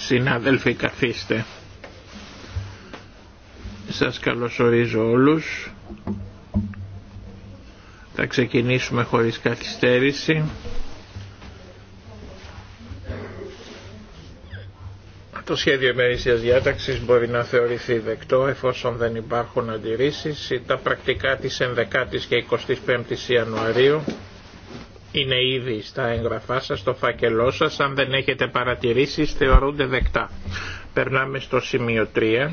Συνάδελφοι καθίστε. Σας καλωσορίζω όλους. Θα ξεκινήσουμε χωρίς καθυστέρηση. Το σχέδιο ημερήσιας διάταξης μπορεί να θεωρηθεί δεκτό εφόσον δεν υπάρχουν αντιρρήσεις. Τα πρακτικά της 11ης και 25ης Ιανουαρίου είναι ήδη στα έγγραφά σας, στο φακελό σας. Αν δεν έχετε παρατηρήσει, θεωρούνται δεκτά. Περνάμε στο σημείο 3.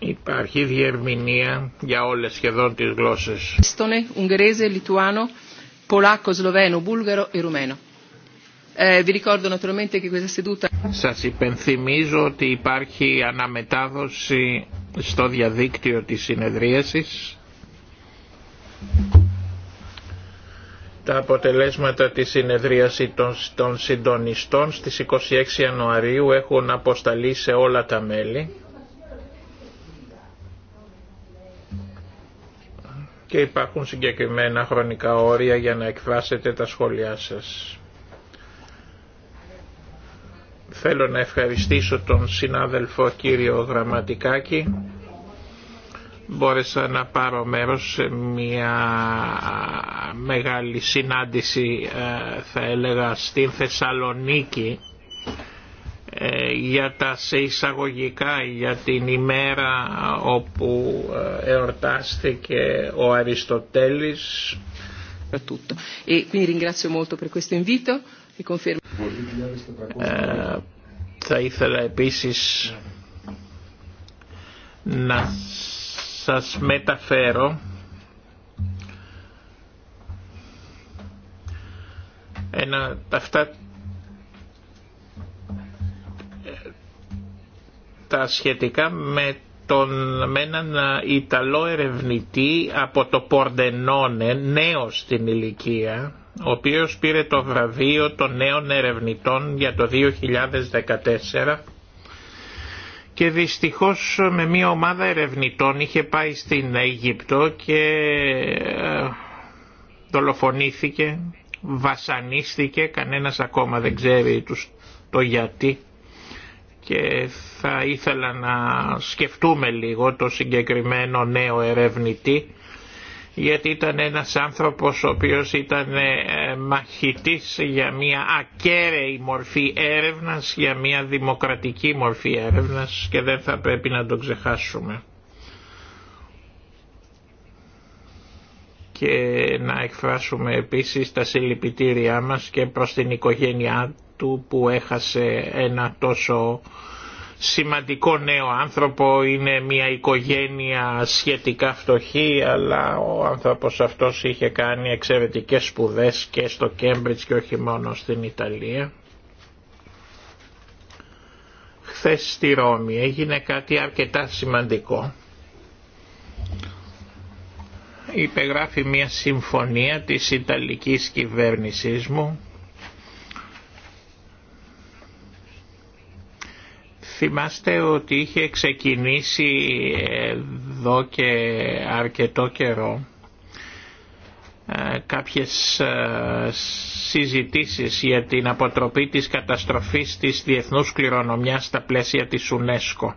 Υπάρχει διερμηνία για όλες σχεδόν τις γλώσσες. Σα Ουγγρέζε, Λιτουάνο, Πολάκο, Βούλγαρο και Ρουμένο. Σας υπενθυμίζω ότι υπάρχει αναμετάδοση στο διαδίκτυο της συνεδρίασης τα αποτελέσματα της συνεδρίασης των, συντονιστών στις 26 Ιανουαρίου έχουν αποσταλεί σε όλα τα μέλη και υπάρχουν συγκεκριμένα χρονικά όρια για να εκφράσετε τα σχόλιά σας. Θέλω να ευχαριστήσω τον συνάδελφο κύριο Γραμματικάκη μπόρεσα να πάρω μέρος σε μια μεγάλη συνάντηση ε, θα έλεγα στην Θεσσαλονίκη ε, για τα σε εισαγωγικά για την ημέρα όπου ε, εορτάστηκε ο Αριστοτέλης θα ήθελα επίσης να σας μεταφέρω ένα, αυτά τα σχετικά με τον, με έναν Ιταλό ερευνητή από το Πορντενόνε, νέο στην ηλικία, ο οποίος πήρε το βραβείο των νέων ερευνητών για το 2014 και δυστυχώς με μια ομάδα ερευνητών είχε πάει στην Αίγυπτο και ε, δολοφονήθηκε, βασανίστηκε, κανένας ακόμα δεν ξέρει το γιατί και θα ήθελα να σκεφτούμε λίγο το συγκεκριμένο νέο ερευνητή γιατί ήταν ένας άνθρωπος ο οποίος ήταν ε, μαχητής για μια ακέραιη μορφή έρευνας, για μια δημοκρατική μορφή έρευνας και δεν θα πρέπει να τον ξεχάσουμε. Και να εκφράσουμε επίσης τα συλληπιτήριά μας και προς την οικογένειά του που έχασε ένα τόσο σημαντικό νέο άνθρωπο, είναι μια οικογένεια σχετικά φτωχή, αλλά ο άνθρωπος αυτός είχε κάνει εξαιρετικές σπουδές και στο Κέμπριτς και όχι μόνο στην Ιταλία. Χθες στη Ρώμη έγινε κάτι αρκετά σημαντικό. Υπεγράφει μια συμφωνία της Ιταλικής κυβέρνησής μου Θυμάστε ότι είχε ξεκινήσει εδώ και αρκετό καιρό ε, κάποιες ε, συζητήσεις για την αποτροπή της καταστροφής της διεθνούς κληρονομιάς στα πλαίσια της UNESCO.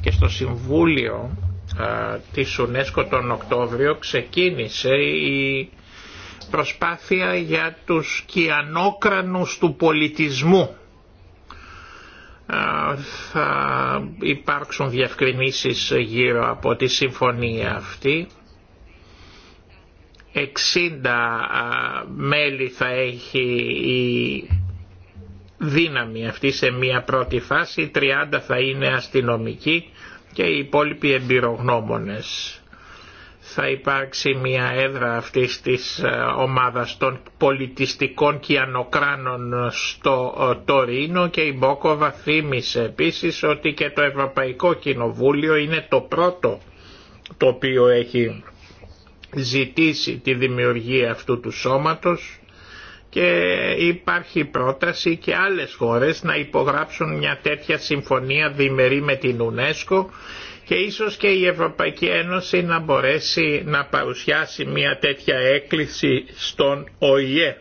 Και στο Συμβούλιο ε, της UNESCO τον Οκτώβριο ξεκίνησε η προσπάθεια για τους κιανόκρανους του πολιτισμού ε, θα υπάρξουν διευκρινήσεις γύρω από τη συμφωνία αυτή. 60 ε, μέλη θα έχει η δύναμη αυτή σε μία πρώτη φάση, 30 θα είναι αστυνομικοί και οι υπόλοιποι εμπειρογνώμονες θα υπάρξει μια έδρα αυτής της ε, ομάδας των πολιτιστικών κιανοκράνων ε, στο ε, Τωρίνο και η Μπόκοβα θύμισε επίσης ότι και το Ευρωπαϊκό Κοινοβούλιο είναι το πρώτο το οποίο έχει ζητήσει τη δημιουργία αυτού του σώματος και υπάρχει πρόταση και άλλες χώρες να υπογράψουν μια τέτοια συμφωνία διμερή με την UNESCO και ίσως και η Ευρωπαϊκή Ένωση να μπορέσει να παρουσιάσει μια τέτοια έκκληση στον ΟΗΕ.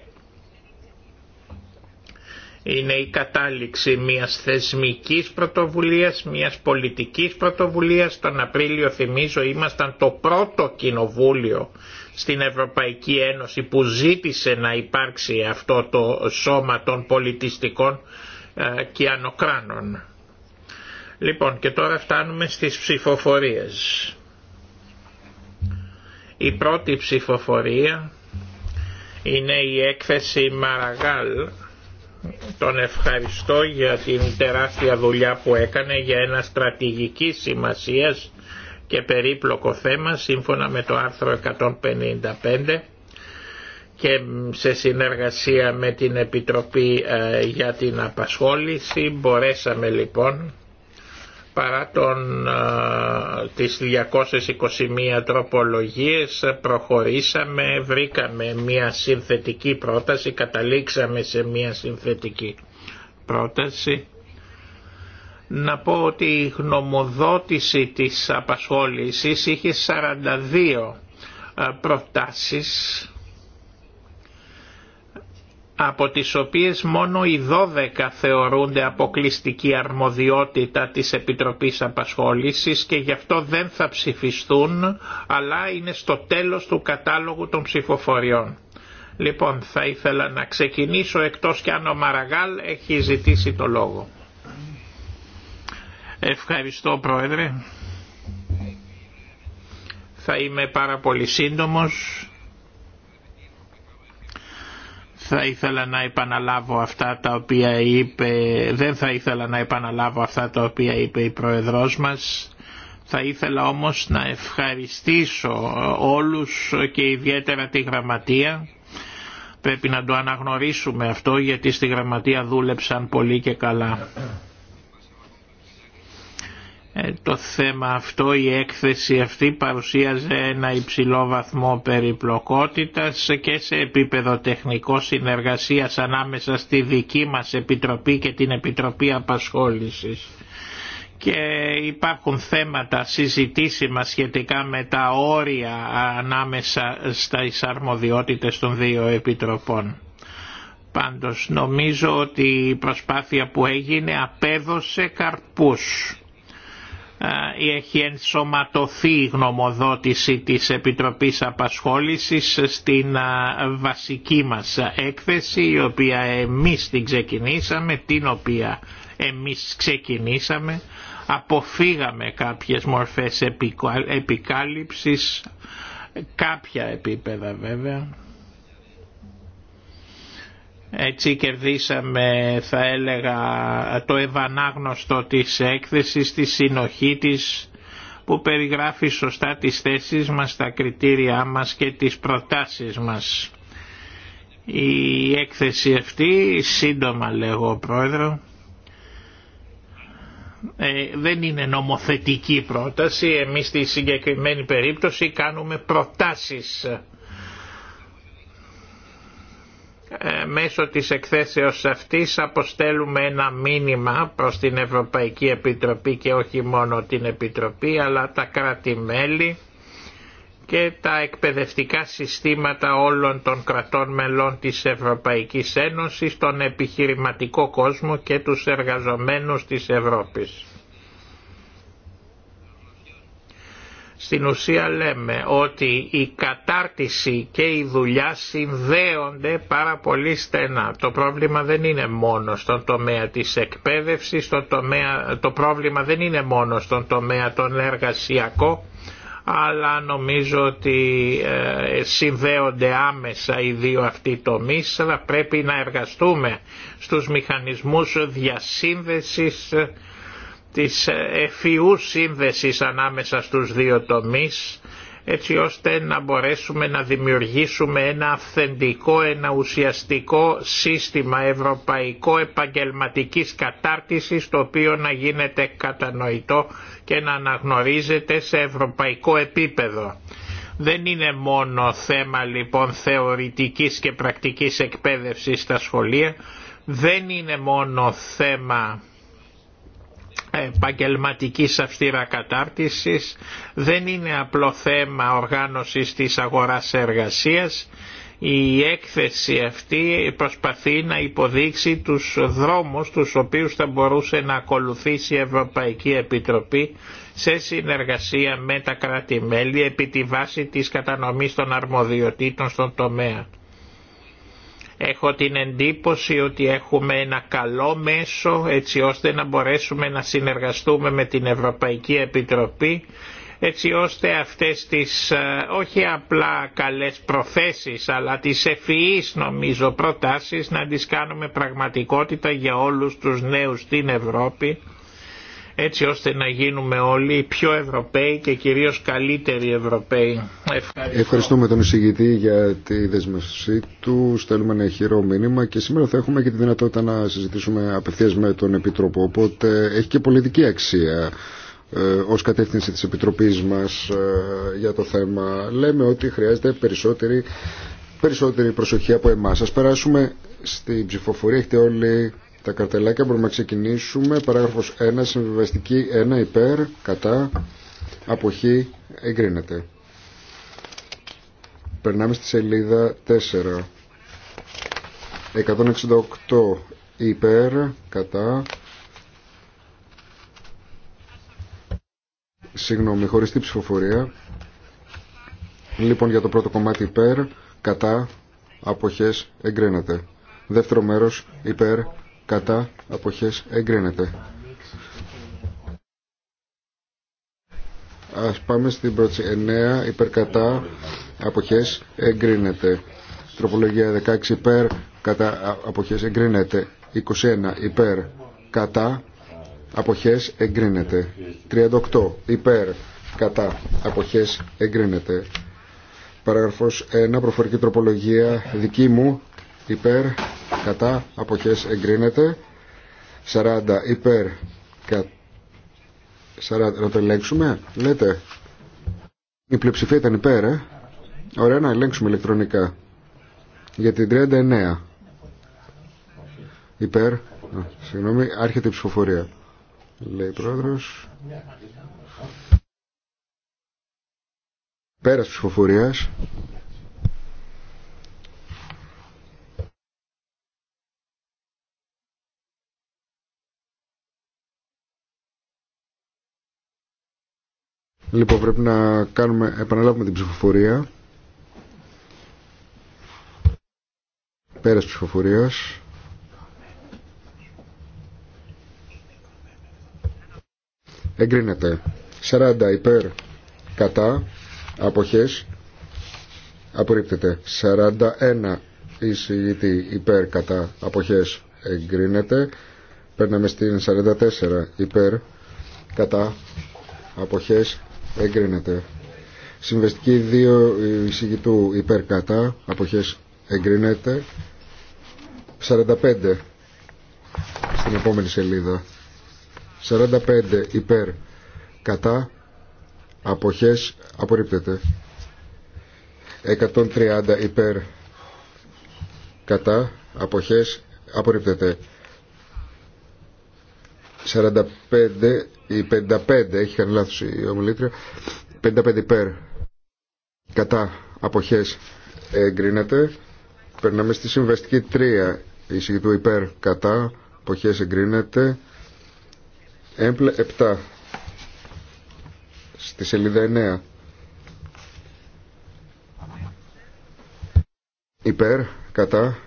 Είναι η κατάληξη μιας θεσμικής πρωτοβουλίας, μιας πολιτικής πρωτοβουλίας. Τον Απρίλιο θυμίζω ήμασταν το πρώτο κοινοβούλιο στην Ευρωπαϊκή Ένωση που ζήτησε να υπάρξει αυτό το σώμα των πολιτιστικών ε, και ανοκράνων. Λοιπόν και τώρα φτάνουμε στις ψηφοφορίες. Η πρώτη ψηφοφορία είναι η έκθεση Μαραγάλ. Τον ευχαριστώ για την τεράστια δουλειά που έκανε για ένα στρατηγική σημασίας και περίπλοκο θέμα σύμφωνα με το άρθρο 155 και σε συνεργασία με την Επιτροπή ε, για την Απασχόληση μπορέσαμε λοιπόν παρά τον, τις 221 τροπολογίες προχωρήσαμε, βρήκαμε μια συνθετική πρόταση, καταλήξαμε σε μια συνθετική πρόταση. Να πω ότι η γνωμοδότηση της απασχόλησης είχε 42 προτάσεις από τις οποίες μόνο οι 12 θεωρούνται αποκλειστική αρμοδιότητα της Επιτροπής Απασχόλησης και γι' αυτό δεν θα ψηφιστούν, αλλά είναι στο τέλος του κατάλογου των ψηφοφοριών. Λοιπόν, θα ήθελα να ξεκινήσω εκτός κι αν ο Μαραγάλ έχει ζητήσει το λόγο. Ευχαριστώ Πρόεδρε. Θα είμαι πάρα πολύ σύντομος θα ήθελα να επαναλάβω αυτά τα οποία είπε, δεν θα ήθελα να επαναλάβω αυτά τα οποία είπε η Προεδρός μας. Θα ήθελα όμως να ευχαριστήσω όλους και ιδιαίτερα τη Γραμματεία. Πρέπει να το αναγνωρίσουμε αυτό γιατί στη Γραμματεία δούλεψαν πολύ και καλά. Ε, το θέμα αυτό, η έκθεση αυτή παρουσίαζε ένα υψηλό βαθμό περιπλοκότητας και σε επίπεδο τεχνικό συνεργασίας ανάμεσα στη δική μας Επιτροπή και την Επιτροπή Απασχόλησης. Και υπάρχουν θέματα συζητήσιμα σχετικά με τα όρια ανάμεσα στα αρμοδιότητες των δύο Επιτροπών πάντως νομίζω ότι η προσπάθεια που έγινε απέδωσε καρπούς ε, έχει ενσωματωθεί η γνωμοδότηση της Επιτροπής Απασχόλησης στην ε, βασική μας έκθεση η οποία εμείς την ξεκινήσαμε, την οποία εμείς ξεκινήσαμε, αποφύγαμε κάποιες μορφές επικάλυψης, κάποια επίπεδα βέβαια έτσι κερδίσαμε θα έλεγα το ευανάγνωστο της έκθεσης, τη συνοχή της που περιγράφει σωστά τις θέσεις μας, τα κριτήριά μας και τις προτάσεις μας. Η έκθεση αυτή, σύντομα λέγω πρόεδρο, ε, δεν είναι νομοθετική πρόταση, εμείς στη συγκεκριμένη περίπτωση κάνουμε προτάσεις ε, μέσω της εκθέσεως αυτής αποστέλουμε ένα μήνυμα προς την Ευρωπαϊκή Επιτροπή και όχι μόνο την Επιτροπή αλλά τα κράτη-μέλη και τα εκπαιδευτικά συστήματα όλων των κρατών μελών της Ευρωπαϊκής Ένωσης, τον επιχειρηματικό κόσμο και τους εργαζομένους της Ευρώπης. Στην ουσία λέμε ότι η κατάρτιση και η δουλειά συνδέονται πάρα πολύ στενά. Το πρόβλημα δεν είναι μόνο στον τομέα της εκπαίδευσης, το, το πρόβλημα δεν είναι μόνο στον τομέα των εργασιακό, αλλά νομίζω ότι ε, συνδέονται άμεσα οι δύο αυτοί τομείς, αλλά πρέπει να εργαστούμε στους μηχανισμούς διασύνδεσης της εφιούς σύνδεσης ανάμεσα στους δύο τομείς έτσι ώστε να μπορέσουμε να δημιουργήσουμε ένα αυθεντικό, ένα ουσιαστικό σύστημα ευρωπαϊκό επαγγελματικής κατάρτισης το οποίο να γίνεται κατανοητό και να αναγνωρίζεται σε ευρωπαϊκό επίπεδο. Δεν είναι μόνο θέμα λοιπόν θεωρητικής και πρακτικής εκπαίδευσης στα σχολεία, δεν είναι μόνο θέμα επαγγελματική αυτήρα κατάρτισης, δεν είναι απλό θέμα οργάνωσης της αγοράς εργασίας. Η έκθεση αυτή προσπαθεί να υποδείξει τους δρόμους τους οποίους θα μπορούσε να ακολουθήσει η Ευρωπαϊκή Επιτροπή σε συνεργασία με τα κράτη-μέλη επί τη βάση της κατανομής των αρμοδιοτήτων στον τομέα. Έχω την εντύπωση ότι έχουμε ένα καλό μέσο έτσι ώστε να μπορέσουμε να συνεργαστούμε με την Ευρωπαϊκή Επιτροπή έτσι ώστε αυτές τις ε, όχι απλά καλές προθέσεις αλλά τις ευφυείς νομίζω προτάσεις να τις κάνουμε πραγματικότητα για όλους τους νέους στην Ευρώπη έτσι ώστε να γίνουμε όλοι πιο Ευρωπαίοι και κυρίως καλύτεροι Ευρωπαίοι. Ευχαριστώ. Ευχαριστούμε τον εισηγητή για τη δεσμευσή του. Στέλνουμε ένα χειρό μήνυμα και σήμερα θα έχουμε και τη δυνατότητα να συζητήσουμε απευθείας με τον Επίτροπο. Οπότε έχει και πολιτική αξία ε, ως κατεύθυνση της Επιτροπής μας ε, για το θέμα. Λέμε ότι χρειάζεται περισσότερη, περισσότερη προσοχή από εμάς. Ας περάσουμε στην ψηφοφορία. Έχετε όλοι τα καρτελάκια μπορούμε να ξεκινήσουμε. Παράγραφος 1, συμβιβαστική 1, υπέρ, κατά, αποχή, εγκρίνεται. Περνάμε στη σελίδα 4. 168 υπέρ, κατά. Συγγνώμη, χωρίς την ψηφοφορία. Λοιπόν, για το πρώτο κομμάτι υπέρ, κατά, αποχές, εγκρίνεται. Δεύτερο μέρος, υπέρ, κατά αποχές εγκρίνεται. Ας πάμε στην πρώτη 9 υπέρ κατά αποχές εγκρίνεται. Τροπολογία 16 υπέρ κατά αποχές εγκρίνεται. 21 υπέρ κατά αποχές εγκρίνεται. 38 υπέρ κατά αποχές εγκρίνεται. Παραγραφός 1 προφορική τροπολογία δική μου υπέρ κατά αποχές εγκρίνεται 40 υπέρ κα... 40, να το ελέγξουμε λέτε η πλειοψηφία ήταν υπέρ ε. ωραία να ελέγξουμε ηλεκτρονικά για την 39 υπέρ α, συγγνώμη άρχεται η ψηφοφορία λέει πρόεδρος πέρας ψηφοφορίας Λοιπόν, πρέπει να κάνουμε, επαναλάβουμε την ψηφοφορία. Πέρας ψηφοφορίας. Εγκρίνεται. 40 υπέρ κατά αποχές. Απορρίπτεται. 41 εισηγητή υπέρ κατά αποχές. Εγκρίνεται. Παίρναμε στην 44 υπέρ κατά αποχές εγκρίνεται. Συμβεστική 2 ε, εισηγητού υπέρ κατά αποχές εγκρίνεται. 45 στην επόμενη σελίδα. 45 υπέρ κατά αποχές απορρίπτεται. 130 υπέρ κατά αποχές απορρίπτεται. 45 ή 55, έχει κάνει λάθος η ομιλήτρια, 55 υπέρ κατά αποχές εγκρίνεται. Περνάμε στη συμβαστική 3, η συγκεκριτού υπέρ κατά αποχές εγκρίνεται. Έμπλε 7, στη σελίδα 9. Υπέρ, κατά,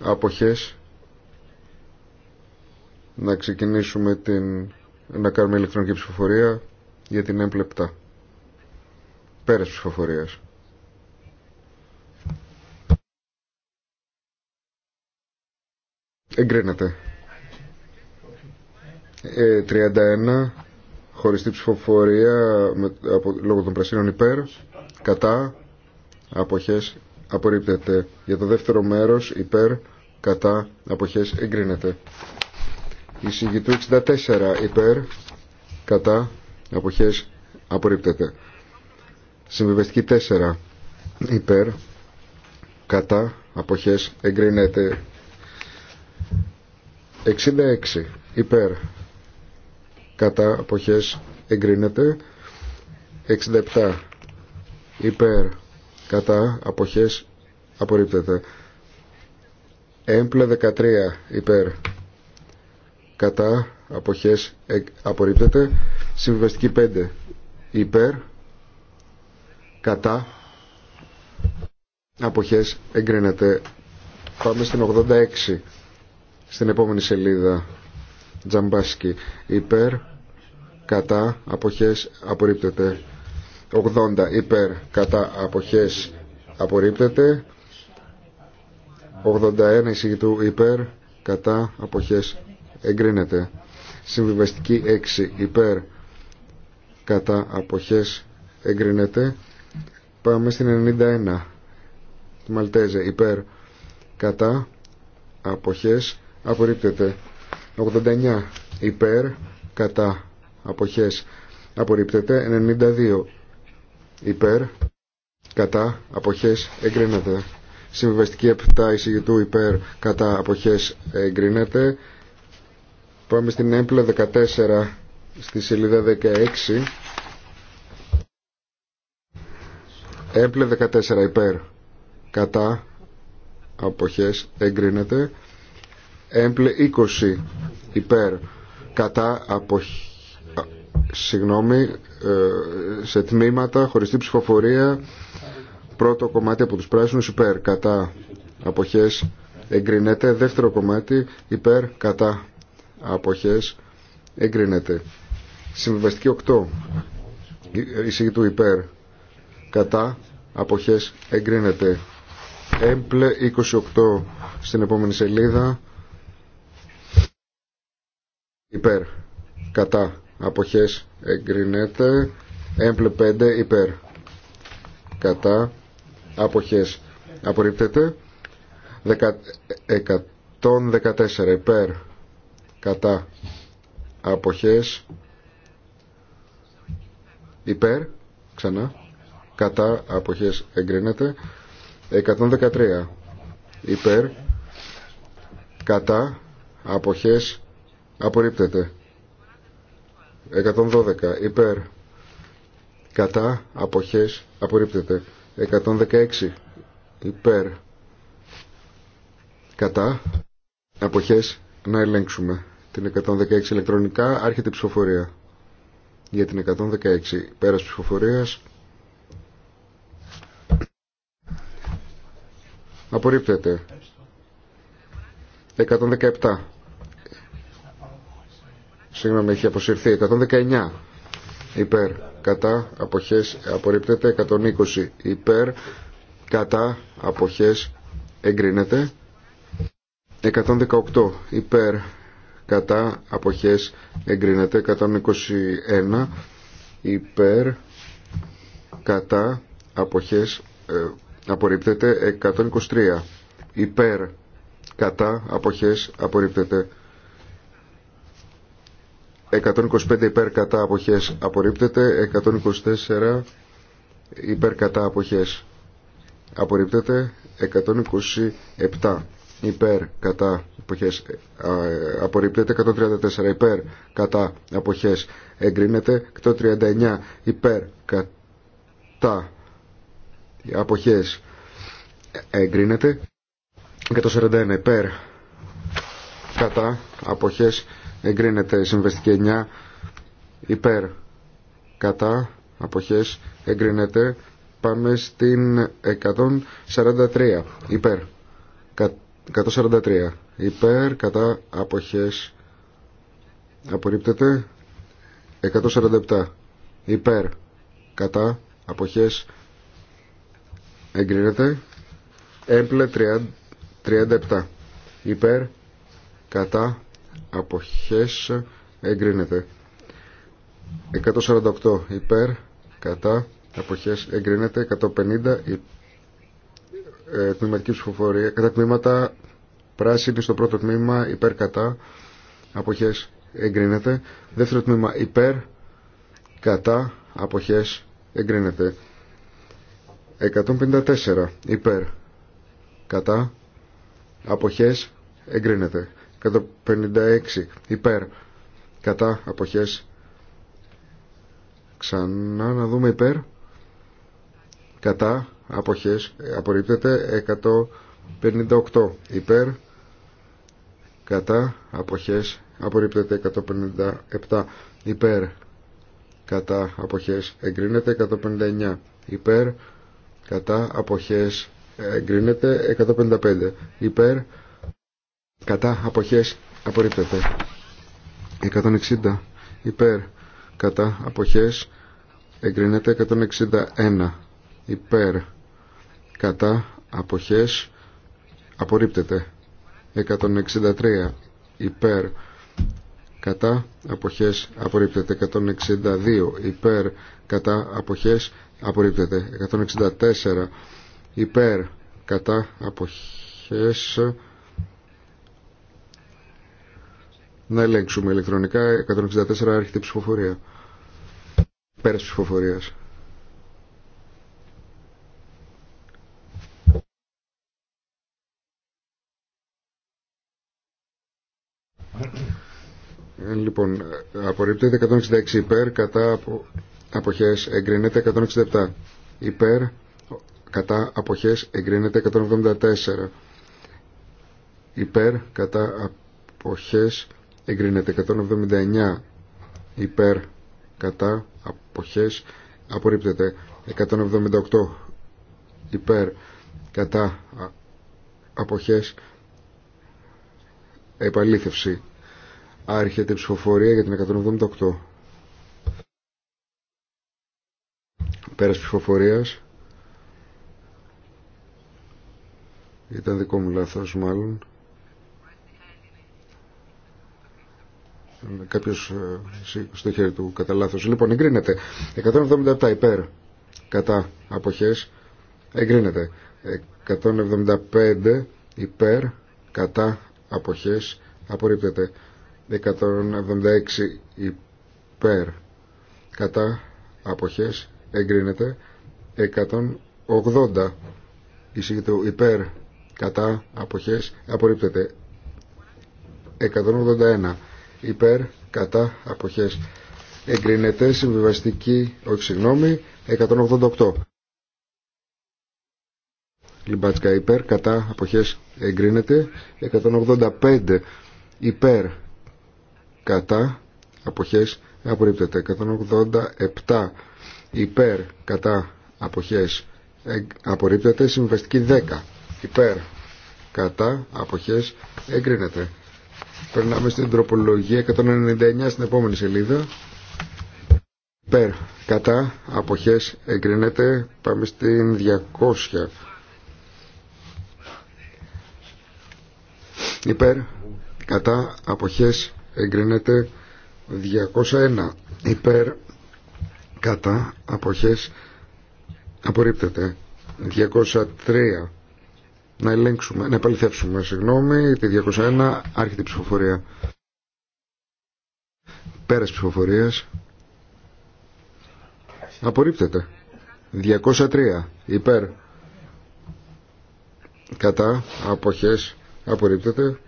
αποχές, να ξεκινήσουμε την... να κάνουμε ηλεκτρονική ψηφοφορία για την έμπλεπτα. Πέρας ψηφοφορίας. Εγκρίνεται. 31 ε, χωριστή ψηφοφορία με, από, λόγω των πρασίνων υπέρ, κατά, αποχές, απορρίπτεται. Για το δεύτερο μέρος υπέρ, κατά, αποχές, εγκρίνεται εισηγητού 64 υπέρ κατά αποχές απορρίπτεται συμβιβαστική 4 υπέρ κατά αποχές εγκρίνεται 66 υπέρ κατά αποχές εγκρίνεται 67 υπέρ κατά αποχές απορρίπτεται έμπλε 13 υπέρ κατά αποχές ε, απορρίπτεται συμβιβαστική 5 υπέρ κατά αποχές εγκρίνεται πάμε στην 86 στην επόμενη σελίδα τζαμπάσκι υπέρ κατά αποχές απορρίπτεται 80 υπέρ κατά αποχές απορρίπτεται 81 εισηγητού υπέρ κατά αποχές εγκρίνεται. Συμβιβαστική 6 υπέρ κατά αποχές εγκρίνεται. Πάμε στην 91. Τη Μαλτέζε υπέρ κατά αποχές απορρίπτεται. 89 υπέρ κατά αποχές απορρίπτεται. 92 υπέρ κατά αποχές εγκρίνεται. Συμβιβαστική 7 εισηγητού υπέρ κατά αποχές εγκρίνεται. Πάμε στην έμπλε 14 στη σελίδα 16. Έμπλε 14 υπέρ κατά αποχές εγκρίνεται. Έμπλε 20 υπέρ κατά αποχές συγγνώμη, ε, σε τμήματα, χωριστή ψηφοφορία, πρώτο κομμάτι από τους πράσινους υπέρ, κατά αποχές εγκρινέται, δεύτερο κομμάτι υπέρ, κατά αποχές εγκρίνεται συμβιβαστική 8 εισηγή του υπέρ κατά αποχές εγκρίνεται έμπλε 28 στην επόμενη σελίδα υπέρ κατά αποχές εγκρίνεται έμπλε 5 υπέρ κατά αποχές απορρίπτεται 114 υπέρ κατά αποχές υπέρ ξανά κατά αποχές εγκρίνεται 113 υπέρ κατά αποχές απορρίπτεται 112 υπέρ κατά αποχές απορρίπτεται 116 υπέρ κατά αποχές να ελέγξουμε την 116 ηλεκτρονικά άρχεται η ψηφοφορία για την 116 πέρας ψηφοφορίας απορρίπτεται 117 συγγνώμη έχει αποσυρθεί 119 υπέρ κατά αποχές απορρίπτεται 120 υπέρ κατά αποχές εγκρίνεται 118 υπέρ κατά αποχές εγκρίνεται 121 υπέρ κατά αποχές ε, απορρίπτεται 123 υπέρ κατά αποχές απορρίπτεται 125 υπέρ κατά αποχές απορρίπτεται 124 υπέρ κατά αποχές απορρίπτεται 127 υπέρ κατά αποχές απορρίπτεται 134 υπέρ κατά αποχές εγκρίνεται 139 υπέρ κατά αποχές εγκρίνεται 141 υπέρ κατά αποχές εγκρίνεται συμβεστική 9 υπέρ κατά αποχές εγκρίνεται πάμε στην 143 υπέρ κατά 143 υπέρ κατά αποχές απορρίπτεται 147 υπέρ κατά αποχές εγκρίνεται έμπλε 37 υπέρ κατά αποχές εγκρίνεται 148 υπέρ κατά αποχές εγκρίνεται 150 υπέρ ε, τμήματική ψηφοφορία, κατά τμήματα πράσινη στο πρώτο τμήμα υπέρ κατά αποχές εγκρίνεται. Δεύτερο τμήμα υπέρ κατά αποχές εγκρίνεται. 154 υπέρ κατά αποχές εγκρίνεται. 156 υπέρ κατά αποχές ξανά να δούμε υπέρ κατά αποχές απορρίπτεται 158 υπέρ κατά αποχές απορρίπτεται 157 υπέρ κατά αποχές εγκρίνεται 159 υπέρ κατά αποχές εγκρίνεται 155 υπέρ κατά αποχές απορρίπτεται 160 υπέρ κατά αποχές εγκρίνεται 161 υπέρ κατά αποχές απορρίπτεται 163 υπέρ κατά αποχές απορρίπτεται 162 υπέρ κατά αποχές απορρίπτεται 164 υπέρ κατά αποχές να ελέγξουμε ηλεκτρονικά 164 έρχεται ψηφοφορία πέρας ψηφοφορίας Ε, λοιπόν, απορρίπτεται 166 υπέρ, κατά αποχές εγκρίνεται 167 υπέρ, κατά αποχές εγκρίνεται 174 υπέρ, κατά αποχές εγκρίνεται 179 υπέρ, κατά αποχές απορρίπτεται 178 υπέρ, κατά αποχές επαλήθευση Άρχεται η ψηφοφορία για την 178. Πέρας ψηφοφορίας. Ήταν δικό μου λάθος μάλλον. Ε, Κάποιο ε, στο χέρι του κατά λάθο. Λοιπόν, εγκρίνεται. 177 υπέρ κατά αποχέ. Εγκρίνεται. 175 υπέρ κατά αποχέ. Απορρίπτεται. 176 υπέρ κατά αποχές εγκρίνεται 180 εισηγητού υπέρ κατά αποχές απορρίπτεται 181 υπέρ κατά αποχές εγκρίνεται συμβιβαστική όχι συγγνώμη 188 Λιμπάτσκα υπέρ, κατά, αποχές εγκρίνεται 185 υπέρ, κατά αποχές απορρίπτεται 187 υπέρ κατά αποχές απορρίπτεται συμβαστική 10 υπέρ κατά αποχές εγκρίνεται περνάμε στην τροπολογία 199 στην επόμενη σελίδα υπέρ κατά αποχές εγκρίνεται πάμε στην 200 υπέρ κατά αποχές εγκρίνεται 201 υπέρ κατά αποχές απορρίπτεται 203 να ελέγξουμε, να επαληθεύσουμε συγγνώμη τη 201 άρχεται η ψηφοφορία πέρας ψηφοφορίας απορρίπτεται 203 υπέρ κατά αποχές απορρίπτεται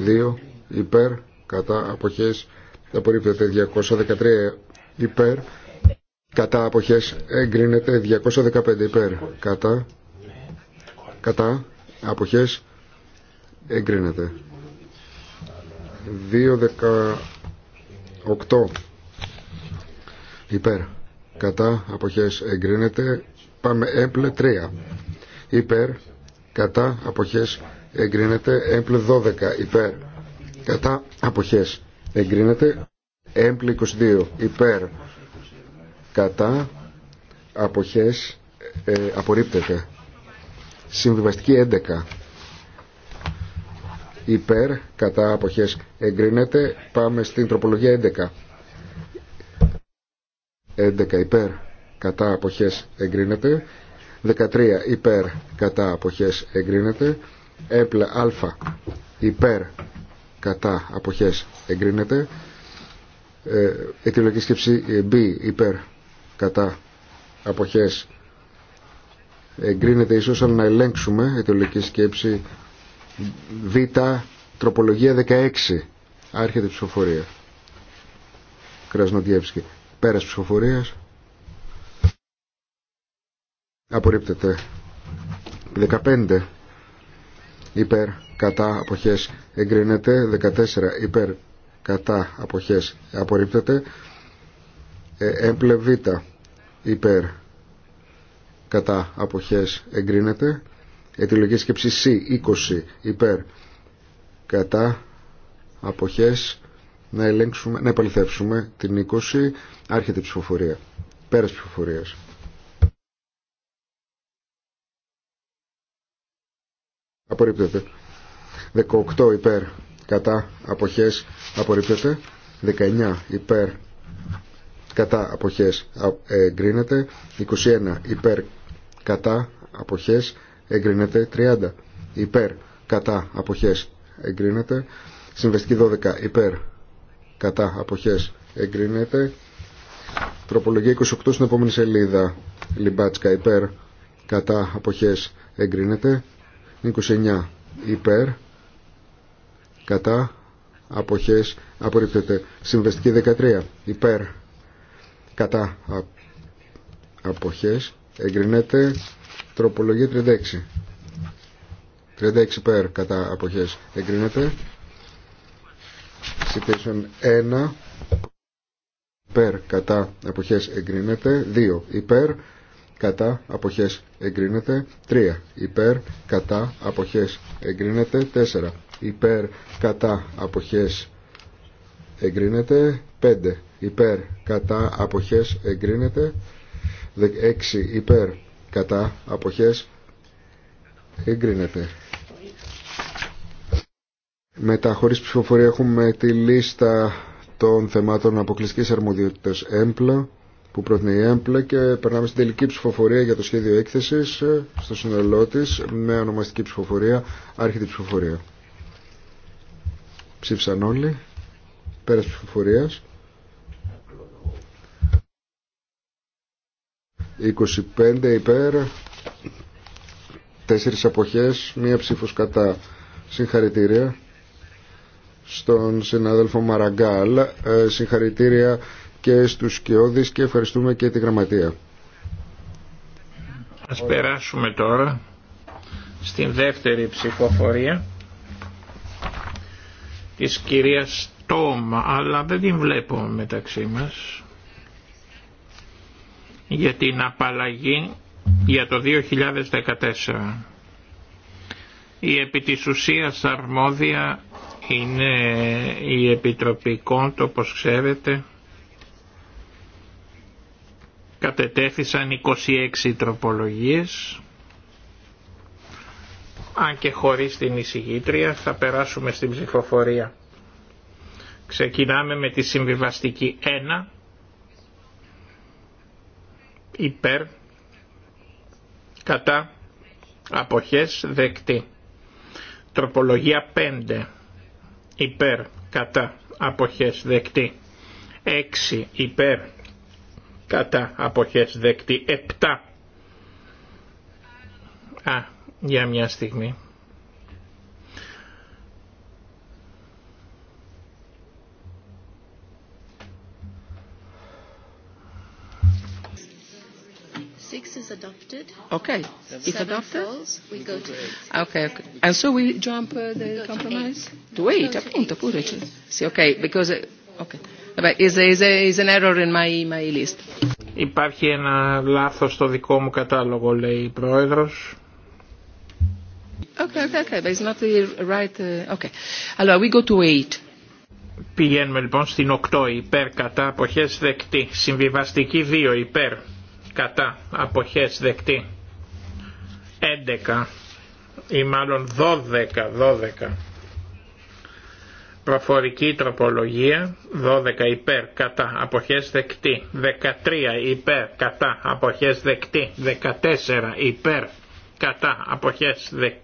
202 υπέρ κατά αποχές απορρίπτεται 213 υπέρ κατά αποχές εγκρίνεται 215 υπέρ κατά κατά αποχές εγκρίνεται 218 υπέρ κατά αποχές εγκρίνεται πάμε έμπλε 3 υπέρ κατά αποχές εγκρίνεται έμπλε 12 υπέρ κατά αποχές εγκρίνεται έμπλη 22 υπέρ κατά αποχές ε, απορρίπτεται συμβιβαστική 11 υπέρ κατά αποχές εγκρίνεται πάμε στην τροπολογία 11 11 υπέρ κατά αποχές εγκρίνεται 13 υπέρ κατά αποχές εγκρίνεται έπλα α υπέρ κατά αποχές εγκρίνεται ε, αιτιολογική σκέψη ε, B υπέρ κατά αποχές εγκρίνεται ίσως αν να ελέγξουμε αιτιολογική σκέψη Β τροπολογία 16 άρχεται ψηφοφορία Κρασνοδιεύσκη πέρας ψηφοφορίας απορρίπτεται 15 υπέρ κατά αποχές εγκρίνεται 14 υπέρ κατά αποχές απορρίπτεται ε, έμπλε β υπέρ κατά αποχές εγκρίνεται ετυλογική σκέψη C 20 υπέρ κατά αποχές να ελέγξουμε, να επαληθεύσουμε την 20 άρχεται η ψηφοφορία πέρας ψηφοφορίας απορρίπτεται. 18 υπέρ κατά αποχές απορρίπτεται. 19 υπέρ κατά αποχές εγκρίνεται. 21 υπέρ κατά αποχές εγκρίνεται. 30 υπέρ κατά αποχές εγκρίνεται. Συμβεστική 12 υπέρ κατά αποχές εγκρίνεται. Τροπολογία 28 στην επόμενη σελίδα. Λιμπάτσκα υπέρ κατά αποχές εγκρίνεται. 29 υπέρ κατά αποχές απορρίπτεται συμβεστική 13 υπέρ κατά αποχές εγκρινέται τροπολογία 36 36 υπέρ κατά αποχές εγκρίνεται citation 1 υπέρ κατά αποχές εγκρίνεται 2 υπέρ κατά αποχές εγκρίνεται 3 υπέρ κατά αποχές εγκρίνεται 4 υπέρ κατά αποχές εγκρίνεται 5 υπέρ κατά αποχές εγκρίνεται 6 υπέρ κατά αποχές εγκρίνεται μετά χωρίς ψηφοφορία έχουμε τη λίστα των θεμάτων αποκλειστικής αρμοδιότητας έμπλα που προτείνει η ΕΜΠΛΕ και περνάμε στην τελική ψηφοφορία για το σχέδιο έκθεσης ε, στο σύνολό τη με ονομαστική ψηφοφορία, άρχιτη ψηφοφορία. Ψήφισαν όλοι, πέρας ψηφοφορίας. 25 υπέρ, 4 αποχές, μία ψήφος κατά συγχαρητήρια στον συνάδελφο Μαραγκάλ. Ε, συγχαρητήρια και στους Σκιώδης και ευχαριστούμε και τη Γραμματεία. Ας περάσουμε τώρα στην δεύτερη ψηφοφορία της κυρίας Τόμα, αλλά δεν την βλέπω μεταξύ μας για την απαλλαγή για το 2014. Η επί τη αρμόδια είναι η Επιτροπή Κόντ, όπως ξέρετε, κατετέθησαν 26 τροπολογίες. Αν και χωρίς την εισηγήτρια θα περάσουμε στην ψηφοφορία. Ξεκινάμε με τη συμβιβαστική 1 υπέρ κατά αποχές δεκτή. Τροπολογία 5 υπέρ κατά αποχές δεκτή. 6 υπέρ κατά αποχές δεκτή 7 α για μια στιγμή Six is adopted. Okay, it's adopted. We go to okay, okay, and so we jump uh, the compromise. To eight, appunto pure. Sì, okay, because okay is is, an error in my, my list. Υπάρχει ένα λάθος στο δικό μου κατάλογο, λέει η Πρόεδρος. Okay, okay, okay, but it's not the right... Uh, okay. Alors, we go to eight. Πηγαίνουμε λοιπόν στην 8 υπέρ κατά αποχές δεκτή. Συμβιβαστική 2 υπέρ κατά αποχές δεκτή. 11 ή μάλλον 12, 12 Προφορική τροπολογία 12 υπέρ κατά αποχές δεκτή, 13 υπέρ κατά αποχές δεκτή, 14 υπέρ κατά αποχές δεκτή.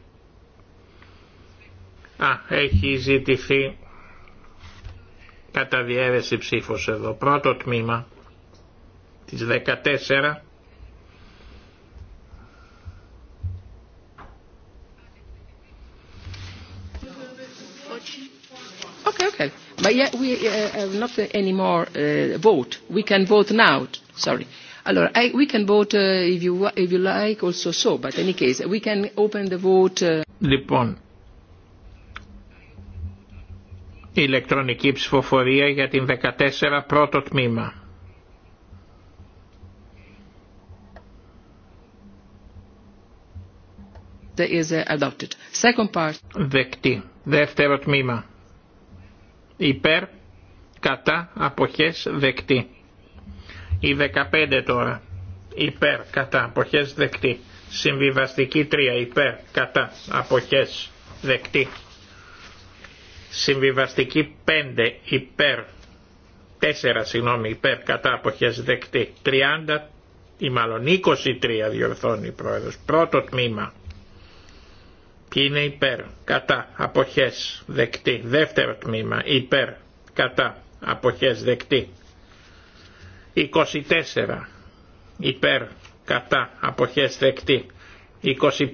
Α, έχει ζητηθεί κατά διαίρεση ψήφος εδώ. Πρώτο τμήμα της 14 But yet we have not any more uh vote. We can vote now. Sorry. Allora, we can vote uh if you if you like also so, but in any case we can open the vote. uh Λοιπόν, ηλεκτρονική ψηφοφορία για την 14 πρώτο τμήμα. That is adopted. Second part. Δεκτή. Δεύτερο τμήμα υπέρ, κατά, αποχές, δεκτή. Η 15 τώρα, υπέρ, κατά, αποχές, δεκτή. Συμβιβαστική 3, υπέρ, κατά, αποχές, δεκτή. Συμβιβαστική 5, υπέρ, 4 συγγνώμη, υπέρ, κατά, αποχές, δεκτή. 30, ή μάλλον 23 διορθώνει η πρόεδρος. Πρώτο τμήμα Ποιοι είναι υπέρ, κατά, αποχές, δεκτή. Δεύτερο τμήμα, υπέρ, κατά, αποχές, δεκτή. 24, υπέρ, κατά, αποχές, δεκτή.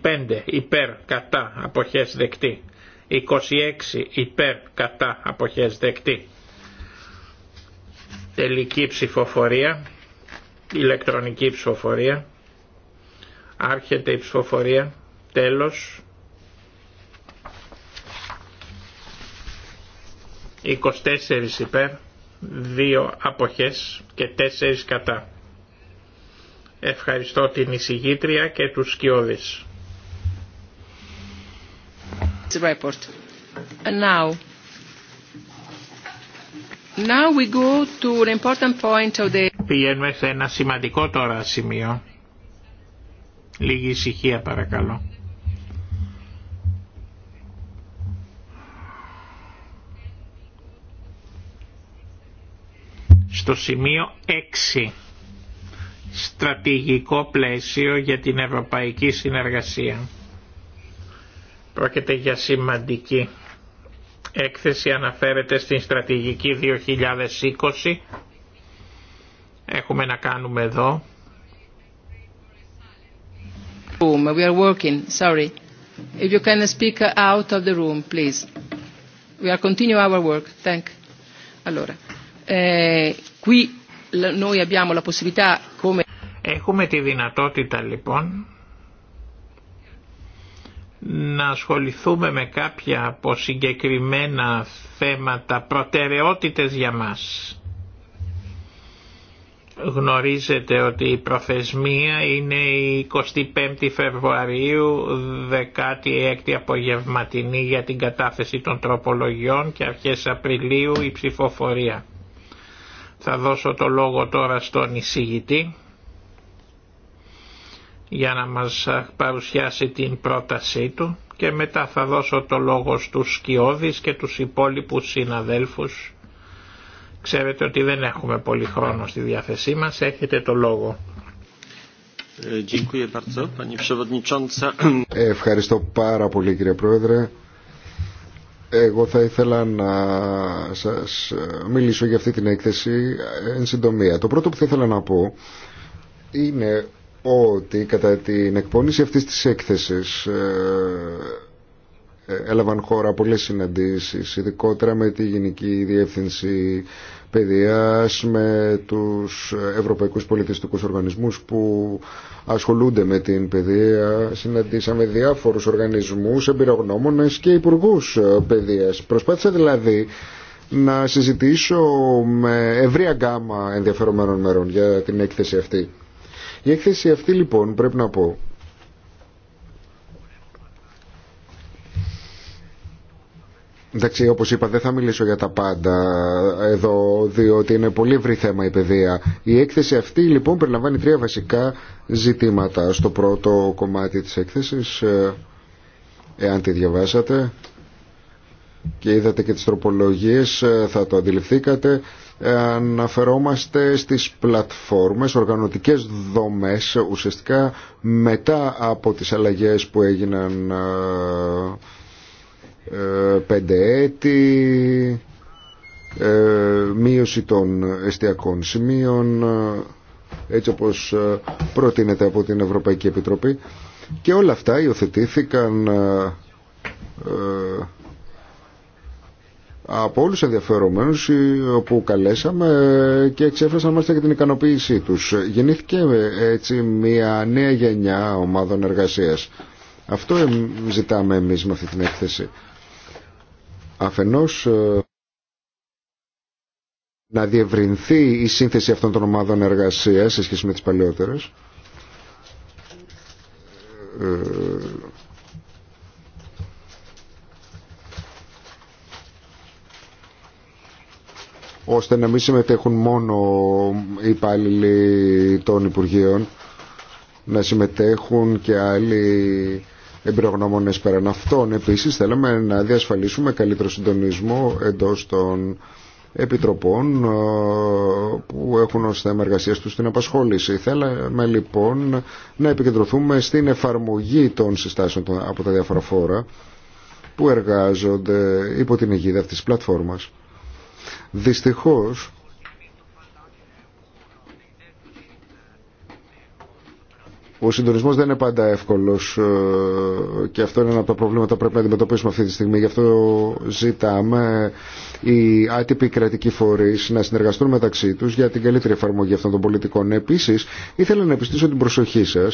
25, υπέρ, κατά, αποχές, δεκτή. 26, υπέρ, κατά, αποχές, δεκτή. Τελική ψηφοφορία, ηλεκτρονική ψηφοφορία. Άρχεται η ψηφοφορία, τέλος. 24 υπέρ, 2 αποχές και 4 κατά. Ευχαριστώ την εισηγήτρια και τους σκιώδης. now, now we go to an important point of the... Πηγαίνουμε σε ένα σημαντικό τώρα σημείο. Λίγη ησυχία παρακαλώ. Το σημείο 6 στρατηγικό πλαίσιο για την ευρωπαϊκή συνεργασία. Πρόκειται για σημαντική έκθεση αναφέρεται στην στρατηγική 2020. Έχουμε να κάνουμε εδώ. We are working. Sorry. If you can speak out of the room, please. We are continue our work. Thank. Allora. Eh, Qui noi Έχουμε τη δυνατότητα λοιπόν να ασχοληθούμε με κάποια από συγκεκριμένα θέματα, προτεραιότητες για μας. Γνωρίζετε ότι η προθεσμία είναι η 25η Φεβρουαρίου, 16η απογευματινή για την κατάθεση των τροπολογιών και αρχές Απριλίου η ψηφοφορία. Θα δώσω το λόγο τώρα στον εισηγητή για να μας παρουσιάσει την πρότασή του και μετά θα δώσω το λόγο στους Σκιώδης και τους υπόλοιπους συναδέλφους. Ξέρετε ότι δεν έχουμε πολύ χρόνο στη διάθεσή μας, έχετε το λόγο. Ε, Ευχαριστώ πάρα πολύ κύριε Πρόεδρε. Εγώ θα ήθελα να σας μιλήσω για αυτή την έκθεση εν συντομία. Το πρώτο που θα ήθελα να πω είναι ότι κατά την εκπόνηση αυτής της έκθεσης ε, έλαβαν χώρα πολλές συναντήσεις, ειδικότερα με τη Γενική Διεύθυνση Παιδείας, με τους Ευρωπαϊκούς Πολιτιστικούς Οργανισμούς που ασχολούνται με την παιδεία. Συναντήσαμε διάφορους οργανισμούς, εμπειρογνώμονε και υπουργού ε, παιδείας. Προσπάθησα δηλαδή να συζητήσω με ευρία γκάμα ενδιαφερομένων μερών για την έκθεση αυτή. Η έκθεση αυτή λοιπόν πρέπει να πω Εντάξει, όπω είπα, δεν θα μιλήσω για τα πάντα εδώ, διότι είναι πολύ ευρύ θέμα η παιδεία. Η έκθεση αυτή λοιπόν περιλαμβάνει τρία βασικά ζητήματα. Στο πρώτο κομμάτι τη έκθεση, ε, εάν τη διαβάσατε και είδατε και τις τροπολογίες, ε, θα το αντιληφθήκατε. Ε, αναφερόμαστε στις πλατφόρμες, οργανωτικές δομές, ουσιαστικά μετά από τις αλλαγές που έγιναν ε, πέντε έτη ε, μείωση των εστιακών σημείων, ε, έτσι όπως προτείνεται από την Ευρωπαϊκή Επιτροπή. Και όλα αυτά υιοθετήθηκαν από όλους τους ενδιαφερομένους που καλέσαμε και εξέφρασαν μάλιστα και την ικανοποίησή τους. Γεννήθηκε έτσι μια νέα γενιά ομάδων εργασίας. Αυτό ζητάμε εμείς με αυτή την έκθεση αφενός ε, να διευρυνθεί η σύνθεση αυτών των ομάδων εργασίας σε σχέση με τις παλαιότερες ε, ώστε να μην συμμετέχουν μόνο οι υπάλληλοι των Υπουργείων να συμμετέχουν και άλλοι εμπειρογνώμονες πέραν αυτών. Επίσης θέλαμε να διασφαλίσουμε καλύτερο συντονισμό εντός των επιτροπών ε, που έχουν στα θέμα εργασίας τους την απασχόληση. Θέλαμε λοιπόν να επικεντρωθούμε στην εφαρμογή των συστάσεων από τα διάφορα φόρα που εργάζονται υπό την αιγίδα αυτής της πλατφόρμας. Δυστυχώς ο συντονισμό δεν είναι πάντα εύκολο ε, και αυτό είναι ένα από τα προβλήματα που πρέπει να αντιμετωπίσουμε αυτή τη στιγμή. Γι' αυτό ζητάμε οι άτυποι κρατικοί φορεί να συνεργαστούν μεταξύ του για την καλύτερη εφαρμογή αυτών των πολιτικών. Επίση, ήθελα να επιστήσω την προσοχή σα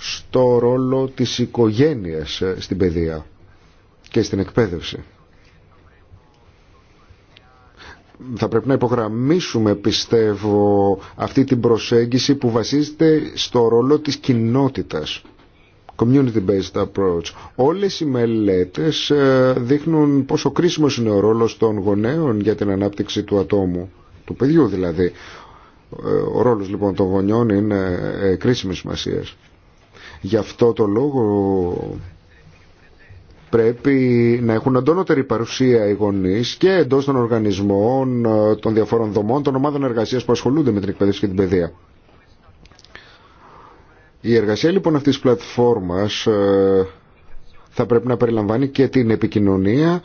στο ρόλο τη οικογένεια ε, στην παιδεία και στην εκπαίδευση θα πρέπει να υπογραμμίσουμε πιστεύω αυτή την προσέγγιση που βασίζεται στο ρόλο της κοινότητας. Community based approach. Όλες οι μελέτες ε, δείχνουν πόσο κρίσιμος είναι ο ρόλος των γονέων για την ανάπτυξη του ατόμου, του παιδιού δηλαδή. Ε, ο ρόλος λοιπόν των γονιών είναι ε, κρίσιμης σημασία. Γι' αυτό το λόγο πρέπει να έχουν εντόνωτερη παρουσία οι γονεί και εντό των οργανισμών, ε, των διαφόρων δομών, των ομάδων εργασία που ασχολούνται με την εκπαίδευση και την παιδεία. Η εργασία λοιπόν αυτή τη πλατφόρμα ε, θα πρέπει να περιλαμβάνει και την επικοινωνία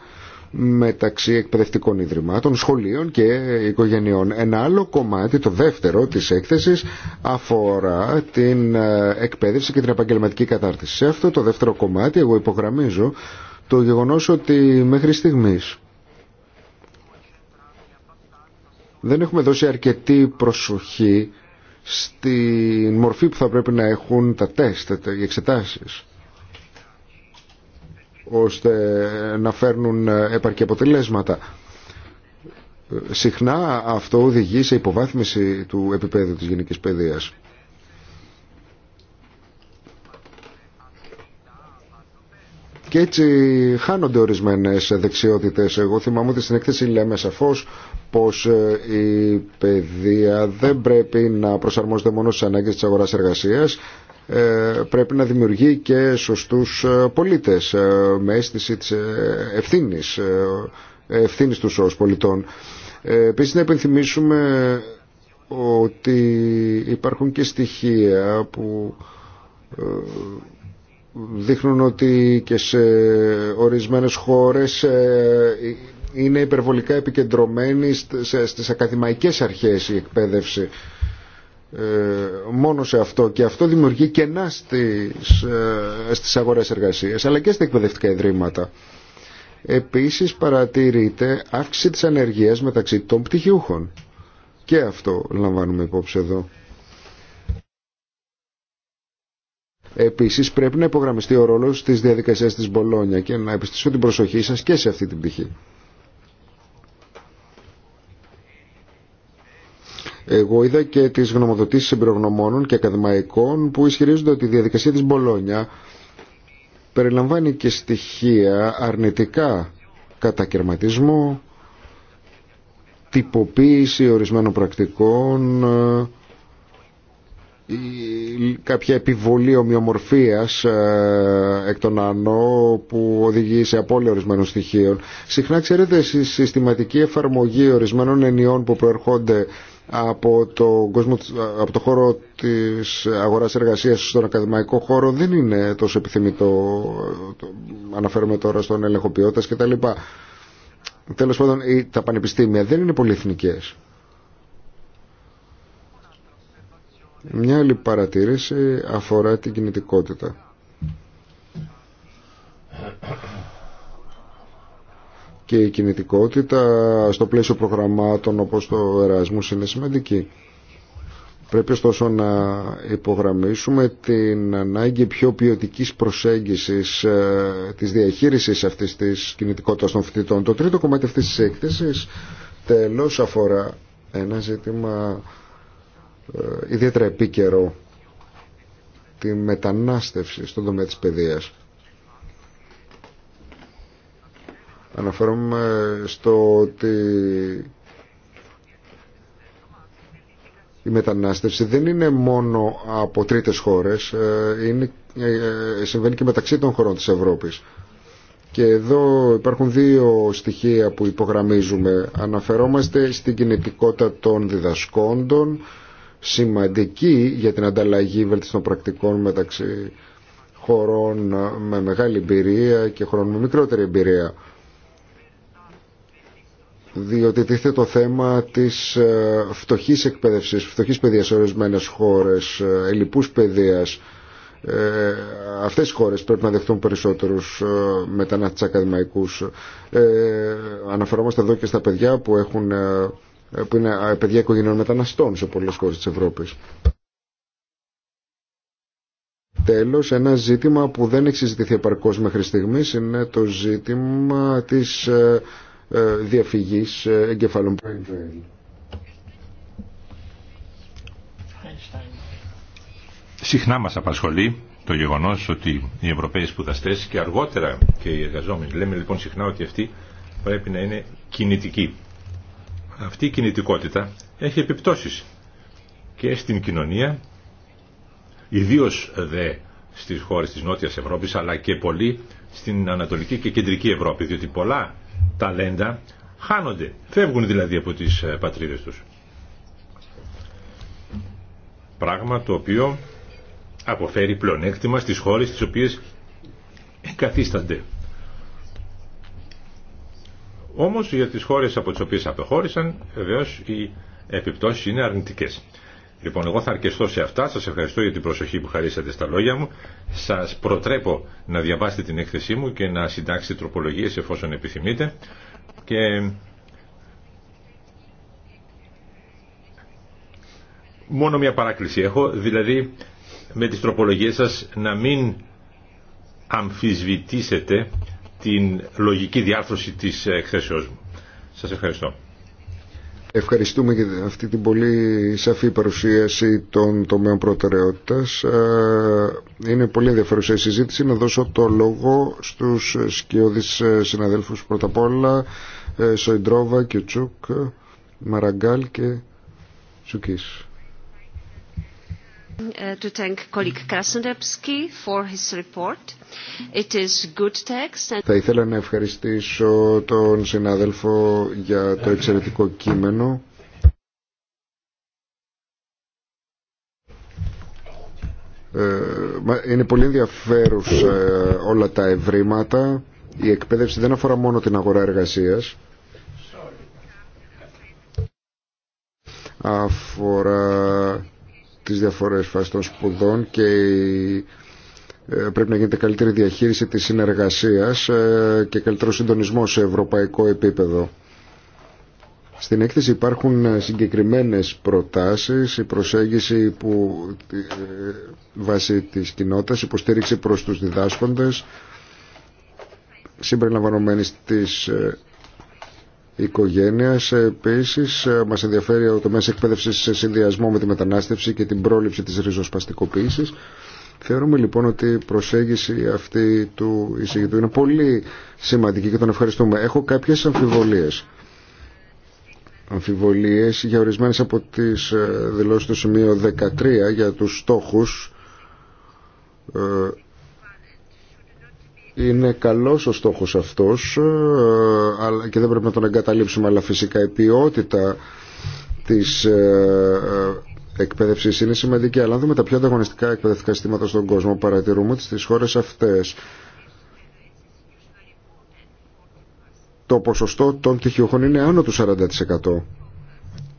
μεταξύ εκπαιδευτικών ιδρυμάτων, σχολείων και οικογενειών. Ένα άλλο κομμάτι, το δεύτερο της έκθεσης, αφορά την ε, εκπαίδευση και την επαγγελματική κατάρτιση. Σε αυτό το δεύτερο κομμάτι εγώ υπογραμμίζω το γεγονός ότι μέχρι στιγμής δεν έχουμε δώσει αρκετή προσοχή στην μορφή που θα πρέπει να έχουν τα τεστ, οι εξετάσεις ώστε να φέρνουν επαρκή αποτελέσματα. Συχνά αυτό οδηγεί σε υποβάθμιση του επίπεδου της γενικής παιδείας. Και έτσι χάνονται ορισμένες δεξιότητες. Εγώ θυμάμαι ότι στην εκθέση λέμε σαφώς πως ε, η παιδεία δεν πρέπει να προσαρμόζεται μόνο στις ανάγκες της αγοράς εργασίας ε, πρέπει να δημιουργεί και σωστούς ε, πολίτες ε, με αίσθηση της ευθύνης, ευθύνης τους ως πολιτών. Επίσης να επενθυμίσουμε ότι υπάρχουν και στοιχεία που δείχνουν ότι και σε ορισμένες χώρες είναι υπερβολικά επικεντρωμένη στις ακαδημαϊκές αρχές η εκπαίδευση ε, μόνο σε αυτό και αυτό δημιουργεί κενά στις, ε, στις αγορές εργασίας αλλά και στα εκπαιδευτικά ιδρύματα. Επίσης παρατηρείται αύξηση της ανεργίας μεταξύ των πτυχιούχων και αυτό λαμβάνουμε υπόψη εδώ. Επίσης πρέπει να υπογραμμιστεί ο ρόλος της διαδικασίας της Μπολόνια και να επιστήσω την προσοχή σας και σε αυτή την πτυχή. Εγώ είδα και τις γνωμοδοτήσεις εμπειρογνωμόνων και ακαδημαϊκών που ισχυρίζονται ότι η διαδικασία της Μπολόνια περιλαμβάνει και στοιχεία αρνητικά κατακαιρματισμό, τυποποίηση ορισμένων πρακτικών, ε, κάποια επιβολή ομοιομορφίας ε, εκ των ανώ που οδηγεί σε απώλεια ορισμένων στοιχείων. Συχνά ξέρετε στη συστηματική εφαρμογή ορισμένων ενιών που προερχόνται από το, κόσμο, από το χώρο της αγοράς εργασίας στον ακαδημαϊκό χώρο δεν είναι τόσο επιθυμητό αναφέρομαι τώρα στον έλεγχο και τα λοιπά τέλος πάντων τα πανεπιστήμια δεν είναι πολυεθνικές μια άλλη παρατήρηση αφορά την κινητικότητα και η κινητικότητα στο πλαίσιο προγραμμάτων όπως το Εράσμους είναι σημαντική. Πρέπει ωστόσο να υπογραμμίσουμε την ανάγκη πιο ποιοτικής προσέγγισης ε, της διαχείρισης αυτής της κινητικότητας των φοιτητών. Το τρίτο κομμάτι αυτής της έκθεσης τελώς αφορά ένα ζήτημα ε, ιδιαίτερα επίκαιρο τη μετανάστευση στον τομέα της παιδείας. Αναφέρομαι στο ότι η μετανάστευση δεν είναι μόνο από τρίτες χώρες, ε, είναι, ε, ε, συμβαίνει και μεταξύ των χωρών της Ευρώπης. Και εδώ υπάρχουν δύο στοιχεία που υπογραμμίζουμε. Αναφερόμαστε στην κινητικότητα των διδασκόντων, σημαντική για την ανταλλαγή βελτιστών πρακτικών μεταξύ χωρών με μεγάλη εμπειρία και χωρών με μικρότερη εμπειρία διότι τίθεται το θέμα της ε, φτωχής εκπαίδευσης, φτωχής παιδείας σε ορισμένες χώρες, ε, ελλειπούς παιδείας. Ε, αυτές οι χώρες πρέπει να δεχτούν περισσότερους ε, μετανάστες ακαδημαϊκούς. Ε, αναφερόμαστε εδώ και στα παιδιά που, έχουν, που είναι παιδιά οικογενειών μεταναστών σε πολλές χώρες της Ευρώπης. Τέλος, ένα ζήτημα που δεν έχει συζητηθεί επαρκώς μέχρι στιγμής είναι το ζήτημα της ε, διαφυγής ε, εγκεφάλων. Συχνά μας απασχολεί το γεγονός ότι οι Ευρωπαίοι σπουδαστέ και αργότερα και οι εργαζόμενοι λέμε λοιπόν συχνά ότι αυτή πρέπει να είναι κινητική. Αυτή η κινητικότητα έχει επιπτώσεις και στην κοινωνία, ιδίω δε στις χώρες της Νότιας Ευρώπης αλλά και πολύ στην Ανατολική και Κεντρική Ευρώπη διότι πολλά ταλέντα χάνονται, φεύγουν δηλαδή από τις ε, πατρίδες τους. Πράγμα το οποίο αποφέρει πλονέκτημα στις χώρες τις οποίες εγκαθίστανται. Όμως για τις χώρες από τις οποίες απεχώρησαν βεβαίως οι επιπτώσεις είναι αρνητικές. Λοιπόν, εγώ θα αρκεστώ σε αυτά. Σας ευχαριστώ για την προσοχή που χαρίσατε στα λόγια μου. Σας προτρέπω να διαβάσετε την έκθεσή μου και να συντάξετε τροπολογίες εφόσον επιθυμείτε. Και... Μόνο μια παράκληση έχω, δηλαδή με τις τροπολογίες σας να μην αμφισβητήσετε την λογική διάρθρωση της εκθέσεώς μου. Σας ευχαριστώ. Ευχαριστούμε για αυτή την πολύ σαφή παρουσίαση των τομέων προτεραιότητας. Ε, είναι πολύ ενδιαφέρουσα η συζήτηση. Να δώσω το λόγο στους σκιώδεις ε, συναδέλφους πρώτα απ' όλα, ε, Σοϊντρόβα και Τσούκ, Μαραγκάλ και Τσουκής. Uh, for his Θα ήθελα να ευχαριστήσω τον συνάδελφο για το εξαιρετικό κείμενο. Ε, είναι πολύ ενδιαφέρουσα ε, όλα τα ευρήματα. Η εκπαίδευση δεν αφορά μόνο την αγορά εργασίας. Αφορά τις διαφορές φάσεις των σπουδών και ε, πρέπει να γίνεται καλύτερη διαχείριση της συνεργασίας ε, και καλύτερο συντονισμό σε ευρωπαϊκό επίπεδο. Στην έκθεση υπάρχουν ε, συγκεκριμένες προτάσεις, η προσέγγιση που βάσει της κοινότητας, υποστήριξη προς τους διδάσκοντες, συμπεριλαμβανομένης της οικογένεια επίση ε, μας ενδιαφέρει ο τομέας εκπαίδευση σε συνδυασμό με τη μετανάστευση και την πρόληψη τη ριζοσπαστικοποίηση. Θεωρούμε λοιπόν ότι η προσέγγιση αυτή του εισηγητού είναι πολύ σημαντική και τον ευχαριστούμε. Έχω κάποιε αμφιβολίε. Αμφιβολίε για ορισμένε από τι ε, δηλώσει του σημείο 13 για του στόχου. Ε, είναι καλός ο στόχος αυτός ε, και δεν πρέπει να τον εγκαταλείψουμε αλλά φυσικά η ποιότητα της ε, ε, εκπαίδευσης είναι σημαντική, αλλά αν δούμε τα πιο ανταγωνιστικά εκπαιδευτικά συστήματα στον κόσμο, παρατηρούμε ότι στι χώρε αυτέ το ποσοστό των τυχιούχων είναι άνω του 40%.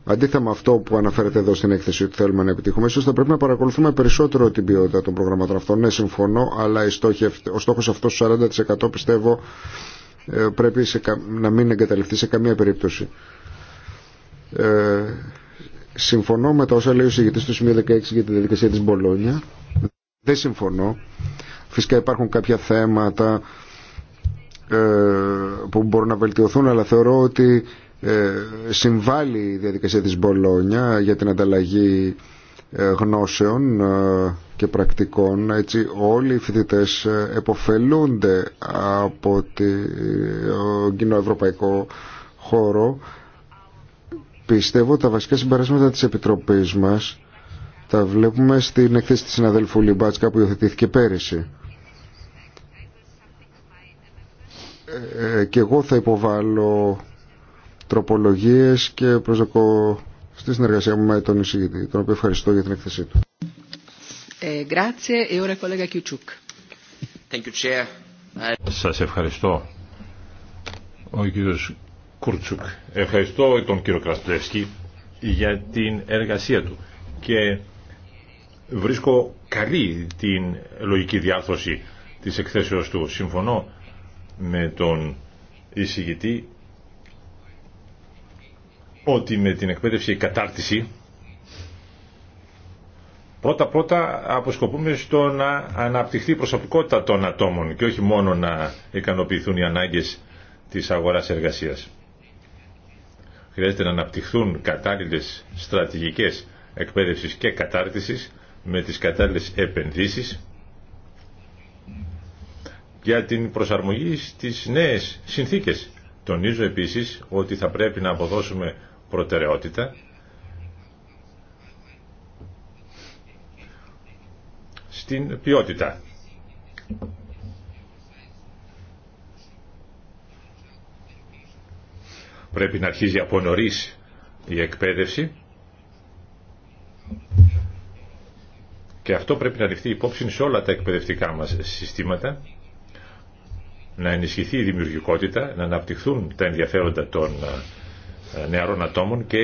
Αντίθετα με αυτό που αναφέρεται εδώ στην έκθεση ότι θέλουμε να επιτύχουμε, ίσω θα πρέπει να παρακολουθούμε περισσότερο την ποιότητα των προγραμμάτων αυτών. Ναι, συμφωνώ, αλλά ο στόχο αυτό του 40% πιστεύω ε, πρέπει να μην εγκαταλειφθεί σε καμία περίπτωση. Ε, συμφωνώ με τα όσα λέει ο συγγετής του σημείου 16 για τη διαδικασία τη Μπολόνια. Δεν συμφωνώ. Φυσικά υπάρχουν κάποια θέματα ε, που μπορούν να βελτιωθούν, αλλά θεωρώ ότι ε, συμβάλλει η διαδικασία της Μπολόνια για την ανταλλαγή ε, γνώσεων ε, και πρακτικών έτσι όλοι οι φοιτητές εποφελούνται από τον κοινό ευρωπαϊκό χώρο πιστεύω τα βασικά συμπεράσματα της Επιτροπής μας τα βλέπουμε στην εκθέση της συναδέλφου Λιμπάτσκα που υιοθετήθηκε πέρυσι και εγώ θα υποβάλω τροπολογίες και προσδοκώ στη συνεργασία μου με τον εισηγητή, τον οποίο ευχαριστώ για την εκθεσή του. Ε, e Σας ευχαριστώ. Ο κύριος Κουρτσουκ. Ευχαριστώ τον κύριο για την εργασία του και βρίσκω καλή την λογική διάρθρωση της εκθέσεως του. Συμφωνώ με τον εισηγητή ότι με την εκπαίδευση και κατάρτιση πρώτα πρώτα αποσκοπούμε στο να αναπτυχθεί η προσωπικότητα των ατόμων και όχι μόνο να ικανοποιηθούν οι ανάγκες της αγοράς εργασίας. Χρειάζεται να αναπτυχθούν κατάλληλες στρατηγικές εκπαίδευσης και κατάρτισης με τις κατάλληλες επενδύσεις για την προσαρμογή στις νέες συνθήκες. Τονίζω επίσης ότι θα πρέπει να αποδώσουμε προτεραιότητα στην ποιότητα. Πρέπει να αρχίζει από νωρίς η εκπαίδευση και αυτό πρέπει να ληφθεί υπόψη σε όλα τα εκπαιδευτικά μας συστήματα να ενισχυθεί η δημιουργικότητα, να αναπτυχθούν τα ενδιαφέροντα των νεαρών ατόμων και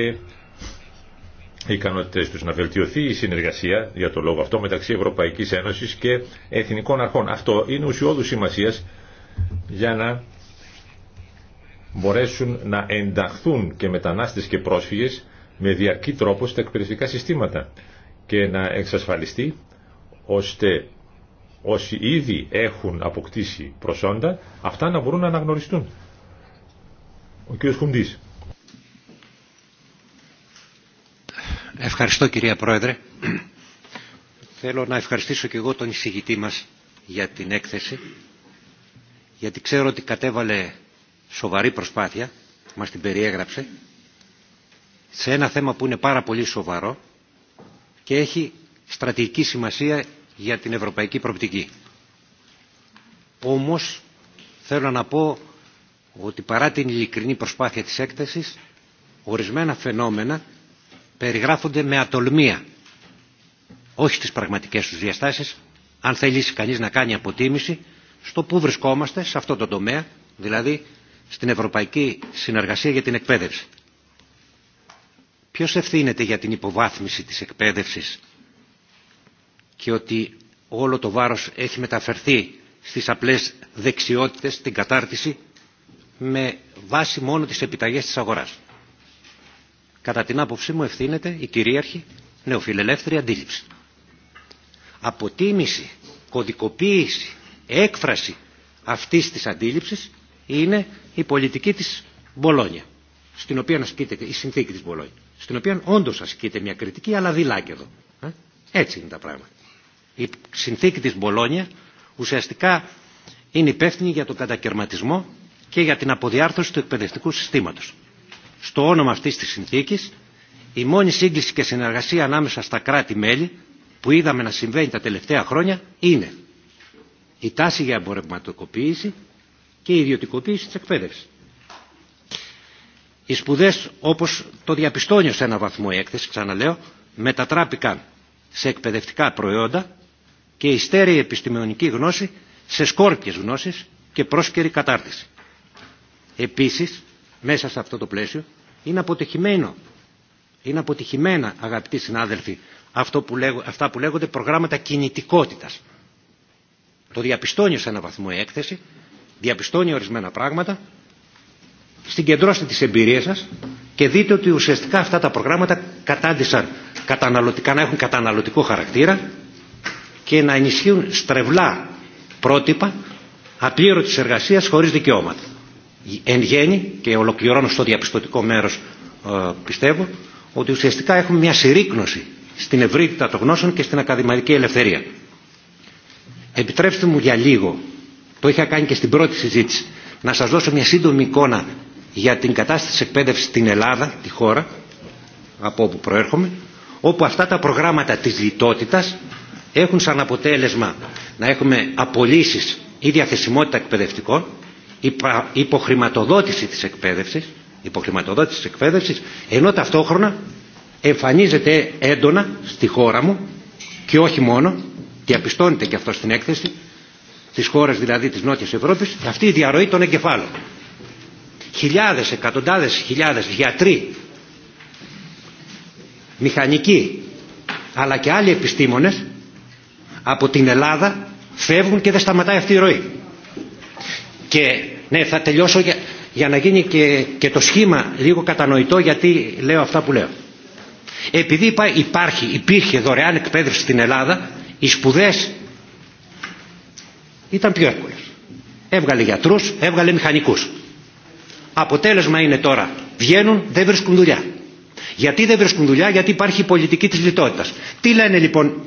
οι ικανότητες τους να βελτιωθεί η συνεργασία για το λόγο αυτό μεταξύ Ευρωπαϊκής Ένωσης και Εθνικών Αρχών. Αυτό είναι ουσιώδου σημασία για να μπορέσουν να ενταχθούν και μετανάστες και πρόσφυγες με διαρκή τρόπο στα εκπαιδευτικά συστήματα και να εξασφαλιστεί ώστε όσοι ήδη έχουν αποκτήσει προσόντα αυτά να μπορούν να αναγνωριστούν. Ο κ. Χουντής. Ευχαριστώ κυρία Πρόεδρε. Θέλω να ευχαριστήσω και εγώ τον εισηγητή μας για την έκθεση γιατί ξέρω ότι κατέβαλε σοβαρή προσπάθεια, μας την περιέγραψε σε ένα θέμα που είναι πάρα πολύ σοβαρό και έχει στρατηγική σημασία για την ευρωπαϊκή προοπτική. Όμως θέλω να πω ότι παρά την ειλικρινή προσπάθεια της έκθεσης ορισμένα φαινόμενα περιγράφονται με ατολμία, όχι τις πραγματικές τους διαστάσεις, αν θελήσει κανείς να κάνει αποτίμηση στο πού βρισκόμαστε σε αυτό το τομέα, δηλαδή στην Ευρωπαϊκή Συνεργασία για την Εκπαίδευση. Ποιος ευθύνεται για την υποβάθμιση της εκπαίδευσης και ότι όλο το βάρος έχει μεταφερθεί στις απλές δεξιότητες, την κατάρτιση, με βάση μόνο τις επιταγές της αγοράς κατά την άποψή μου ευθύνεται η κυρίαρχη νεοφιλελεύθερη αντίληψη. Αποτίμηση, κωδικοποίηση, έκφραση αυτής της αντίληψης είναι η πολιτική της Μπολόνια, στην οποία ασκείται η συνθήκη της Μπολόνια, στην οποία όντως ασκείται μια κριτική, αλλά και εδώ. Ε. Έτσι είναι τα πράγματα. Η συνθήκη της Μπολόνια ουσιαστικά είναι υπεύθυνη για τον κατακαιρματισμό και για την αποδιάρθρωση του εκπαιδευτικού συστήματος στο όνομα αυτής της συνθήκης η μόνη σύγκληση και συνεργασία ανάμεσα στα κράτη-μέλη που είδαμε να συμβαίνει τα τελευταία χρόνια είναι η τάση για εμπορευματοποίηση και η ιδιωτικοποίηση της εκπαίδευσης. Οι σπουδές όπως το διαπιστώνει σε ένα βαθμό η έκθεση, ξαναλέω, μετατράπηκαν σε εκπαιδευτικά προϊόντα και η στέρεη επιστημονική γνώση σε σκόρπιες γνώσεις και πρόσκαιρη κατάρτιση. Επίσης, μέσα σε αυτό το πλαίσιο είναι αποτυχημένο. Είναι αποτυχημένα, αγαπητοί συνάδελφοι, αυτό που λέγω, αυτά που λέγονται προγράμματα κινητικότητας. Το διαπιστώνει σε ένα βαθμό η έκθεση, διαπιστώνει ορισμένα πράγματα, συγκεντρώστε τις εμπειρίες σας και δείτε ότι ουσιαστικά αυτά τα προγράμματα κατάντησαν καταναλωτικά, να έχουν καταναλωτικό χαρακτήρα και να ενισχύουν στρεβλά πρότυπα απλήρωτης εργασίας χωρίς δικαιώματα εν γέννη και ολοκληρώνω στο διαπιστωτικό μέρος ε, πιστεύω ότι ουσιαστικά έχουμε μια συρρήκνωση στην ευρύτητα των γνώσεων και στην ακαδημαϊκή ελευθερία. Επιτρέψτε μου για λίγο, το είχα κάνει και στην πρώτη συζήτηση, να σας δώσω μια σύντομη εικόνα για την κατάσταση της εκπαίδευσης στην Ελλάδα, τη χώρα, από όπου προέρχομαι, όπου αυτά τα προγράμματα της λιτότητας έχουν σαν αποτέλεσμα να έχουμε απολύσεις ή διαθεσιμότητα εκπαιδευτικών, υποχρηματοδότηση της εκπαίδευσης, υποχρηματοδότηση της εκπαίδευσης ενώ ταυτόχρονα εμφανίζεται έντονα στη χώρα μου και όχι μόνο, διαπιστώνεται και αυτό στην έκθεση, της χώρες δηλαδή της Νότιας Ευρώπης, αυτή η διαρροή των εγκεφάλων. Χιλιάδες, εκατοντάδες χιλιάδες γιατροί, μηχανικοί, αλλά και άλλοι επιστήμονες από την Ελλάδα φεύγουν και δεν σταματάει αυτή η ροή. Και ναι, θα τελειώσω για, να γίνει και, και το σχήμα λίγο κατανοητό γιατί λέω αυτά που λέω. Επειδή υπάρχει, υπήρχε δωρεάν εκπαίδευση στην Ελλάδα, οι σπουδές ήταν πιο εύκολε. Έβγαλε γιατρούς, έβγαλε μηχανικούς. Αποτέλεσμα είναι τώρα, βγαίνουν, δεν βρίσκουν δουλειά. Γιατί δεν βρίσκουν δουλειά, γιατί υπάρχει η πολιτική τη λιτότητα. Τι λένε λοιπόν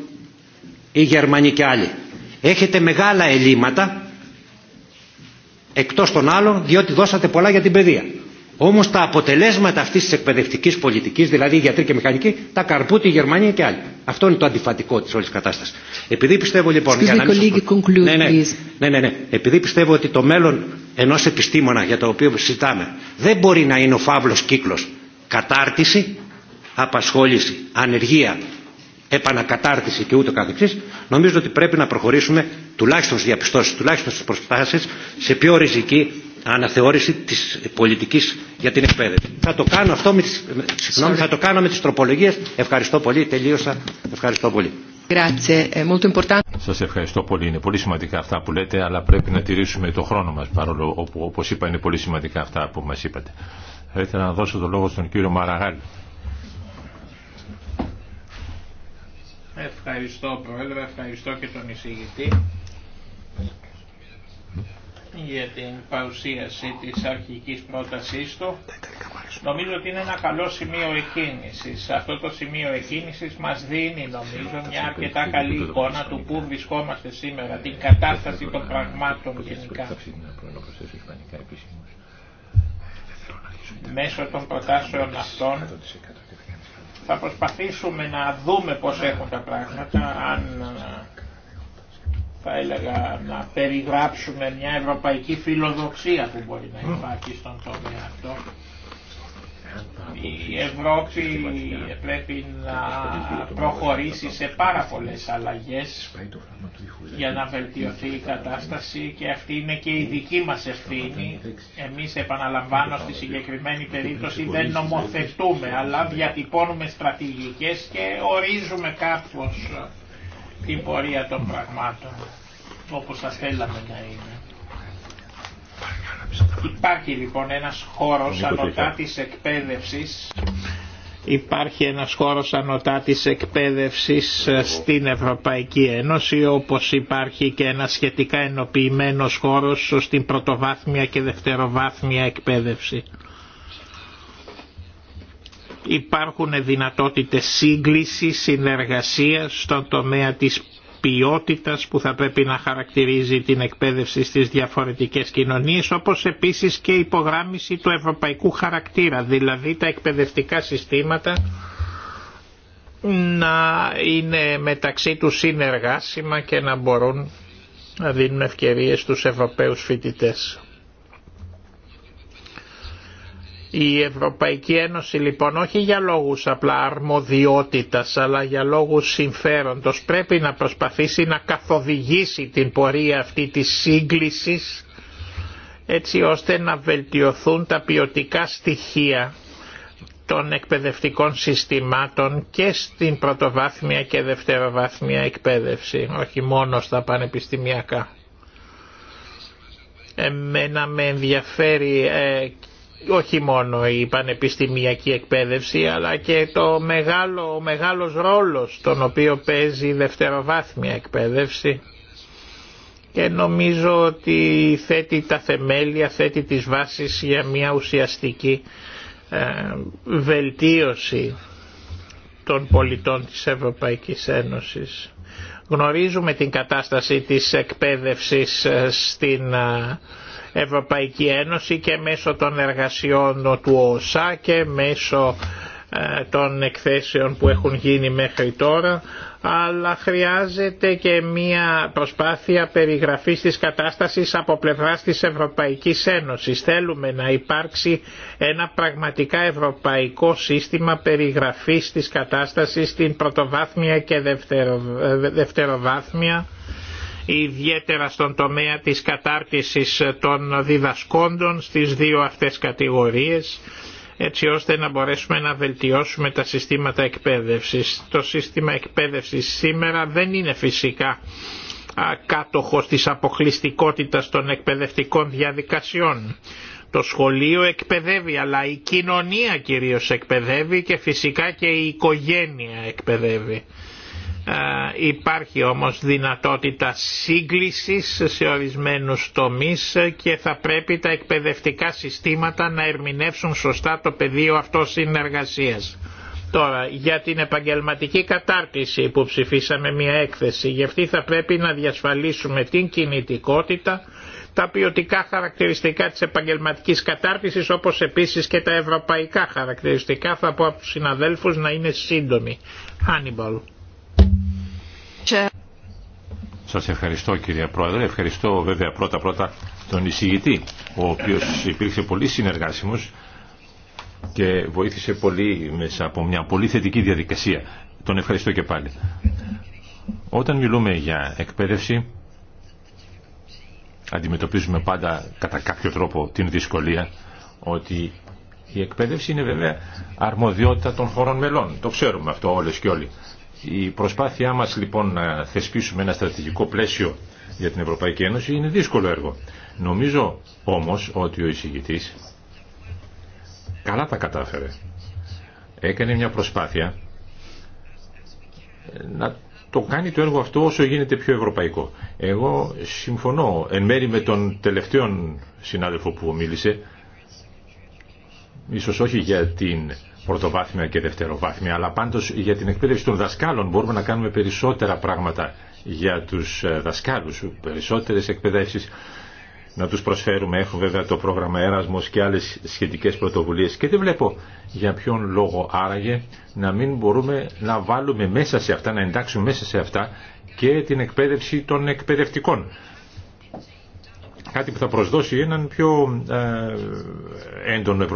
οι Γερμανοί και άλλοι. Έχετε μεγάλα ελλείμματα εκτός των άλλων διότι δώσατε πολλά για την παιδεία. Όμως τα αποτελέσματα αυτής της εκπαιδευτικής πολιτικής, δηλαδή γιατροί και μηχανικοί, τα καρπούν τη Γερμανία και άλλοι. Αυτό είναι το αντιφατικό της όλης κατάστασης. Επειδή πιστεύω λοιπόν... Για να ναι, ναι, ναι, ναι, ναι. Επειδή πιστεύω ότι το μέλλον ενός επιστήμονα για το οποίο συζητάμε δεν μπορεί να είναι ο φαύλος κύκλος κατάρτιση, απασχόληση, ανεργία, επανακατάρτιση και ούτω καθεξής, νομίζω ότι πρέπει να προχωρήσουμε τουλάχιστον στις διαπιστώσεις, τουλάχιστον στις προστάσεις, σε πιο ριζική αναθεώρηση της πολιτικής για την εκπαίδευση. Θα το κάνω αυτό με τις, συγγνώμη, θα το κάνω με τις τροπολογίες. Ευχαριστώ πολύ, τελείωσα. Ευχαριστώ πολύ. Ε, Σας ευχαριστώ πολύ. Είναι πολύ σημαντικά αυτά που λέτε, αλλά πρέπει να τηρήσουμε το χρόνο μας, παρόλο που όπως είπα είναι πολύ σημαντικά αυτά που μας είπατε. Θα ήθελα να δώσω το λόγο στον κύριο Μαραγάλη. Ευχαριστώ Πρόεδρε, ευχαριστώ και τον εισηγητή για την παρουσίαση της αρχικής πρότασής του. Νομίζω ότι είναι ένα καλό σημείο εκκίνησης. Αυτό το σημείο εκκίνησης μας δίνει νομίζω μια αρκετά καλή εικόνα του πού βρισκόμαστε σήμερα, την κατάσταση των πραγμάτων γενικά. Μέσω των προτάσεων αυτών θα προσπαθήσουμε να δούμε πώς έχουν τα πράγματα, αν θα έλεγα να περιγράψουμε μια ευρωπαϊκή φιλοδοξία που μπορεί να υπάρχει στον τομέα αυτό. Η Ευρώπη πρέπει να προχωρήσει σε πάρα πολλές αλλαγές για να βελτιωθεί η κατάσταση και αυτή είναι και η δική μας ευθύνη. Εμείς επαναλαμβάνω στη συγκεκριμένη περίπτωση δεν νομοθετούμε αλλά διατυπώνουμε στρατηγικές και ορίζουμε κάπως την πορεία των πραγμάτων όπως θα θέλαμε να είναι. Υπάρχει λοιπόν ένας χώρος ανωτά της εκπαίδευσης Υπάρχει ένας χώρος ανωτά εκπαίδευσης ε, στην Ευρωπαϊκή Ένωση όπως υπάρχει και ένα σχετικά ενοποιημένος χώρος στην πρωτοβάθμια και δευτεροβάθμια εκπαίδευση. Υπάρχουν δυνατότητες σύγκλησης, συνεργασίας στον τομέα της ποιότητας που θα πρέπει να χαρακτηρίζει την εκπαίδευση στις διαφορετικές κοινωνίες όπως επίσης και υπογράμμιση του ευρωπαϊκού χαρακτήρα δηλαδή τα εκπαιδευτικά συστήματα να είναι μεταξύ τους συνεργάσιμα και να μπορούν να δίνουν ευκαιρίες στους Ευρωπαίους φοιτητές. Η Ευρωπαϊκή Ένωση λοιπόν όχι για λόγους απλά αρμοδιότητας αλλά για λόγους συμφέροντος πρέπει να προσπαθήσει να καθοδηγήσει την πορεία αυτή της σύγκλησης έτσι ώστε να βελτιωθούν τα ποιοτικά στοιχεία των εκπαιδευτικών συστημάτων και στην πρωτοβάθμια και δευτεροβάθμια εκπαίδευση, όχι μόνο στα πανεπιστημιακά. Εμένα με ενδιαφέρει ε, όχι μόνο η πανεπιστημιακή εκπαίδευση αλλά και το μεγάλο, μεγάλος ρόλος τον οποίο παίζει η δευτεροβάθμια εκπαίδευση και νομίζω ότι θέτει τα θεμέλια, θέτει τις βάσεις για μια ουσιαστική ε, βελτίωση των πολιτών της Ευρωπαϊκής Ένωσης. Γνωρίζουμε την κατάσταση της εκπαίδευσης ε, στην ε, Ευρωπαϊκή Ένωση και μέσω των εργασιών του ΟΣΑ και μέσω ε, των εκθέσεων που έχουν γίνει μέχρι τώρα αλλά χρειάζεται και μία προσπάθεια περιγραφής της κατάστασης από πλευράς της Ευρωπαϊκής Ένωσης. Θέλουμε να υπάρξει ένα πραγματικά ευρωπαϊκό σύστημα περιγραφής της κατάστασης στην πρωτοβάθμια και ε, δευτεροβάθμια ιδιαίτερα στον τομέα της κατάρτισης των διδασκόντων στις δύο αυτές κατηγορίες έτσι ώστε να μπορέσουμε να βελτιώσουμε τα συστήματα εκπαίδευσης. Το σύστημα εκπαίδευσης σήμερα δεν είναι φυσικά κάτοχος της αποκλειστικότητας των εκπαιδευτικών διαδικασιών. Το σχολείο εκπαιδεύει αλλά η κοινωνία κυρίως εκπαιδεύει και φυσικά και η οικογένεια εκπαιδεύει. Ε, υπάρχει όμως δυνατότητα σύγκλησης σε ορισμένους τομείς και θα πρέπει τα εκπαιδευτικά συστήματα να ερμηνεύσουν σωστά το πεδίο αυτό συνεργασίας. Τώρα, για την επαγγελματική κατάρτιση που ψηφίσαμε μια έκθεση, γι' αυτή θα πρέπει να διασφαλίσουμε την κινητικότητα, τα ποιοτικά χαρακτηριστικά της επαγγελματικής κατάρτισης, όπως επίσης και τα ευρωπαϊκά χαρακτηριστικά, θα πω από τους συναδέλφους να είναι σύντομοι. Hannibal. Σας ευχαριστώ κύριε Πρόεδρε, ευχαριστώ βέβαια πρώτα πρώτα τον εισηγητή, ο οποίος υπήρξε πολύ συνεργάσιμος και βοήθησε πολύ μέσα από μια πολύ θετική διαδικασία. Τον ευχαριστώ και πάλι. Όταν μιλούμε για εκπαίδευση, αντιμετωπίζουμε πάντα κατά κάποιο τρόπο την δυσκολία ότι η εκπαίδευση είναι βέβαια αρμοδιότητα των χωρών μελών. Το ξέρουμε αυτό όλες και όλοι. Η προσπάθειά μας λοιπόν να θεσπίσουμε ένα στρατηγικό πλαίσιο για την Ευρωπαϊκή Ένωση είναι δύσκολο έργο. Νομίζω όμως ότι ο εισηγητής καλά τα κατάφερε. Έκανε μια προσπάθεια να το κάνει το έργο αυτό όσο γίνεται πιο ευρωπαϊκό. Εγώ συμφωνώ εν μέρη με τον τελευταίο συνάδελφο που μίλησε, ίσως όχι για την πρωτοβάθμια και δευτεροβάθμια, αλλά πάντως για την εκπαίδευση των δασκάλων μπορούμε να κάνουμε περισσότερα πράγματα για τους ε, δασκάλους, περισσότερες εκπαιδεύσεις να τους προσφέρουμε. Έχουν βέβαια το πρόγραμμα Έρασμος και άλλες σχετικές πρωτοβουλίες και δεν βλέπω για ποιον λόγο άραγε να μην μπορούμε να βάλουμε μέσα σε αυτά, να εντάξουμε μέσα σε αυτά και την εκπαίδευση των εκπαιδευτικών. Κάτι που θα προσδώσει έναν πιο ε, έντονο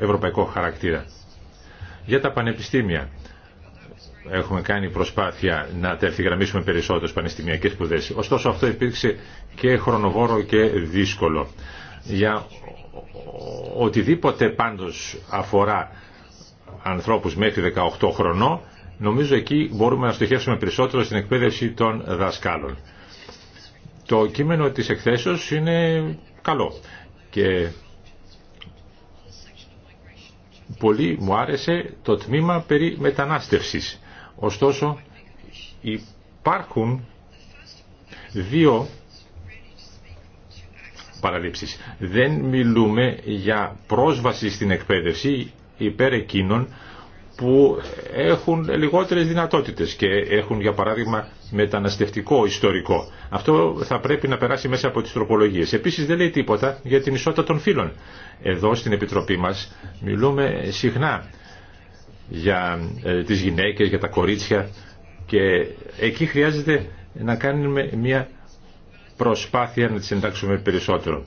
ευρωπαϊκό χαρακτήρα. Για τα πανεπιστήμια έχουμε κάνει προσπάθεια να τα ευθυγραμμίσουμε περισσότερο στις πανεπιστημιακές Ωστόσο αυτό υπήρξε και χρονοβόρο και δύσκολο. Για οτιδήποτε πάντως αφορά ανθρώπου μέχρι 18 χρονών, νομίζω εκεί μπορούμε να στοχεύσουμε περισσότερο στην εκπαίδευση των δασκάλων. Το κείμενο της εκθέσεως είναι καλό και πολύ μου άρεσε το τμήμα περί μετανάστευσης. Ωστόσο υπάρχουν δύο παραλήψεις. Δεν μιλούμε για πρόσβαση στην εκπαίδευση υπέρ εκείνων που έχουν λιγότερες δυνατότητες και έχουν για παράδειγμα μεταναστευτικό ιστορικό. Αυτό θα πρέπει να περάσει μέσα από τις τροπολογίες. Επίσης δεν λέει τίποτα για την ισότητα των φύλων. Εδώ στην Επιτροπή μας μιλούμε συχνά για ε, τις γυναίκες, για τα κορίτσια και εκεί χρειάζεται να κάνουμε μια προσπάθεια να τις εντάξουμε περισσότερο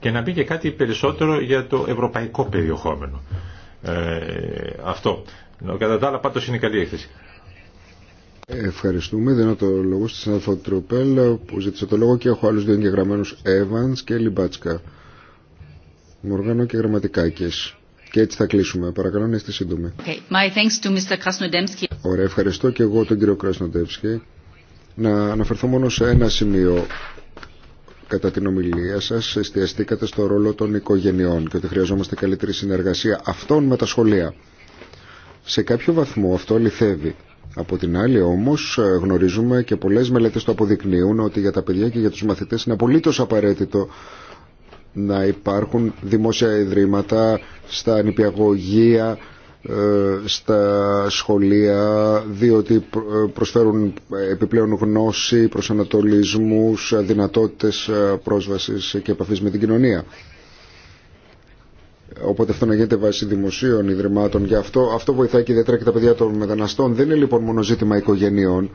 και να μπει και κάτι περισσότερο για το ευρωπαϊκό περιεχόμενο. Ε, αυτό. Κατά τα άλλα πάντως είναι καλή έκθεση. Ευχαριστούμε. Δίνω το λόγο στη συνάδελφο Τροπέλ που ζήτησε το λόγο και έχω άλλους δύο εγγεγραμμένους Evans και Λιμπάτσκα. Μοργάνο και Γραμματικάκης. Και έτσι θα κλείσουμε. Παρακαλώ να είστε σύντομοι. Okay. Ωραία, ευχαριστώ και εγώ τον κύριο Κρασνοντεύσκη. Να αναφερθώ μόνο σε ένα σημείο κατά την ομιλία σας εστιαστήκατε στο ρόλο των οικογενειών και ότι χρειαζόμαστε καλύτερη συνεργασία αυτών με τα σχολεία. Σε κάποιο βαθμό αυτό αληθεύει. Από την άλλη όμως γνωρίζουμε και πολλές μελέτες το αποδεικνύουν ότι για τα παιδιά και για τους μαθητές είναι απολύτως απαραίτητο να υπάρχουν δημόσια ιδρύματα στα νηπιαγωγεία, ε, στα σχολεία διότι ε, προσφέρουν ε, επιπλέον γνώση, προσανατολισμούς, δυνατότητες πρόσβασης και επαφής με την κοινωνία. Οπότε αυτό να γίνεται βάση δημοσίων ιδρυμάτων. και αυτό, αυτό βοηθάει και ιδιαίτερα και τα παιδιά των μεταναστών. Δεν είναι λοιπόν μόνο ζήτημα οικογενειών.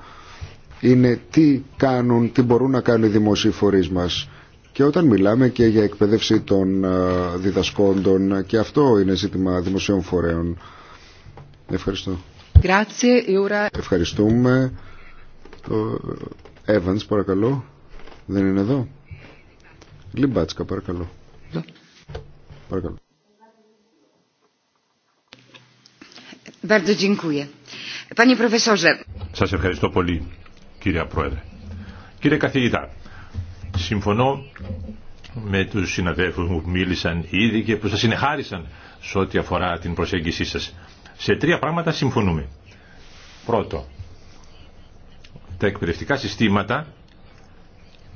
Είναι τι κάνουν, τι μπορούν να κάνουν οι δημοσίοι φορείς μας και όταν μιλάμε και για εκπαίδευση των ε, διδασκόντων και αυτό είναι ζήτημα δημοσίων φορέων. Ευχαριστώ. E Ευχαριστούμε. Ε, Evans, παρακαλώ. Δεν είναι εδώ. Λιμπάτσκα, παρακαλώ. Παρακαλώ. Σας ευχαριστώ πολύ, κύριε Πρόεδρε. Κύριε Καθηγητά, Συμφωνώ με τους συναδέλφους μου που μίλησαν ήδη και που σας συνεχάρισαν σε ό,τι αφορά την προσέγγισή σας. Σε τρία πράγματα συμφωνούμε. Πρώτο, τα εκπαιδευτικά συστήματα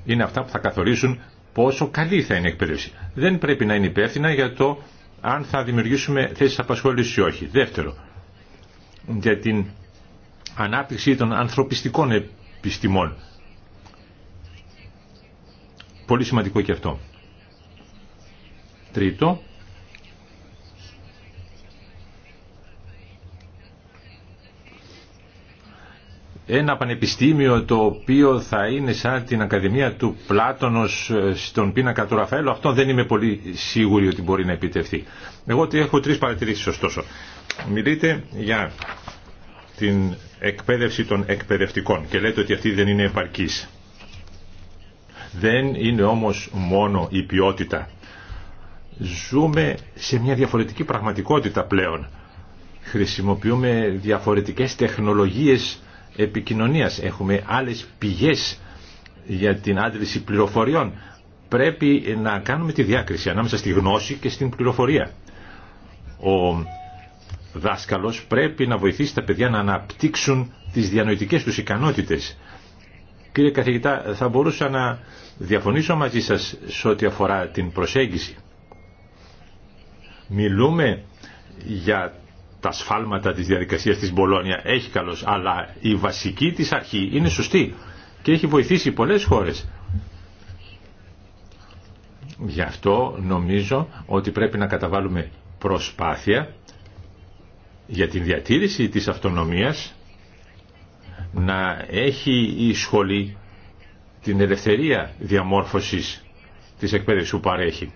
είναι αυτά που θα καθορίσουν πόσο καλή θα είναι η εκπαίδευση. Δεν πρέπει να είναι υπεύθυνα για το αν θα δημιουργήσουμε θέσεις απασχόλησης ή όχι. Δεύτερο, για την ανάπτυξη των ανθρωπιστικών επιστημών. Πολύ σημαντικό και αυτό. Τρίτο, ένα πανεπιστήμιο το οποίο θα είναι σαν την Ακαδημία του Πλάτωνος ε, στον πίνακα του Ραφαέλου, αυτό δεν είμαι πολύ σίγουρη ότι μπορεί να επιτευχθεί. Εγώ έχω τρεις παρατηρήσεις ωστόσο. Μιλείτε για την εκπαίδευση των εκπαιδευτικών και λέτε ότι αυτή δεν είναι επαρκής. Δεν είναι όμως μόνο η ποιότητα. Ζούμε σε μια διαφορετική πραγματικότητα πλέον. Χρησιμοποιούμε διαφορετικές τεχνολογίες επικοινωνίας. Έχουμε άλλες πηγές για την άντληση πληροφοριών. Πρέπει να κάνουμε τη διάκριση ανάμεσα στη γνώση και στην πληροφορία. Ο δάσκαλος πρέπει να βοηθήσει τα παιδιά να αναπτύξουν τις διανοητικές τους ικανότητες Κύριε καθηγητά, θα μπορούσα να διαφωνήσω μαζί σας σε ό,τι αφορά την προσέγγιση. Μιλούμε για τα σφάλματα της διαδικασίας της Μπολόνια, έχει καλώς, αλλά η βασική της αρχή είναι σωστή και έχει βοηθήσει πολλές χώρες. Γι' αυτό νομίζω ότι πρέπει να καταβάλουμε προσπάθεια για την διατήρηση της αυτονομίας να έχει η σχολή την ελευθερία διαμόρφωσης της εκπαίδευσης που παρέχει.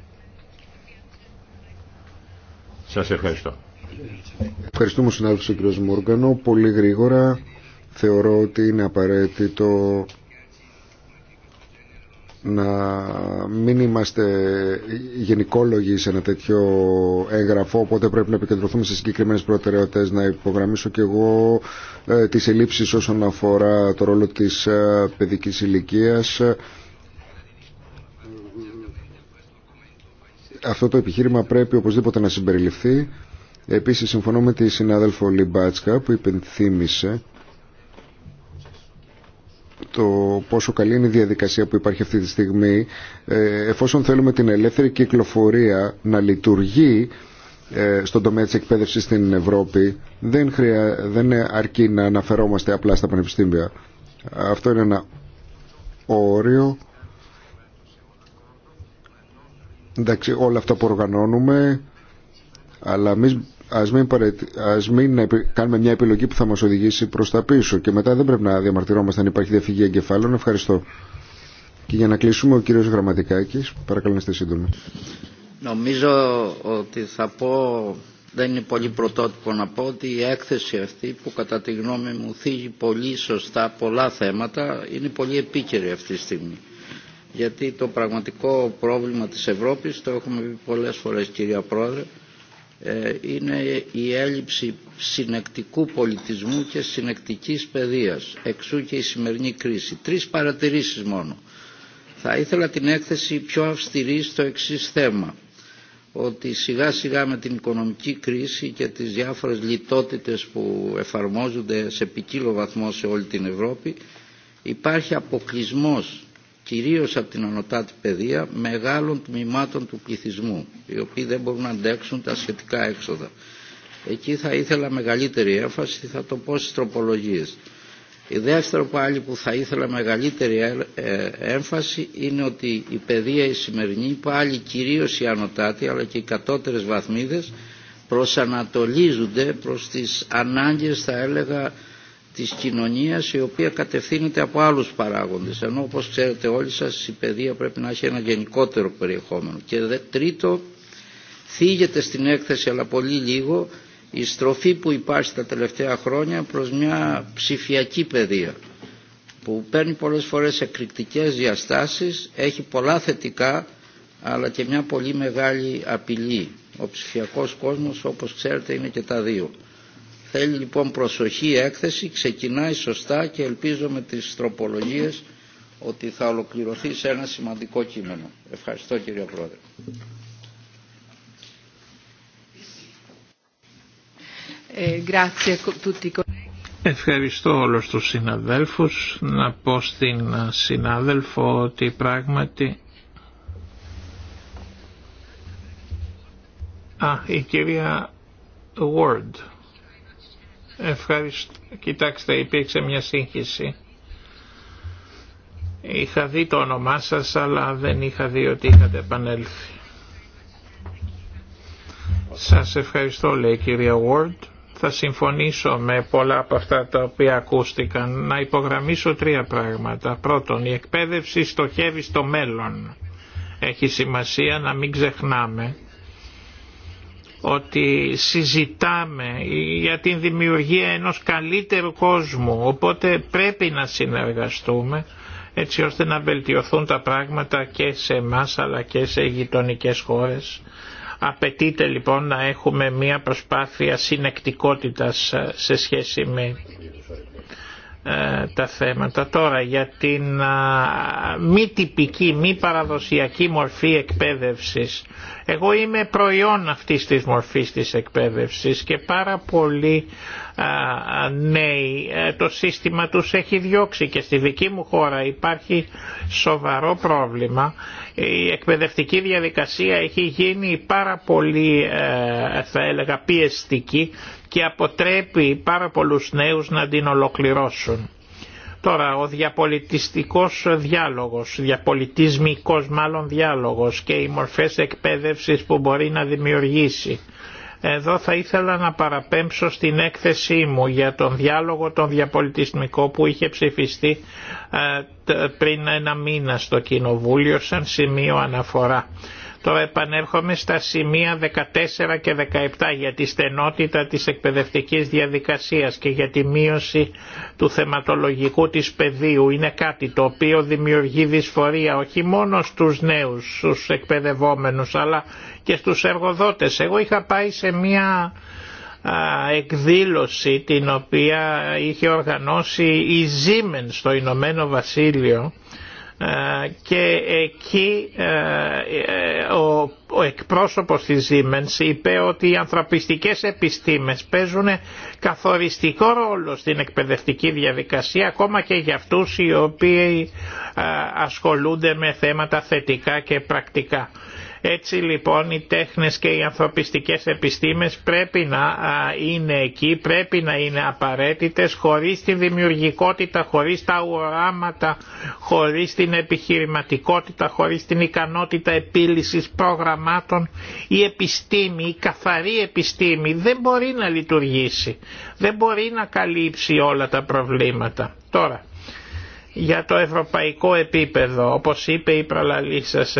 Σας ευχαριστώ. Ευχαριστούμε συνάδελφος κ. Μόργανο. Πολύ γρήγορα θεωρώ ότι είναι απαραίτητο να μην είμαστε γενικόλογοι σε ένα τέτοιο έγγραφο οπότε πρέπει να επικεντρωθούμε σε συγκεκριμένες προτεραιότητες να υπογραμμίσω και εγώ ε, τις ελλείψεις όσον αφορά το ρόλο της ε, παιδικής ηλικίας αυτό το επιχείρημα πρέπει οπωσδήποτε να συμπεριληφθεί επίσης συμφωνώ με τη συνάδελφο Λιμπάτσκα που υπενθύμησε το πόσο καλή είναι η διαδικασία που υπάρχει αυτή τη στιγμή ε, εφόσον θέλουμε την ελεύθερη κυκλοφορία να λειτουργεί ε, στον τομέα της εκπαίδευσης στην Ευρώπη δεν, χρεια... δεν αρκεί να αναφερόμαστε απλά στα πανεπιστήμια. Αυτό είναι ένα όριο. Εντάξει, όλα αυτά που οργανώνουμε αλλά εμεί ας μην, ας μην κάνουμε μια επιλογή που θα μας οδηγήσει προς τα πίσω και μετά δεν πρέπει να διαμαρτυρόμαστε αν υπάρχει διαφυγή εγκεφάλων. Ευχαριστώ. Και για να κλείσουμε ο κύριος Γραμματικάκης, παρακαλώ να είστε σύντομοι. Νομίζω ότι θα πω, δεν είναι πολύ πρωτότυπο να πω, ότι η έκθεση αυτή που κατά τη γνώμη μου θίγει πολύ σωστά πολλά θέματα είναι πολύ επίκαιρη αυτή τη στιγμή. Γιατί το πραγματικό πρόβλημα της Ευρώπης, το έχουμε πει πολλές φορές κυρία Πρόεδρε, ε, είναι η έλλειψη συνεκτικού πολιτισμού και συνεκτικής παιδείας. Εξού και η σημερινή κρίση. Τρεις παρατηρήσεις μόνο. Θα ήθελα την έκθεση πιο αυστηρή στο εξή θέμα ότι σιγά σιγά με την οικονομική κρίση και τις διάφορες λιτότητες που εφαρμόζονται σε ποικίλο βαθμό σε όλη την Ευρώπη υπάρχει αποκλεισμός κυρίως από την ανωτάτη παιδεία, μεγάλων τμήματων του πληθυσμού, οι οποίοι δεν μπορούν να αντέξουν τα σχετικά έξοδα. Εκεί θα ήθελα μεγαλύτερη έμφαση, θα το πω στις τροπολογίες. Η δεύτερο πάλι που θα ήθελα μεγαλύτερη ε, ε, έμφαση είναι ότι η παιδεία η σημερινή, πάλι κυρίως η ανωτάτη αλλά και οι κατώτερες βαθμίδες, προσανατολίζονται προς τις ανάγκες θα έλεγα της κοινωνίας η οποία κατευθύνεται από άλλους παράγοντες ενώ όπως ξέρετε όλοι σας η παιδεία πρέπει να έχει ένα γενικότερο περιεχόμενο και τρίτο θίγεται στην έκθεση αλλά πολύ λίγο η στροφή που υπάρχει τα τελευταία χρόνια προς μια ψηφιακή παιδεία που παίρνει πολλές φορές εκρηκτικές διαστάσεις έχει πολλά θετικά αλλά και μια πολύ μεγάλη απειλή ο ψηφιακός κόσμος όπως ξέρετε είναι και τα δύο Θέλει λοιπόν προσοχή η έκθεση, ξεκινάει σωστά και ελπίζω με τις τροπολογίες ότι θα ολοκληρωθεί σε ένα σημαντικό κείμενο. Ευχαριστώ κύριε Πρόεδρε. Ε, Ευχαριστώ όλους τους συναδέλφους. Να πω στην ε, συνάδελφο ότι πράγματι... Α, η κυρία Ward. Ευχαριστώ. Κοιτάξτε, υπήρξε μια σύγχυση. Είχα δει το όνομά σας, αλλά δεν είχα δει ότι είχατε επανέλθει. Σας ευχαριστώ, λέει η κυρία Ward. Θα συμφωνήσω με πολλά από αυτά τα οποία ακούστηκαν. Να υπογραμμίσω τρία πράγματα. Πρώτον, η εκπαίδευση στοχεύει στο μέλλον. Έχει σημασία να μην ξεχνάμε ότι συζητάμε για την δημιουργία ενός καλύτερου κόσμου, οπότε πρέπει να συνεργαστούμε έτσι ώστε να βελτιωθούν τα πράγματα και σε εμά αλλά και σε γειτονικέ χώρες. Απαιτείται λοιπόν να έχουμε μια προσπάθεια συνεκτικότητας ε, σε σχέση με ε, τα θέματα. Τώρα για την μη τυπική, μη παραδοσιακή μορφή εκπαίδευσης. Εγώ είμαι προϊόν αυτής της μορφής της εκπαίδευσης και πάρα πολλοί νέοι ε, το σύστημα τους έχει διώξει και στη δική μου χώρα υπάρχει σοβαρό πρόβλημα η εκπαιδευτική διαδικασία έχει γίνει πάρα πολύ ε, θα έλεγα πιεστική και αποτρέπει πάρα πολλούς νέους να την ολοκληρώσουν. Τώρα ο διαπολιτιστικός διάλογος, διαπολιτισμικός μάλλον διάλογος και οι μορφές εκπαίδευσης που μπορεί να δημιουργήσει εδώ θα ήθελα να παραπέμψω στην έκθεσή μου για τον διάλογο τον διαπολιτισμικό που είχε ψηφιστεί ε, πριν ένα μήνα στο Κοινοβούλιο σαν σημείο αναφορά. Τώρα επανέρχομαι στα σημεία 14 και 17 για τη στενότητα της εκπαιδευτικής διαδικασίας και για τη μείωση του θεματολογικού της πεδίου. Είναι κάτι το οποίο δημιουργεί δυσφορία όχι μόνο στους νέους, στους εκπαιδευόμενους, αλλά και στους εργοδότες. Εγώ είχα πάει σε μια εκδήλωση την οποία είχε οργανώσει η Siemens στο Ηνωμένο Βασίλειο ε, και εκεί ε, ε, ο εκπρόσωπος της Siemens είπε ότι οι ανθρωπιστικές επιστήμες παίζουν καθοριστικό ρόλο στην εκπαιδευτική διαδικασία ακόμα και για αυτούς οι οποίοι ασχολούνται με θέματα θετικά και πρακτικά. Έτσι λοιπόν οι τέχνες και οι ανθρωπιστικές επιστήμες πρέπει να είναι εκεί, πρέπει να είναι απαραίτητες χωρίς τη δημιουργικότητα, χωρίς τα οράματα, χωρίς την επιχειρηματικότητα, χωρίς την ικανότητα επίλυσης προγραμμάτων. Η επιστήμη, η καθαρή επιστήμη δεν μπορεί να λειτουργήσει, δεν μπορεί να καλύψει όλα τα προβλήματα. Τώρα, για το ευρωπαϊκό επίπεδο. Όπως είπε η προλαλή σας,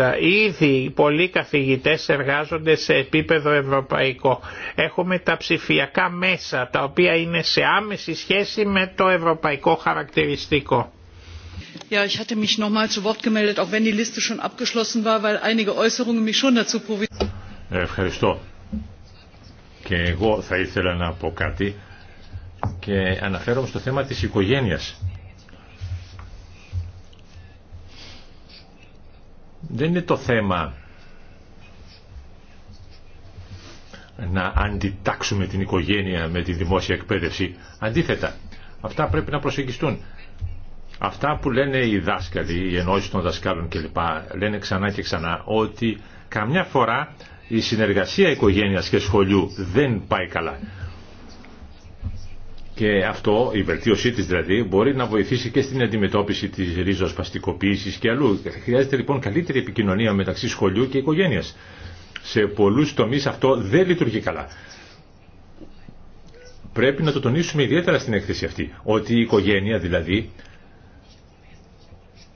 ήδη πολλοί καθηγητές εργάζονται σε επίπεδο ευρωπαϊκό. Έχουμε τα ψηφιακά μέσα, τα οποία είναι σε άμεση σχέση με το ευρωπαϊκό χαρακτηριστικό. Ja, ich hatte mich nochmal zu Wort gemeldet, auch wenn die Liste schon abgeschlossen war, weil einige Äußerungen mich schon dazu Ευχαριστώ. Και εγώ θα ήθελα να πω κάτι και αναφέρομαι στο θέμα της οικογένειας Δεν είναι το θέμα να αντιτάξουμε την οικογένεια με τη δημόσια εκπαίδευση. Αντίθετα, αυτά πρέπει να προσεγγιστούν. Αυτά που λένε οι δάσκαλοι, οι ενώσεις των δασκάλων κλπ. λένε ξανά και ξανά ότι καμιά φορά η συνεργασία οικογένειας και σχολείου δεν πάει καλά. Και αυτό, η βελτίωσή της δηλαδή, μπορεί να βοηθήσει και στην αντιμετώπιση της ρίζοσπαστικοποίησης και αλλού. Χρειάζεται λοιπόν καλύτερη επικοινωνία μεταξύ σχολείου και οικογένειας. Σε πολλούς τομείς αυτό δεν λειτουργεί καλά. Πρέπει να το τονίσουμε ιδιαίτερα στην έκθεση αυτή, ότι η οικογένεια δηλαδή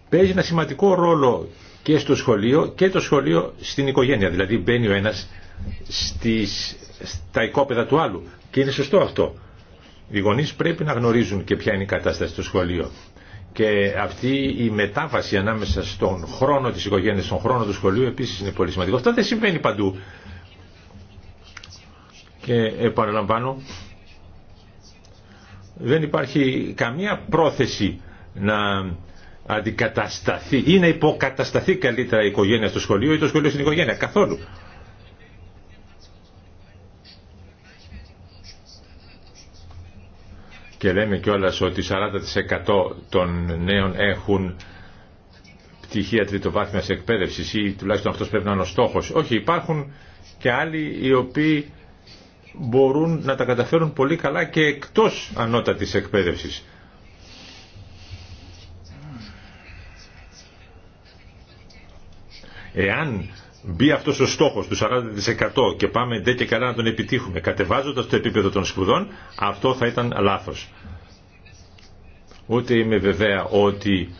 παίζει ένα σημαντικό ρόλο και στο σχολείο και το σχολείο στην οικογένεια. Δηλαδή μπαίνει ο ένας στις, στα οικόπεδα του άλλου και είναι σωστό αυτό. Οι γονεί πρέπει να γνωρίζουν και ποια είναι η κατάσταση στο σχολείο. Και αυτή η μετάβαση ανάμεσα στον χρόνο της οικογένειας, στον χρόνο του σχολείου επίσης είναι πολύ σημαντικό. Αυτό δεν συμβαίνει παντού. Και επαναλαμβάνω, δεν υπάρχει καμία πρόθεση να αντικατασταθεί ή να υποκατασταθεί καλύτερα η οικογένεια στο σχολείο ή το σχολείο στην οικογένεια. Καθόλου. και λέμε κιόλα ότι 40% των νέων έχουν πτυχία τριτοβάθμιας εκπαίδευση ή τουλάχιστον αυτό πρέπει να είναι ο στόχος. Όχι, υπάρχουν και άλλοι οι οποίοι μπορούν να τα καταφέρουν πολύ καλά και εκτός ανώτατης εκπαίδευση. Εάν μπει αυτό ο στόχο του 40% και πάμε ντε και καλά να τον επιτύχουμε κατεβάζοντα το επίπεδο των σπουδών, αυτό θα ήταν λάθο. Ούτε είμαι βεβαία ότι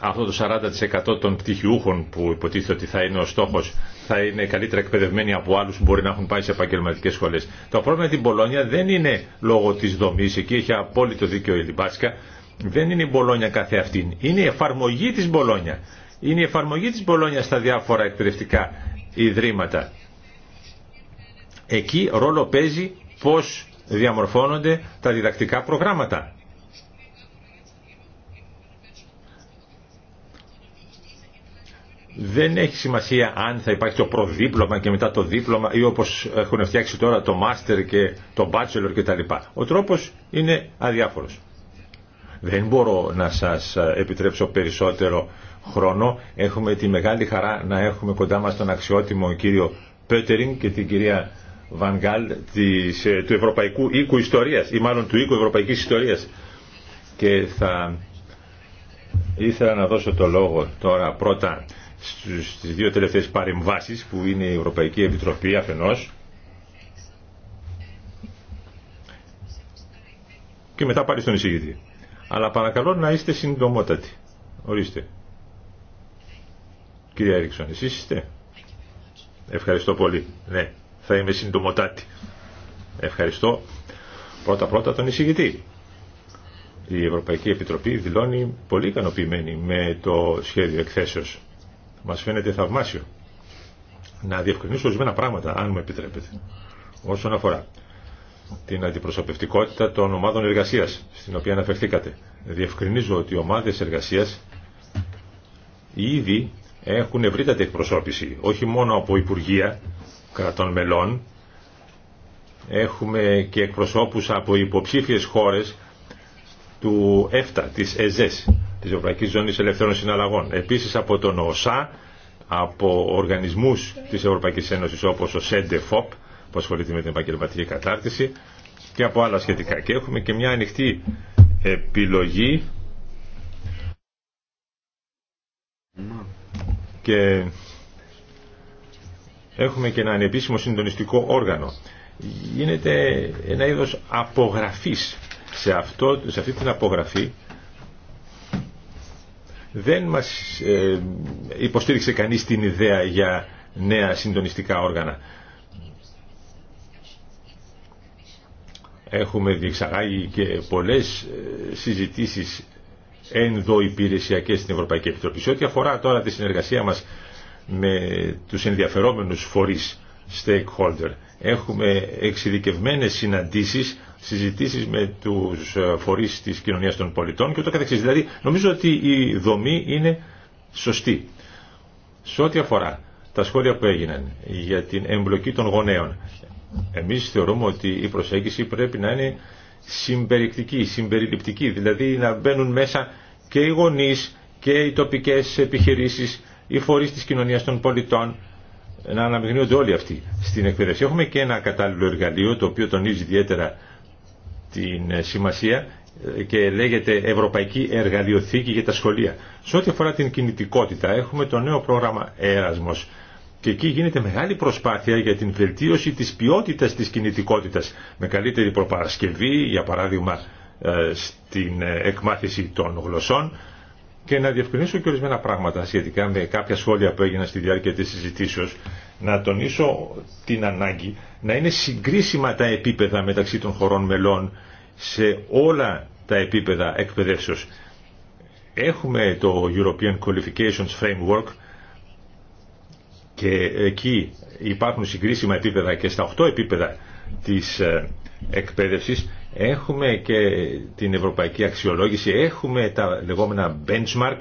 αυτό το 40% των πτυχιούχων που υποτίθεται ότι θα είναι ο στόχο, θα είναι καλύτερα εκπαιδευμένοι από άλλου που μπορεί να έχουν πάει σε επαγγελματικέ σχολές. Το πρόβλημα την Πολόνια δεν είναι λόγω τη δομή εκεί έχει απόλυτο δίκιο η Λιμπάσκα, δεν είναι η Μπολόνια καθε αυτήν, είναι η εφαρμογή τη Μπολόνια είναι η εφαρμογή της Μπολόνια στα διάφορα εκπαιδευτικά ιδρύματα. Εκεί ρόλο παίζει πώς διαμορφώνονται τα διδακτικά προγράμματα. Δεν έχει σημασία αν θα υπάρχει το προδίπλωμα και μετά το δίπλωμα ή όπως έχουν φτιάξει τώρα το μάστερ και το bachelor κτλ. Ο τρόπος είναι αδιάφορος. Δεν μπορώ να σας επιτρέψω περισσότερο χρόνο έχουμε τη μεγάλη χαρά να έχουμε κοντά μας τον αξιότιμο κύριο Πέτεριν και την κυρία Βανγκάλ της, ε, του Ευρωπαϊκού Οίκου Ιστορίας ή μάλλον του Οίκου Ευρωπαϊκής Ιστορίας και θα ήθελα να δώσω το λόγο τώρα πρώτα στις δύο τελευταίες παρεμβάσεις που είναι η Ευρωπαϊκή Επιτροπή αφενός και μετά πάλι στον εισηγητή. Αλλά παρακαλώ να είστε συντομότατοι. Ορίστε. Κύριε Έριξον, εσείς είστε. Ευχαριστώ πολύ. Ναι, θα είμαι συντομοτάτη. Ευχαριστώ πρώτα-πρώτα τον εισηγητή. Η Ευρωπαϊκή Επιτροπή δηλώνει πολύ ικανοποιημένη με το σχέδιο εκθέσεως. Μας φαίνεται θαυμάσιο. Να διευκρινίσω ορισμένα πράγματα, αν μου επιτρέπετε, όσον αφορά την αντιπροσωπευτικότητα των ομάδων εργασίας, στην οποία αναφερθήκατε. Διευκρινίζω ότι οι ομάδες εργασίας ήδη έχουν ευρύτατη εκπροσώπηση, όχι μόνο από Υπουργεία κρατών μελών, έχουμε και εκπροσώπους από υποψήφιες χώρες του ΕΦΤΑ, της ΕΖΕΣ, της Ευρωπαϊκής Ζώνης Ελευθερών Συναλλαγών. Επίσης από τον ΟΣΑ, από οργανισμούς της Ευρωπαϊκής Ένωσης όπως ο ΣΕΝΤΕΦΟΠ, που ασχολείται με την επαγγελματική κατάρτιση, και από άλλα σχετικά. Και έχουμε και μια ανοιχτή επιλογή και έχουμε και ένα ανεπίσημο συντονιστικό όργανο. Γίνεται ένα είδος απογραφής. Σε, αυτό, σε αυτή την απογραφή δεν μας ε, υποστήριξε κανείς την ιδέα για νέα συντονιστικά όργανα. Έχουμε διεξαγάγει και πολλές ε, συζητήσεις ενδοϊπηρεσιακέ στην Ευρωπαϊκή Επιτροπή. Σε ό,τι αφορά τώρα τη συνεργασία μας με τους ενδιαφερόμενους φορείς stakeholder, έχουμε εξειδικευμένε συναντήσεις, συζητήσεις με τους ε, φορείς της κοινωνίας των πολιτών και ούτω Δηλαδή, νομίζω ότι η δομή είναι σωστή. Σε ό,τι αφορά τα σχόλια που έγιναν για την εμπλοκή των γονέων, εμείς θεωρούμε ότι η προσέγγιση πρέπει να είναι συμπερικτική, συμπεριληπτική, δηλαδή να μπαίνουν μέσα και οι γονείς και οι τοπικές επιχειρήσεις, οι φορείς της κοινωνίας των πολιτών, να αναμειγνύονται όλοι αυτοί στην εκπαίδευση. Έχουμε και ένα κατάλληλο εργαλείο το οποίο τονίζει ιδιαίτερα την ε, σημασία ε, και λέγεται Ευρωπαϊκή Εργαλειοθήκη για τα Σχολεία. Σε ό,τι αφορά την κινητικότητα έχουμε το νέο πρόγραμμα Έρασμος και εκεί γίνεται μεγάλη προσπάθεια για την βελτίωση της ποιότητας της κινητικότητας με καλύτερη προπαρασκευή, για παράδειγμα ε, στην ε, εκμάθηση των γλωσσών και να διευκρινίσω και ορισμένα πράγματα σχετικά με κάποια σχόλια που έγιναν στη διάρκεια της συζητήσεως να τονίσω την ανάγκη να είναι συγκρίσιμα τα επίπεδα μεταξύ των χωρών μελών σε όλα τα επίπεδα εκπαιδεύσεως. Έχουμε το European Qualifications Framework και εκεί υπάρχουν συγκρίσιμα επίπεδα και στα 8 επίπεδα της ε, εκπαίδευσης έχουμε και την ευρωπαϊκή αξιολόγηση, έχουμε τα λεγόμενα benchmark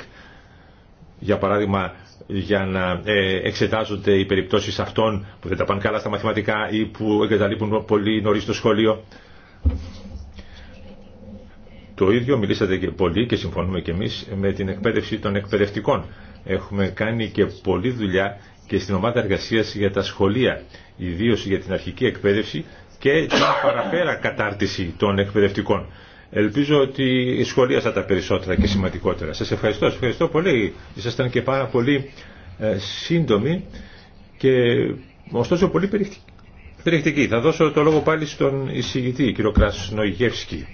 για παράδειγμα για να ε, εξετάζονται οι περιπτώσεις αυτών που δεν τα πάνε καλά στα μαθηματικά ή που εγκαταλείπουν πολύ νωρίς το σχολείο. Το ίδιο μιλήσατε και πολύ και συμφωνούμε και εμείς με την εκπαίδευση των εκπαιδευτικών. Έχουμε κάνει και πολλή δουλειά και στην ομάδα εργασία για τα σχολεία, ιδίως για την αρχική εκπαίδευση και την παραπέρα κατάρτιση των εκπαιδευτικών. Ελπίζω ότι θα τα περισσότερα και σημαντικότερα. Σας ευχαριστώ, σας ευχαριστώ πολύ. Ήσασταν και πάρα πολύ ε, σύντομοι και ωστόσο πολύ περιεκτικοί. Θα δώσω το λόγο πάλι στον εισηγητή, κύριο Κρασνοϊγεύσκη.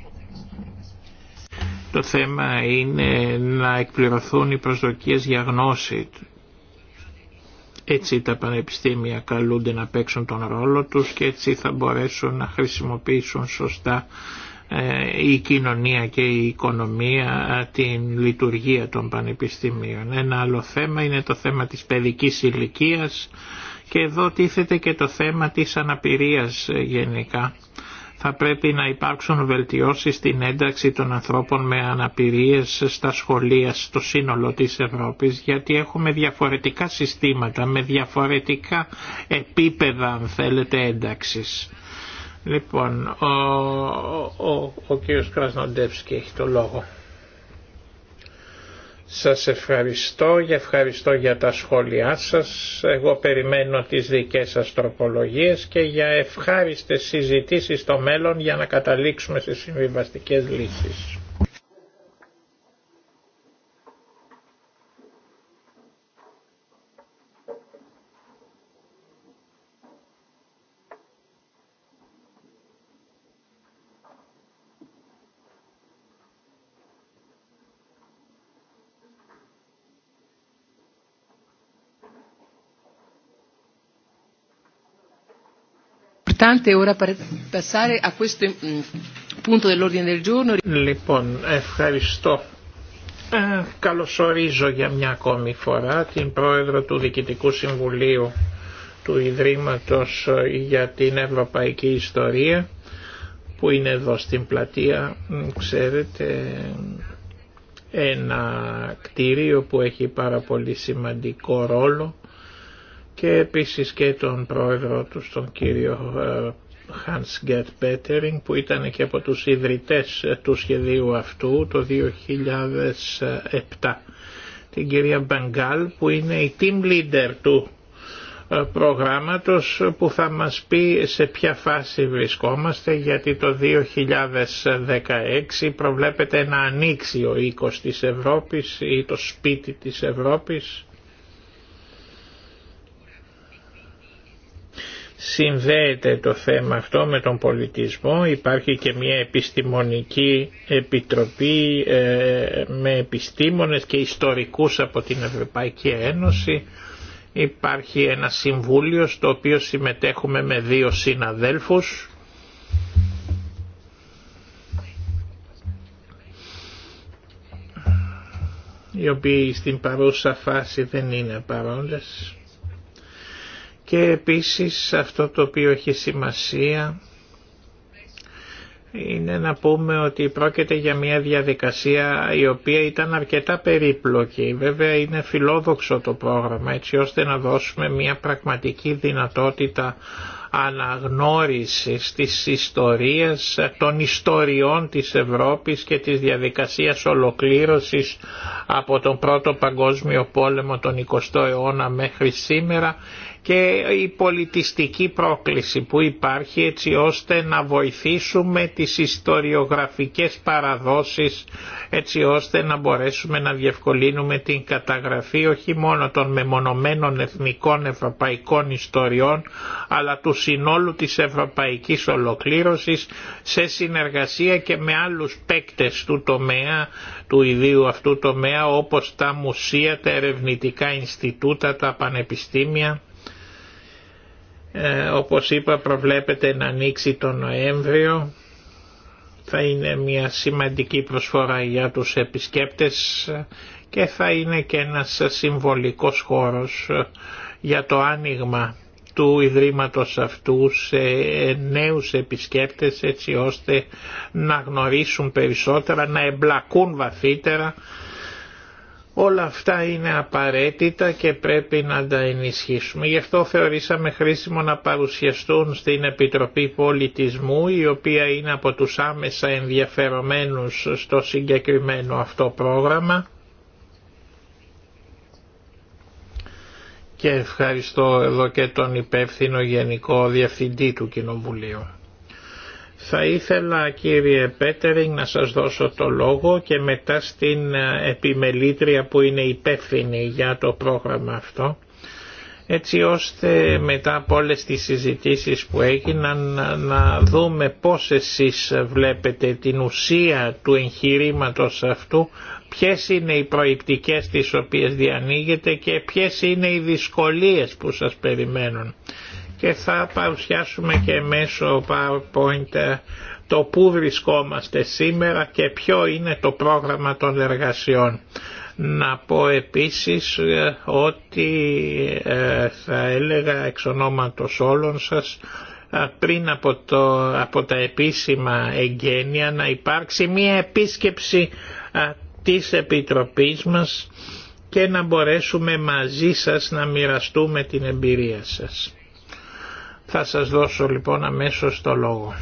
Το θέμα είναι να εκπληρωθούν οι προσδοκίες για γνώση έτσι τα πανεπιστήμια καλούνται να παίξουν τον ρόλο τους και έτσι θα μπορέσουν να χρησιμοποιήσουν σωστά ε, η κοινωνία και η οικονομία ε, την λειτουργία των πανεπιστήμιων. Ένα άλλο θέμα είναι το θέμα της παιδικής ηλικίας και εδώ τίθεται και το θέμα της αναπηρίας γενικά θα πρέπει να υπάρξουν βελτιώσεις στην ένταξη των ανθρώπων με αναπηρίες στα σχολεία στο σύνολο της Ευρώπης γιατί έχουμε διαφορετικά συστήματα με διαφορετικά επίπεδα αν θέλετε ένταξης. Λοιπόν, ο, ο, ο, ο κ. Κρασνοντεύσκη έχει το λόγο. Σας ευχαριστώ και ευχαριστώ για τα σχόλιά σας. Εγώ περιμένω τις δικές σας τροπολογίες και για ευχάριστες συζητήσεις στο μέλλον για να καταλήξουμε σε συμβιβαστικές λύσεις. Λοιπόν, ευχαριστώ. Ε, καλωσορίζω για μια ακόμη φορά την πρόεδρο του Διοικητικού Συμβουλίου του Ιδρύματος για την Ευρωπαϊκή Ιστορία που είναι εδώ στην πλατεία, ξέρετε, ένα κτίριο που έχει πάρα πολύ σημαντικό ρόλο και επίσης και τον πρόεδρο του, τον κύριο ε, Hans Gert Bettering που ήταν και από τους ιδρυτές ε, του σχεδίου αυτού το 2007. Την κυρία Μπαγκάλ που είναι η team leader του ε, προγράμματος που θα μας πει σε ποια φάση βρισκόμαστε γιατί το 2016 προβλέπεται να ανοίξει ο οίκος της Ευρώπης ή το σπίτι της Ευρώπης συνδέεται το θέμα αυτό με τον πολιτισμό. Υπάρχει και μια επιστημονική επιτροπή ε, με επιστήμονες και ιστορικούς από την Ευρωπαϊκή Ένωση. Υπάρχει ένα συμβούλιο στο οποίο συμμετέχουμε με δύο συναδέλφους. οι οποίοι στην παρούσα φάση δεν είναι παρόντες. Και επίσης αυτό το οποίο έχει σημασία είναι να πούμε ότι πρόκειται για μια διαδικασία η οποία ήταν αρκετά περίπλοκη. Βέβαια είναι φιλόδοξο το πρόγραμμα έτσι ώστε να δώσουμε μια πραγματική δυνατότητα αναγνώρισης της ιστορίας, των ιστοριών της Ευρώπης και της διαδικασίας ολοκλήρωσης από τον Πρώτο Παγκόσμιο Πόλεμο τον 20ο αιώνα μέχρι σήμερα και η πολιτιστική πρόκληση που υπάρχει έτσι ώστε να βοηθήσουμε τις ιστοριογραφικές παραδόσεις έτσι ώστε να μπορέσουμε να διευκολύνουμε την καταγραφή όχι μόνο των μεμονωμένων εθνικών ευρωπαϊκών ιστοριών αλλά του συνόλου της ευρωπαϊκής ολοκλήρωσης σε συνεργασία και με άλλους παίκτες του τομέα του ιδίου αυτού τομέα όπως τα μουσεία, τα ερευνητικά Ινστιτούτα, τα πανεπιστήμια ε, όπως είπα προβλέπεται να ανοίξει τον Νοέμβριο. Θα είναι μια σημαντική προσφορά για τους επισκέπτες και θα είναι και ένας συμβολικός χώρος για το άνοιγμα του Ιδρύματος αυτού σε νέους επισκέπτες έτσι ώστε να γνωρίσουν περισσότερα, να εμπλακούν βαθύτερα Όλα αυτά είναι απαραίτητα και πρέπει να τα ενισχύσουμε. Γι' αυτό θεωρήσαμε χρήσιμο να παρουσιαστούν στην Επιτροπή Πολιτισμού, η οποία είναι από τους άμεσα ενδιαφερομένους στο συγκεκριμένο αυτό πρόγραμμα. Και ευχαριστώ εδώ και τον υπεύθυνο Γενικό Διευθυντή του Κοινοβουλίου. Θα ήθελα κύριε Πέτερινγκ να σας δώσω το λόγο και μετά στην ε, επιμελήτρια που είναι υπεύθυνη για το πρόγραμμα αυτό έτσι ώστε μετά από όλες τις συζητήσεις που έγιναν να δούμε πώς εσείς βλέπετε την ουσία του εγχειρήματος αυτού, ποιες είναι οι προϋπτικές τις οποίες διανοίγετε και ποιες είναι οι δυσκολίες που σας περιμένουν και θα παρουσιάσουμε και μέσω PowerPoint ε, το πού βρισκόμαστε σήμερα και ποιο είναι το πρόγραμμα των εργασιών. Να πω επίσης ε, ότι ε, θα έλεγα εξ ονόματος όλων σας πριν από, από τα επίσημα εγγένεια να υπάρξει μία επίσκεψη της Επιτροπής μας και να μπορέσουμε μαζί σας να μοιραστούμε την εμπειρία σας. Θα σας δώσω λοιπόν αμέσως το λόγο.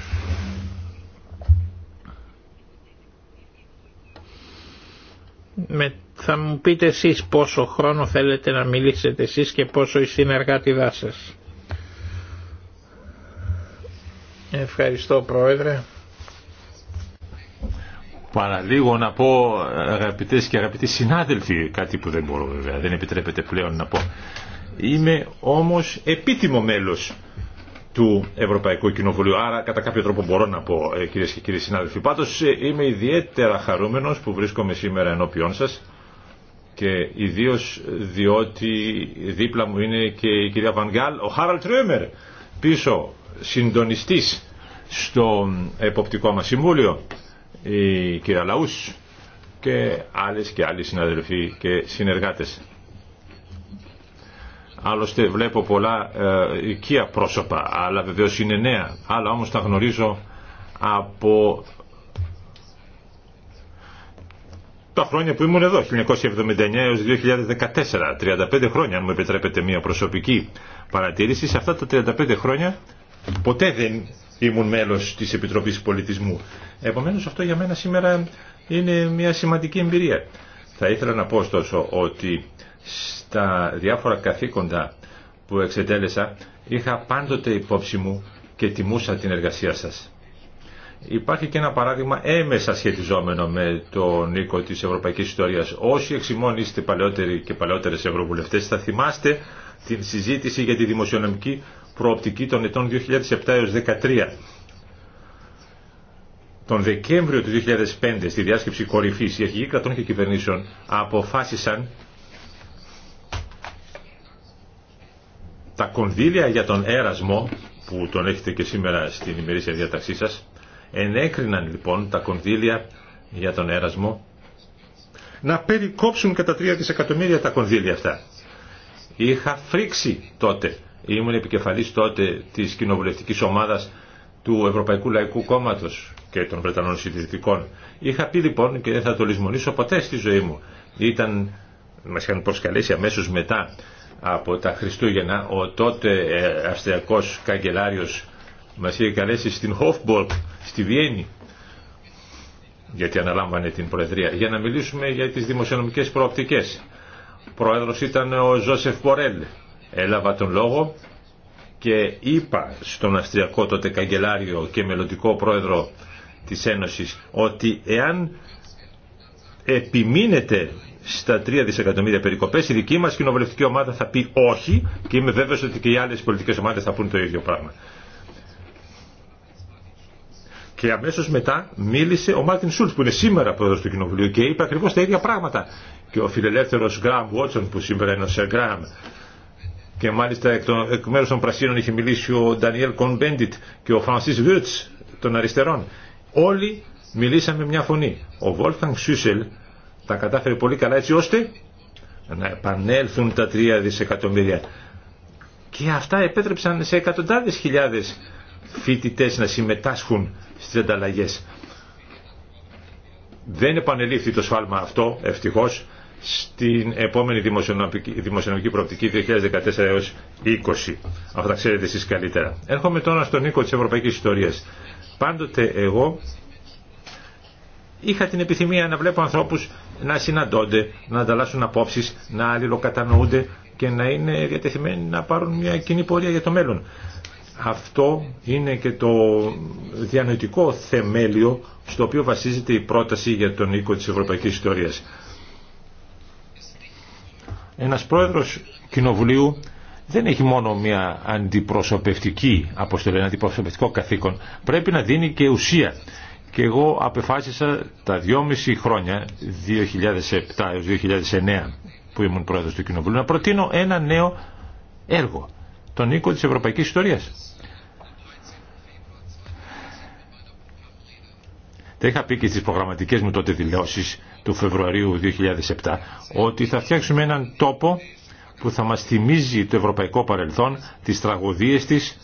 Με, θα μου πείτε εσείς πόσο χρόνο θέλετε να μιλήσετε εσείς και πόσο η συνεργάτη σας. Ευχαριστώ Πρόεδρε. Παραλίγο να πω αγαπητές και αγαπητοί συνάδελφοι, κάτι που δεν μπορώ βέβαια, δεν επιτρέπεται πλέον να πω. Είμαι όμως επίτιμο μέλος του Ευρωπαϊκού Κοινοβουλίου. Άρα κατά κάποιο τρόπο μπορώ να πω ε, κυρίες και κύριοι συνάδελφοι. Πάντως ε, είμαι ιδιαίτερα χαρούμενος που βρίσκομαι σήμερα ενώπιόν σας και ιδίω διότι δίπλα μου είναι και η κυρία Βανγκάλ, ο Χάραλτ Ρέμερ πίσω συντονιστή στο εποπτικό Μα συμβούλιο, η κυρία Λαού και άλλε και άλλοι συναδελφοί και συνεργάτε. Άλλωστε βλέπω πολλά ε, πρόσωπα, άλλα βεβαίως είναι νέα, άλλα όμως τα γνωρίζω από τα χρόνια που ήμουν εδώ, 1979 έως 2014, 35 χρόνια, αν μου επιτρέπετε μια προσωπική παρατήρηση. Σε αυτά τα 35 χρόνια ποτέ δεν ήμουν μέλος της Επιτροπής Πολιτισμού. Επομένως αυτό για μένα σήμερα είναι μια σημαντική εμπειρία. Θα ήθελα να πω ωστόσο ότι στα διάφορα καθήκοντα που εξετέλεσα είχα πάντοτε υπόψη μου και τιμούσα την εργασία σας. Υπάρχει και ένα παράδειγμα έμεσα σχετιζόμενο με τον Νίκο της Ευρωπαϊκής Ιστορίας. Όσοι εξημών είστε παλαιότεροι και παλαιότερες ευρωβουλευτές θα θυμάστε την συζήτηση για τη δημοσιονομική προοπτική των ετών 2007 έως 2013. Τον Δεκέμβριο του 2005 στη διάσκεψη κορυφής οι αρχηγοί κρατών και κυβερνήσεων αποφάσισαν Τα κονδύλια για τον έρασμο που τον έχετε και σήμερα στην ημερήσια διαταξή σας ενέκριναν λοιπόν τα κονδύλια για τον έρασμο να περικόψουν κατά 3 δισεκατομμύρια τα κονδύλια αυτά. Είχα φρίξει τότε, ήμουν επικεφαλής τότε της κοινοβουλευτικής ομάδας του Ευρωπαϊκού Λαϊκού Κόμματος και των Βρετανών Συντηρητικών. Είχα πει λοιπόν και δεν θα το λησμονήσω ποτέ στη ζωή μου. Ήταν, μας είχαν προσκαλέσει αμέσως μετά από τα Χριστούγεννα ο τότε ε, αυστριακός καγκελάριος μας είχε καλέσει στην Hofburg στη Βιέννη γιατί αναλάμβανε την Προεδρία για να μιλήσουμε για τις δημοσιονομικές προοπτικές Πρόεδρος ήταν ο Ζώσεφ Μπορέλ έλαβα τον λόγο και είπα στον αυστριακό τότε καγκελάριο και μελλοντικό πρόεδρο της Ένωσης ότι εάν επιμείνετε στα 3 δισεκατομμύρια περικοπές η δική μας κοινοβουλευτική ομάδα θα πει όχι και είμαι βέβαιος ότι και οι άλλες πολιτικές ομάδες θα πούν το ίδιο πράγμα. Και αμέσως μετά μίλησε ο Μάρτιν Σούλτ που είναι σήμερα πρόεδρος του Κοινοβουλίου και είπε ακριβώς τα ίδια πράγματα. Και ο φιλελεύθερος Γκραμ Βότσον που σήμερα είναι ο Σερ Γκραμ και μάλιστα εκ, των, εκ μέρους των Πρασίνων είχε μιλήσει ο Ντανιέλ Κονμπέντιτ και ο Φρανσίς Βιούτς των Αριστερών. Όλοι μιλήσαμε μια φωνή. Ο Βόλφαν Σούσελ τα κατάφερε πολύ καλά έτσι ώστε να επανέλθουν τα 3 δισεκατομμύρια. Και αυτά επέτρεψαν σε εκατοντάδες χιλιάδες φοιτητές να συμμετάσχουν στις ανταλλαγές. Δεν επανελήφθη το σφάλμα αυτό, ευτυχώς, στην επόμενη δημοσιονομική, δημοσιονομική προοπτική 2014 έως 20. Αυτά ξέρετε εσείς καλύτερα. Έρχομαι τώρα στον οίκο της Ευρωπαϊκής Ιστορίας. Πάντοτε εγώ είχα την επιθυμία να βλέπω ανθρώπους να συναντώνται, να ανταλλάσσουν απόψεις, να αλληλοκατανοούνται και να είναι διατεθειμένοι να πάρουν μια κοινή πορεία για το μέλλον. Αυτό είναι και το διανοητικό θεμέλιο στο οποίο βασίζεται η πρόταση για τον οίκο της Ευρωπαϊκής Ιστορίας. Ένας πρόεδρος κοινοβουλίου δεν έχει μόνο μια αντιπροσωπευτική αποστολή, ένα αντιπροσωπευτικό καθήκον. Πρέπει να δίνει και ουσία και εγώ απεφάσισα τα δυόμιση χρόνια, 2007 έως 2009 που ήμουν πρόεδρος του Κοινοβουλίου, να προτείνω ένα νέο έργο, τον οίκο της Ευρωπαϊκής Ιστορίας. Τα είχα πει και στις προγραμματικές μου τότε δηλώσεις του Φεβρουαρίου 2007 ότι θα φτιάξουμε έναν τόπο που θα μας θυμίζει το ευρωπαϊκό παρελθόν, τις τραγωδίες της,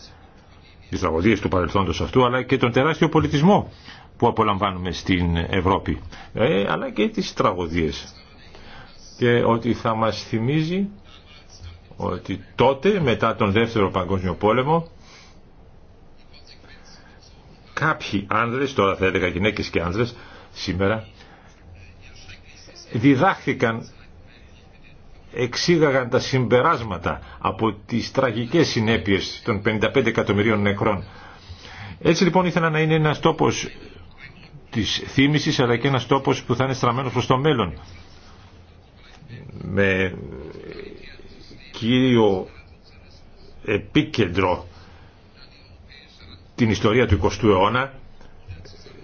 τις τραγωδίες του παρελθόντος αυτού, αλλά και τον τεράστιο πολιτισμό που απολαμβάνουμε στην Ευρώπη, ε, αλλά και τις τραγωδίες. Και ότι θα μας θυμίζει ότι τότε, μετά τον Δεύτερο Παγκόσμιο Πόλεμο, κάποιοι άνδρες, τώρα θα έλεγα γυναίκες και άνδρες, σήμερα, διδάχθηκαν, εξήγαγαν τα συμπεράσματα από τις τραγικές συνέπειες των 55 εκατομμυρίων νεκρών. Έτσι λοιπόν ήθελα να είναι ένας τόπος της θύμησης αλλά και ένα τόπο που θα είναι στραμμένος προς το μέλλον. Με κύριο επίκεντρο την ιστορία του 20ου αιώνα,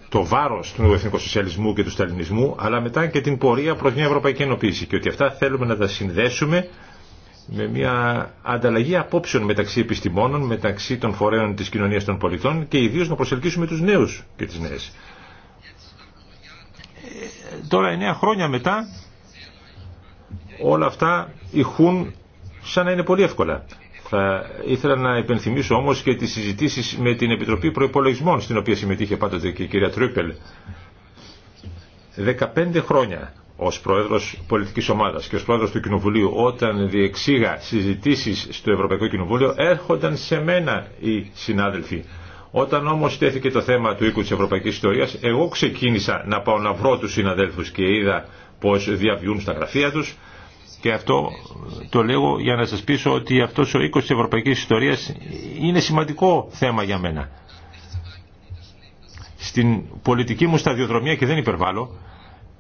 το βάρος του Εθνικού σοσιαλισμού και του σταλινισμού, αλλά μετά και την πορεία προς μια ευρωπαϊκή ενοποίηση και ότι αυτά θέλουμε να τα συνδέσουμε με μια ανταλλαγή απόψεων μεταξύ επιστημόνων, μεταξύ των φορέων της κοινωνίας των πολιτών και ιδίως να προσελκύσουμε τους νέους και τις νέες. Τώρα εννέα χρόνια μετά όλα αυτά ηχούν σαν να είναι πολύ εύκολα. Θα ήθελα να υπενθυμίσω όμως και τις συζητήσεις με την Επιτροπή Προϋπολογισμών στην οποία συμμετείχε πάντοτε και η κυρία Τρίπελ. Δεκαπέντε χρόνια ως Πρόεδρος Πολιτικής Ομάδας και ως Πρόεδρος του Κοινοβουλίου όταν διεξήγα συζητήσεις στο Ευρωπαϊκό Κοινοβούλιο έρχονταν σε μένα οι συνάδελφοι όταν όμω τέθηκε το θέμα του οίκου τη Ευρωπαϊκή Ιστορίας, εγώ ξεκίνησα να πάω να βρω του συναδέλφου και είδα πώ διαβιούν στα γραφεία του. και αυτό το λέω για να σα πείσω ότι αυτό ο οίκο τη Ευρωπαϊκή ιστορία είναι σημαντικό θέμα για μένα. Στην πολιτική μου σταδιοδρομία και δεν υπερβάλλω,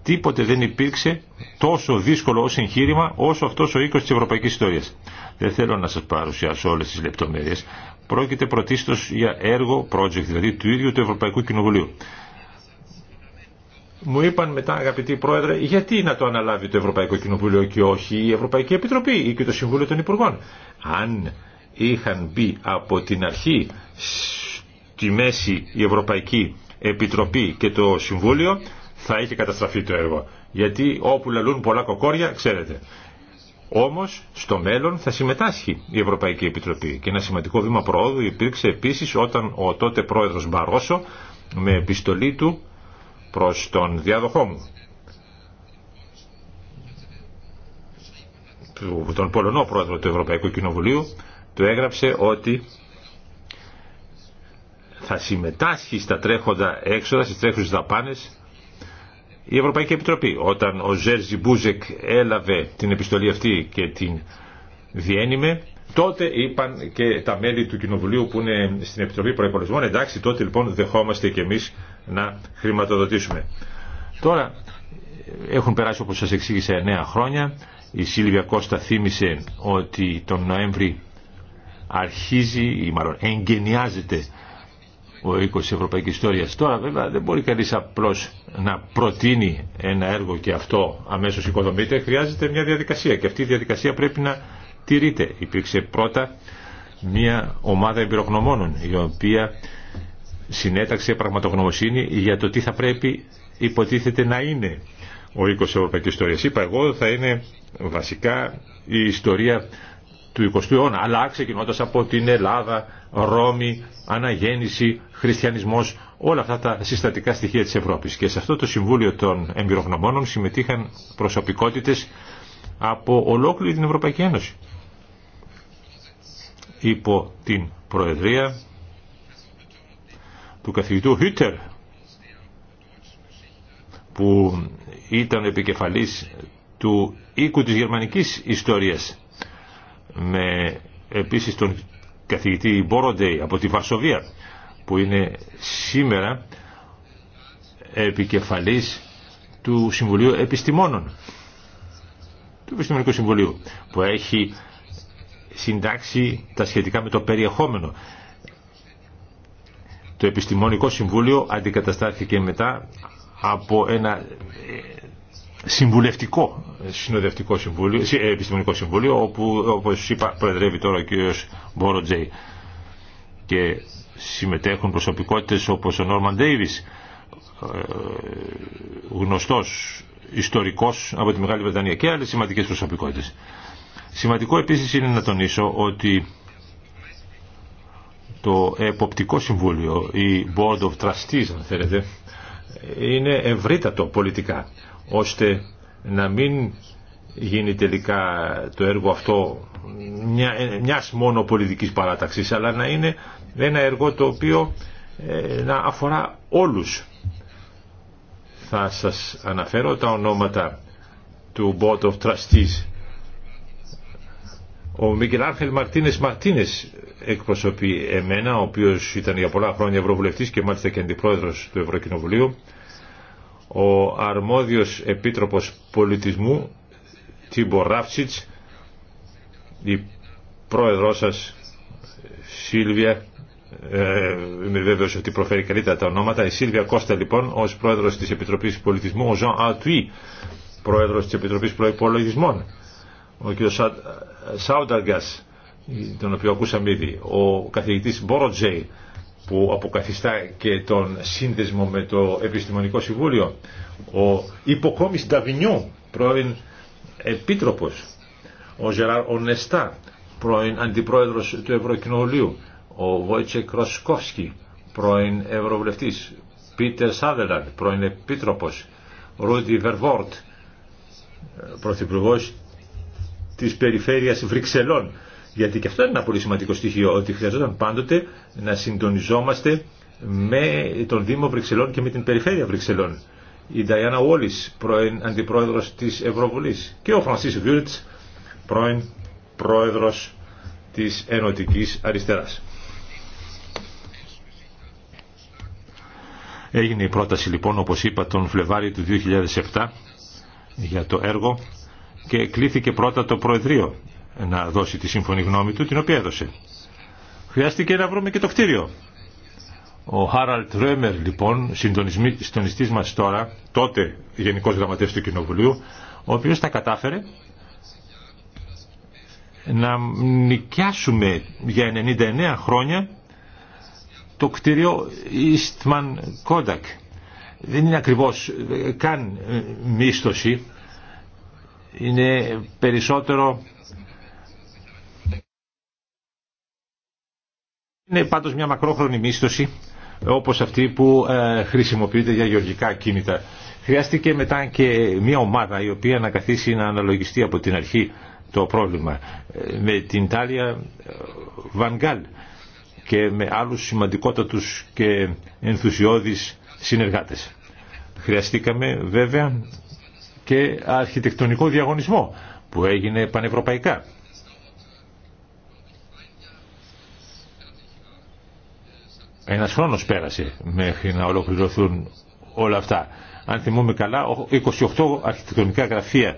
τίποτε δεν υπήρξε τόσο δύσκολο ως εγχείρημα όσο αυτός ο οίκος της Ευρωπαϊκής Ιστορίας. Δεν θέλω να σας παρουσιάσω όλε τι λεπτομέρειε πρόκειται πρωτίστως για έργο project, δηλαδή του ίδιου του Ευρωπαϊκού Κοινοβουλίου. Μου είπαν μετά, αγαπητοί πρόεδρε, γιατί να το αναλάβει το Ευρωπαϊκό Κοινοβούλιο και όχι η Ευρωπαϊκή Επιτροπή ή και το Συμβούλιο των Υπουργών. Αν είχαν μπει από την αρχή στη μέση η Ευρωπαϊκή Επιτροπή και το Συμβούλιο, θα είχε καταστραφεί το έργο. Γιατί όπου λαλούν πολλά κοκόρια, ξέρετε. Όμως στο μέλλον θα συμμετάσχει η Ευρωπαϊκή Επιτροπή και ένα σημαντικό βήμα προόδου υπήρξε επίσης όταν ο τότε πρόεδρος Μπαρόσο με επιστολή του προς τον διάδοχό μου τον Πολωνό πρόεδρο του Ευρωπαϊκού Κοινοβουλίου του έγραψε ότι θα συμμετάσχει στα τρέχοντα έξοδα, στις τρέχουσες δαπάνες η Ευρωπαϊκή Επιτροπή. Όταν ο Ζέρζι Μπούζεκ έλαβε την επιστολή αυτή και την διένυμε, τότε είπαν και τα μέλη του Κοινοβουλίου που είναι στην Επιτροπή Προϋπολογισμών, εντάξει, τότε λοιπόν δεχόμαστε και εμείς να χρηματοδοτήσουμε. Τώρα έχουν περάσει όπως σας εξήγησα 9 χρόνια. Η Σίλβια Κώστα θύμισε ότι τον Νοέμβρη αρχίζει ή μάλλον εγκαινιάζεται ο οίκος της Ευρωπαϊκής Ιστορίας. Τώρα βέβαια δεν μπορεί κανείς απλώς να προτείνει ένα έργο και αυτό αμέσως οικοδομείται, χρειάζεται μια διαδικασία και αυτή η διαδικασία πρέπει να τηρείται. Υπήρξε πρώτα μια ομάδα εμπειρογνωμόνων η οποία συνέταξε πραγματογνωμοσύνη για το τι θα πρέπει υποτίθεται να είναι ο οίκος της Ευρωπαϊκής Ιστορίας. Είπα εγώ θα είναι βασικά η ιστορία του 20ου αιώνα, αλλά ξεκινώντας από την Ελλάδα, Ρώμη, Αναγέννηση, Χριστιανισμός, όλα αυτά τα συστατικά στοιχεία της Ευρώπης. Και σε αυτό το Συμβούλιο των Εμπειρογνωμόνων συμμετείχαν προσωπικότητες από ολόκληρη την Ευρωπαϊκή Ένωση. Υπό την Προεδρία του καθηγητού Χίτερ που ήταν επικεφαλής του οίκου της γερμανικής ιστορίας με επίσης τον καθηγητή Μπόροντεϊ από τη Βαρσοβία που είναι σήμερα επικεφαλής του Συμβουλίου Επιστημόνων του Επιστημονικού Συμβουλίου που έχει συντάξει τα σχετικά με το περιεχόμενο το Επιστημονικό Συμβούλιο αντικαταστάθηκε μετά από ένα ε, συμβουλευτικό συνοδευτικό συμβούλιο, ε, επιστημονικό συμβούλιο όπου όπως είπα προεδρεύει τώρα ο κ. Μπόρο και συμμετέχουν προσωπικότητες όπως ο Νόρμαν Ντέιβις, ε, γνωστός ιστορικός από τη Μεγάλη Βρετανία και άλλες σημαντικές προσωπικότητες. Σημαντικό επίσης είναι να τονίσω ότι το Εποπτικό Συμβούλιο, η Board of Trustees αν θέλετε, είναι ευρύτατο πολιτικά, ώστε να μην γίνει τελικά το έργο αυτό μια, μιας μόνο πολιτικής παράταξης, αλλά να είναι ένα έργο το οποίο ε, να αφορά όλους. Θα σας αναφέρω τα ονόματα του Board of Trustees. Ο Μίγκελ Άρχελ Μαρτίνες Μαρτίνες εκπροσωπεί εμένα, ο οποίος ήταν για πολλά χρόνια Ευρωβουλευτής και μάλιστα και Αντιπρόεδρος του Ευρωκοινοβουλίου. Ο αρμόδιος Επίτροπος Πολιτισμού, Τίμπο Ράφτσιτς, η πρόεδρό σας Σίλβια ε, είμαι βέβαιο ότι προφέρει καλύτερα τα ονόματα. Η Σίλβια Κώστα λοιπόν ω πρόεδρο τη Επιτροπή Πολιτισμού, ο Ζαν Ατουί, πρόεδρο τη Επιτροπή Προπολογισμών, ο κ. Σάουνταργκα, τον οποίο ακούσαμε ήδη, ο καθηγητή Μπόροτζέι, που αποκαθιστά και τον σύνδεσμο με το Επιστημονικό Συμβούλιο, ο υποκόμη Νταβινιού, πρώην επίτροπο, ο Ζεράρ Ονεστά, πρώην αντιπρόεδρο του Ευρωκοινοβουλίου, ο Βόιτσε Κροσκόφσκι, πρώην Ευρωβουλευτής, Πίτερ Σάδελαν, πρώην Επίτροπος, Ρούντι Βερβόρτ, πρωθυπουργός της περιφέρειας Βρυξελών. Γιατί και αυτό είναι ένα πολύ σημαντικό στοιχείο, ότι χρειαζόταν πάντοτε να συντονιζόμαστε με τον Δήμο Βρυξελών και με την περιφέρεια Βρυξελών. Η Νταϊάννα Όλης, πρώην αντιπρόεδρο τη Ευρωβουλή. και ο Φρανσί Βιούρτς, πρώην πρόεδρο της Ενωτικής Έγινε η πρόταση λοιπόν όπως είπα τον Φλεβάριο του 2007 για το έργο και κλήθηκε πρώτα το Προεδρείο να δώσει τη σύμφωνη γνώμη του την οποία έδωσε. Χρειάστηκε να βρούμε και το κτίριο. Ο Χάραλτ Ρέμερ λοιπόν, συντονιστής μας τώρα, τότε Γενικός Γραμματέας του Κοινοβουλίου, ο οποίος τα κατάφερε να νοικιάσουμε για 99 χρόνια το κτίριο Eastman Kodak. Δεν είναι ακριβώς καν ε, μίστοση, είναι περισσότερο... Είναι πάντως μια μακρόχρονη μίσθωση, όπως αυτή που ε, χρησιμοποιείται για γεωργικά κίνητα. Χρειάστηκε μετά και μια ομάδα η οποία να καθίσει να αναλογιστεί από την αρχή το πρόβλημα. Ε, με την Τάλια Βανγκάλ και με άλλους σημαντικότατους και ενθουσιώδεις συνεργάτες. Χρειαστήκαμε βέβαια και αρχιτεκτονικό διαγωνισμό που έγινε πανευρωπαϊκά. Ένας χρόνος πέρασε μέχρι να ολοκληρωθούν όλα αυτά. Αν θυμούμε καλά, 28 αρχιτεκτονικά γραφεία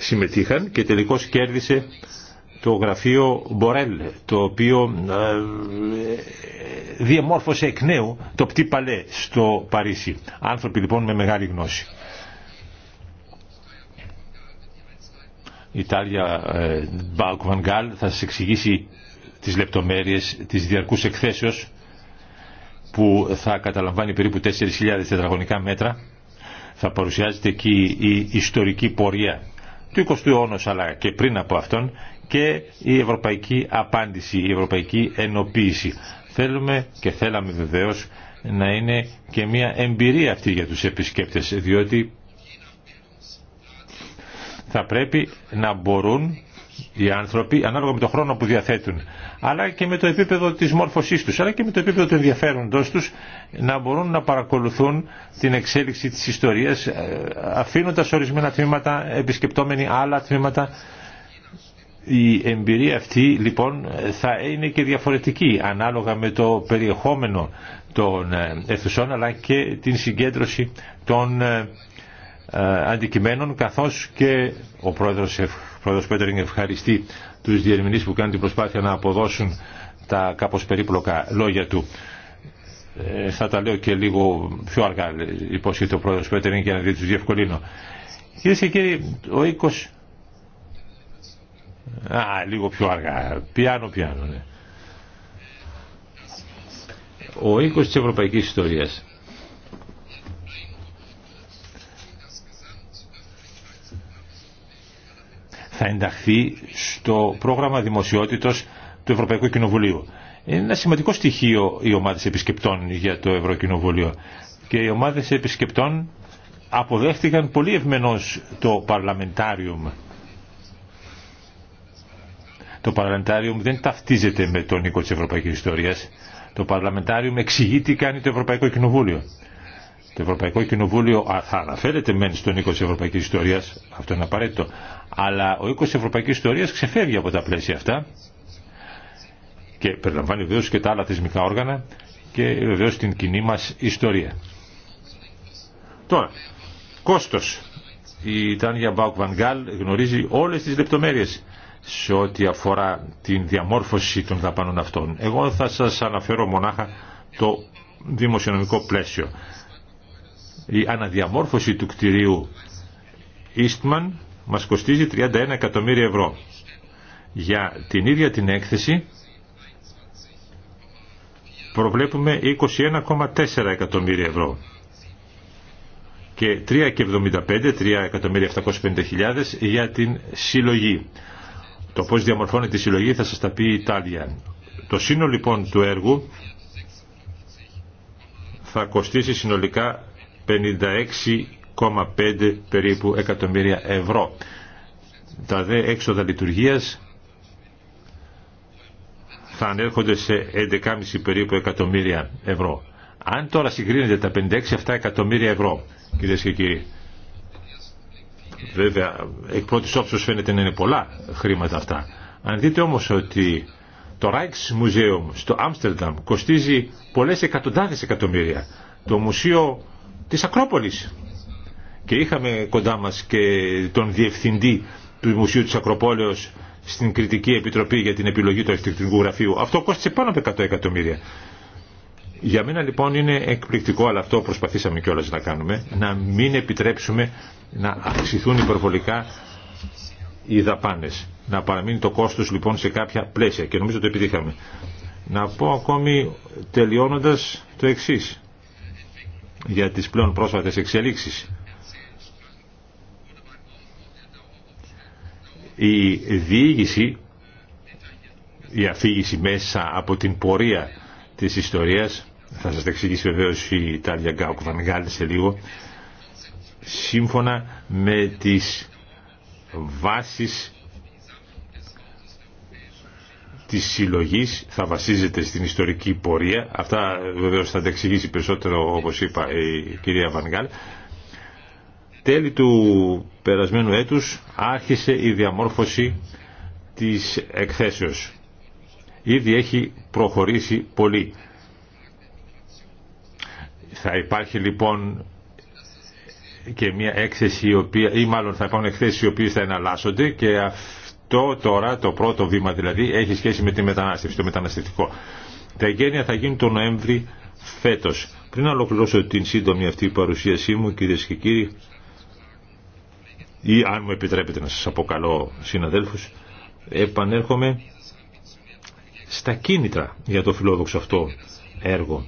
συμμετείχαν και τελικώς κέρδισε το γραφείο Μπορέλ, το οποίο ε, ε, διαμόρφωσε εκ νέου το πτήπαλε στο Παρίσι. Άνθρωποι λοιπόν με μεγάλη γνώση. Η Τάλια Μπάουκ Βανγκάλ θα σας εξηγήσει τις λεπτομέρειες της διαρκούς εκθέσεως που θα καταλαμβάνει περίπου 4.000 τετραγωνικά μέτρα. Θα παρουσιάζεται εκεί η ιστορική πορεία του 20ου αιώνα αλλά και πριν από αυτόν και η ευρωπαϊκή απάντηση, η ευρωπαϊκή ενοποίηση. Θέλουμε και θέλαμε βεβαίω να είναι και μια εμπειρία αυτή για τους επισκέπτες διότι θα πρέπει να μπορούν οι άνθρωποι ανάλογα με τον χρόνο που διαθέτουν αλλά και με το επίπεδο της μόρφωσής τους αλλά και με το επίπεδο του ενδιαφέροντός τους να μπορούν να παρακολουθούν την εξέλιξη της ιστορίας ε, αφήνοντας ορισμένα τμήματα, επισκεπτόμενοι άλλα τμήματα η εμπειρία αυτή λοιπόν θα είναι και διαφορετική ανάλογα με το περιεχόμενο των ε, αιθουσών αλλά και την συγκέντρωση των ε, αντικειμένων καθώς και ο πρόεδρος πρόεδρος Πέτερινγκ ευχαριστεί τους διερμηνείς που κάνουν την προσπάθεια να αποδώσουν τα κάπως περίπλοκα λόγια του. Ε, θα τα λέω και λίγο πιο αργά, υπόσχεται ο πρόεδρος Πέτερινγκ για να δει τους διευκολύνω. Κυρίε και κύριοι, ο οίκος... Α, λίγο πιο αργά. Πιάνω, πιάνω, ναι. Ο οίκος της ευρωπαϊκής ιστορίας θα ενταχθεί στο πρόγραμμα δημοσιότητος του Ευρωπαϊκού Κοινοβουλίου. Είναι ένα σημαντικό στοιχείο οι ομάδες επισκεπτών για το Ευρωκοινοβούλιο και οι ομάδες επισκεπτών αποδέχτηκαν πολύ ευμενώς το Παρλαμεντάριουμ. Το Παρλαμεντάριουμ δεν ταυτίζεται με τον οίκο της Ευρωπαϊκής Ιστορίας. Το Παρλαμεντάριουμ εξηγεί τι κάνει το Ευρωπαϊκό Κοινοβούλιο. Το Ευρωπαϊκό Κοινοβούλιο θα αναφέρεται μεν στον οίκο τη Ευρωπαϊκή Ιστορία, αυτό είναι απαραίτητο, αλλά ο οίκος της Ευρωπαϊκής Ιστορίας ξεφεύγει από τα πλαίσια αυτά και περιλαμβάνει βεβαίως και τα άλλα θεσμικά όργανα και βεβαίως την κοινή μας ιστορία. Τώρα, κόστος. Η Τάνια Μπάουκ Βανγκάλ γνωρίζει όλες τις λεπτομέρειες σε ό,τι αφορά την διαμόρφωση των δαπάνων αυτών. Εγώ θα σας αναφέρω μονάχα το δημοσιονομικό πλαίσιο. Η αναδιαμόρφωση του κτηρίου Eastman μας κοστίζει 31 εκατομμύρια ευρώ. Για την ίδια την έκθεση προβλέπουμε 21,4 εκατομμύρια ευρώ και 3,75, 3.750.000 για την συλλογή. Το πώς διαμορφώνεται η συλλογή θα σας τα πει η Ιτάλια. Το σύνολο λοιπόν του έργου θα κοστίσει συνολικά 56 1,5 περίπου εκατομμύρια ευρώ. Τα δε έξοδα λειτουργίας θα ανέρχονται σε 11,5 περίπου εκατομμύρια ευρώ. Αν τώρα συγκρίνετε τα 56-7 εκατομμύρια ευρώ, κυρίε και κύριοι, βέβαια εκ πρώτη όψεω φαίνεται να είναι πολλά χρήματα αυτά. Αν δείτε όμω ότι το Rijksmuseum στο Άμστερνταμ κοστίζει πολλέ εκατοντάδε εκατομμύρια, το Μουσείο τη Ακρόπολη και είχαμε κοντά μας και τον διευθυντή του Μουσείου της Ακροπόλεως στην Κριτική Επιτροπή για την επιλογή του αρχιτεκτονικού γραφείου. Αυτό κόστισε πάνω από 100 εκατομμύρια. Για μένα λοιπόν είναι εκπληκτικό, αλλά αυτό προσπαθήσαμε κιόλας να κάνουμε, να μην επιτρέψουμε να αυξηθούν υπερβολικά οι δαπάνες. Να παραμείνει το κόστος λοιπόν σε κάποια πλαίσια και νομίζω το επιτύχαμε. Να πω ακόμη τελειώνοντας το εξής για τις πλέον πρόσφατες εξελίξεις. η διήγηση, η αφήγηση μέσα από την πορεία της ιστορίας, θα σας τα εξηγήσει βεβαίως η Ιταλία Γκάουκ Βανγκάλ σε λίγο, σύμφωνα με τις βάσεις της συλλογής θα βασίζεται στην ιστορική πορεία. Αυτά βεβαίως θα τα εξηγήσει περισσότερο όπως είπα η κυρία Βανγκάλ τέλη του περασμένου έτους άρχισε η διαμόρφωση της εκθέσεως. Ήδη έχει προχωρήσει πολύ. Θα υπάρχει λοιπόν και μια έκθεση η οποία, ή μάλλον θα υπάρχουν εκθέσεις οι οποίες θα εναλλάσσονται και αυτό τώρα το πρώτο βήμα δηλαδή έχει σχέση με τη μετανάστευση, το μεταναστευτικό. Τα εγγένεια θα γίνουν τον Νοέμβρη φέτος. Πριν ολοκληρώσω την σύντομη αυτή παρουσίασή μου κυρίε και κύριοι ή αν μου επιτρέπετε να σας αποκαλώ συναδέλφους, επανέρχομαι στα κίνητρα για το φιλόδοξο αυτό έργο.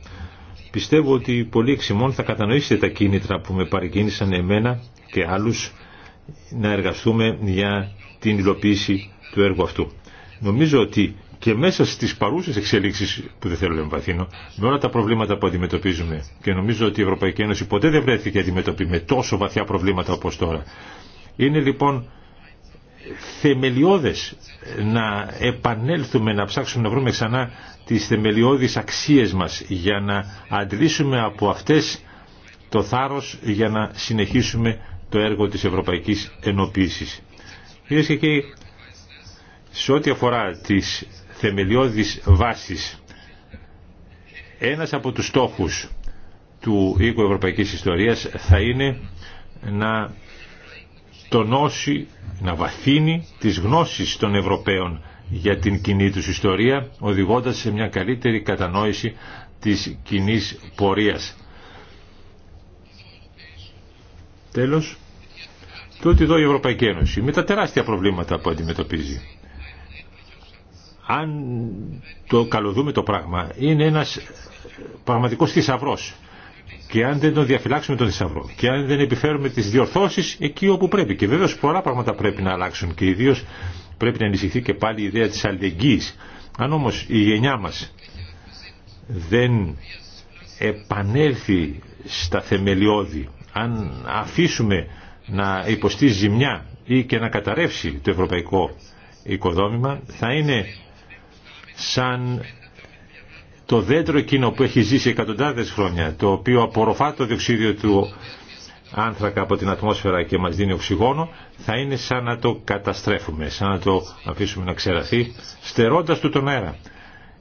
Πιστεύω ότι πολλοί εξημών θα κατανοήσετε τα κίνητρα που με παρεκκίνησαν εμένα και άλλους να εργαστούμε για την υλοποίηση του έργου αυτού. Νομίζω ότι και μέσα στις παρούσες εξελίξεις που δεν θέλω να εμβαθύνω, με όλα τα προβλήματα που αντιμετωπίζουμε και νομίζω ότι η Ευρωπαϊκή Ένωση ποτέ δεν βρέθηκε αντιμετωπή με τόσο βαθιά προβλήματα όπως τώρα. Είναι λοιπόν θεμελιώδες να επανέλθουμε, να ψάξουμε να βρούμε ξανά τις θεμελιώδεις αξίες μας για να αντλήσουμε από αυτές το θάρρος για να συνεχίσουμε το έργο της Ευρωπαϊκής Ενοποίησης. Κυρίες και κύριοι, σε ό,τι αφορά τις θεμελιώδεις βάσεις, ένας από τους στόχους του οίκου Ευρωπαϊκής Ιστορίας θα είναι να τονώσει, να βαθύνει τις γνώσεις των Ευρωπαίων για την κοινή τους ιστορία, οδηγώντας σε μια καλύτερη κατανόηση της κοινή πορείας. Τέλος, το ότι εδώ η Ευρωπαϊκή Ένωση με τα τεράστια προβλήματα που αντιμετωπίζει. Αν το καλοδούμε το πράγμα, είναι ένας πραγματικός θησαυρό και αν δεν τον διαφυλάξουμε τον θησαυρό και αν δεν επιφέρουμε τις διορθώσεις εκεί όπου πρέπει. Και βέβαια πολλά πράγματα πρέπει να αλλάξουν και ιδίως πρέπει να ενισχυθεί και πάλι η ιδέα της αλληλεγγύης. Αν όμως η γενιά μας δεν επανέλθει στα θεμελιώδη, αν αφήσουμε να υποστεί ζημιά ή και να καταρρεύσει το ευρωπαϊκό οικοδόμημα, θα είναι σαν το δέντρο εκείνο που έχει ζήσει εκατοντάδες χρόνια, το οποίο απορροφά το διοξίδιο του άνθρακα από την ατμόσφαιρα και μας δίνει οξυγόνο, θα είναι σαν να το καταστρέφουμε, σαν να το αφήσουμε να ξεραθεί, στερώντας του τον αέρα.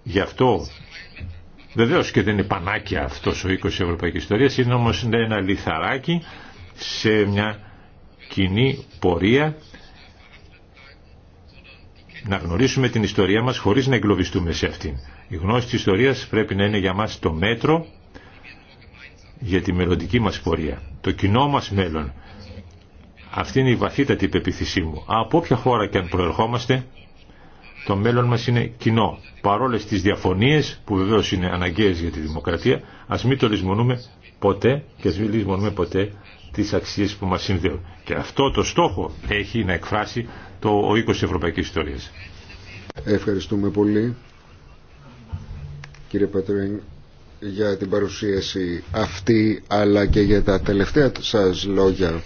Γι' αυτό, βεβαίως και δεν είναι πανάκια αυτός ο οίκος της Ευρωπαϊκής Ιστορίας, είναι όμως ένα λιθαράκι σε μια κοινή πορεία να γνωρίσουμε την ιστορία μας χωρίς να εγκλωβιστούμε σε αυτήν. Η γνώση της ιστορίας πρέπει να είναι για μας το μέτρο για τη μελλοντική μας πορεία, το κοινό μας μέλλον. Αυτή είναι η βαθύτατη υπεποίθησή μου. Από όποια χώρα και αν προερχόμαστε, το μέλλον μας είναι κοινό. Παρόλες τις διαφωνίες, που βεβαίως είναι αναγκαίες για τη δημοκρατία, ας μην το λησμονούμε ποτέ και ας μην λησμονούμε ποτέ τις αξίες που μας συνδέουν. Και αυτό το στόχο έχει να εκφράσει το, ο οίκος της Ευρωπαϊκής Ιστορίας. Ευχαριστούμε πολύ κύριε Πατρίν για την παρουσίαση αυτή αλλά και για τα τελευταία σας λόγια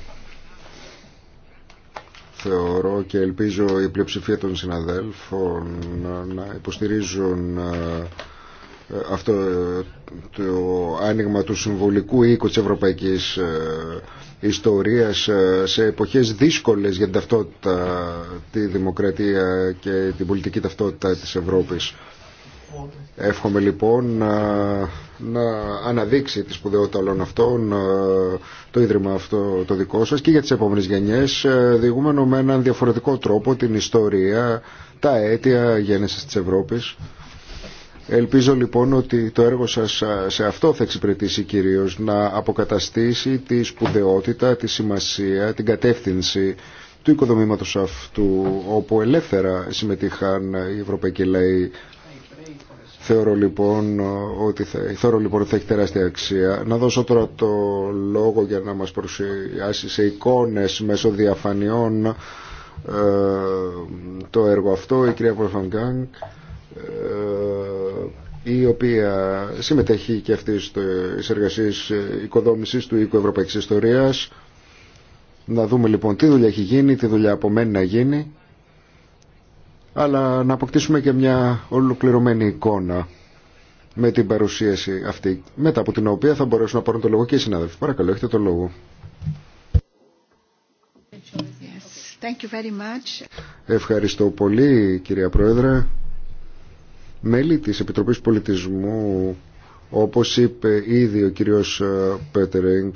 θεωρώ και ελπίζω η πλειοψηφία των συναδέλφων να υποστηρίζουν ε, αυτό ε, το άνοιγμα του συμβολικού οίκου της ευρωπαϊκής ε, ιστορίας σε εποχές δύσκολες για την ταυτότητα, τη δημοκρατία και την πολιτική ταυτότητα της Ευρώπης. Εύχομαι λοιπόν να, να αναδείξει τη σπουδαιότητα όλων αυτών ε, το Ίδρυμα αυτό το δικό σας και για τις επόμενες γενιές ε, διηγούμενο με έναν διαφορετικό τρόπο την ιστορία, τα αίτια γέννησης της Ευρώπης. Ελπίζω λοιπόν ότι το έργο σας σε αυτό θα εξυπηρετήσει κυρίως να αποκαταστήσει τη σπουδαιότητα, τη σημασία, την κατεύθυνση του οικοδομήματος αυτού όπου ελεύθερα συμμετείχαν οι ευρωπαϊκοί λαοί Θεωρώ λοιπόν ότι θα, θεωρώ, λοιπόν, θα έχει τεράστια αξία. Να δώσω τώρα το λόγο για να μας παρουσιάσει σε εικόνες μέσω διαφανειών ε, το έργο αυτό, η κυρία ε, η οποία συμμετέχει και αυτή στις εργασίες οικοδόμησης του οίκου Ευρωπαϊκής Ιστορίας. Να δούμε λοιπόν τι δουλειά έχει γίνει, τι δουλειά απομένει να γίνει αλλά να αποκτήσουμε και μια ολοκληρωμένη εικόνα με την παρουσίαση αυτή, μετά από την οποία θα μπορέσουν να πάρουν το λόγο και οι συνάδελφοι. Παρακαλώ, έχετε το λόγο. Ευχαριστώ πολύ κυρία Πρόεδρε. Μέλη της Επιτροπής Πολιτισμού, όπως είπε ήδη ο κύριος ε, Πέτερινγκ,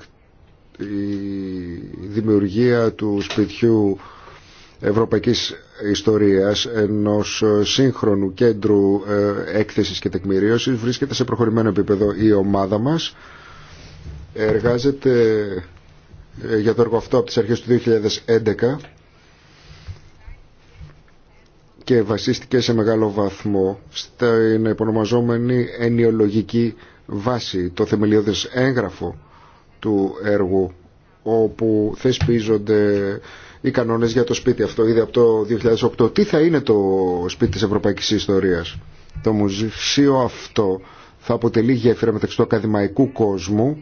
η δημιουργία του σπιτιού Ευρωπαϊκής ιστορίας ενός ε, σύγχρονου κέντρου ε, έκθεσης και τεκμηρίωσης βρίσκεται σε προχωρημένο επίπεδο η ομάδα μας εργάζεται ε, για το έργο αυτό από τις αρχές του 2011 και βασίστηκε σε μεγάλο βαθμό στην υπονομαζόμενη ενιολογική βάση, το θεμελιώδες έγγραφο του έργου όπου θεσπίζονται οι κανόνε για το σπίτι αυτό ήδη από το 2008. Τι θα είναι το σπίτι της ευρωπαϊκής ιστορίας. Το μουσείο αυτό θα αποτελεί γέφυρα μεταξύ του ακαδημαϊκού κόσμου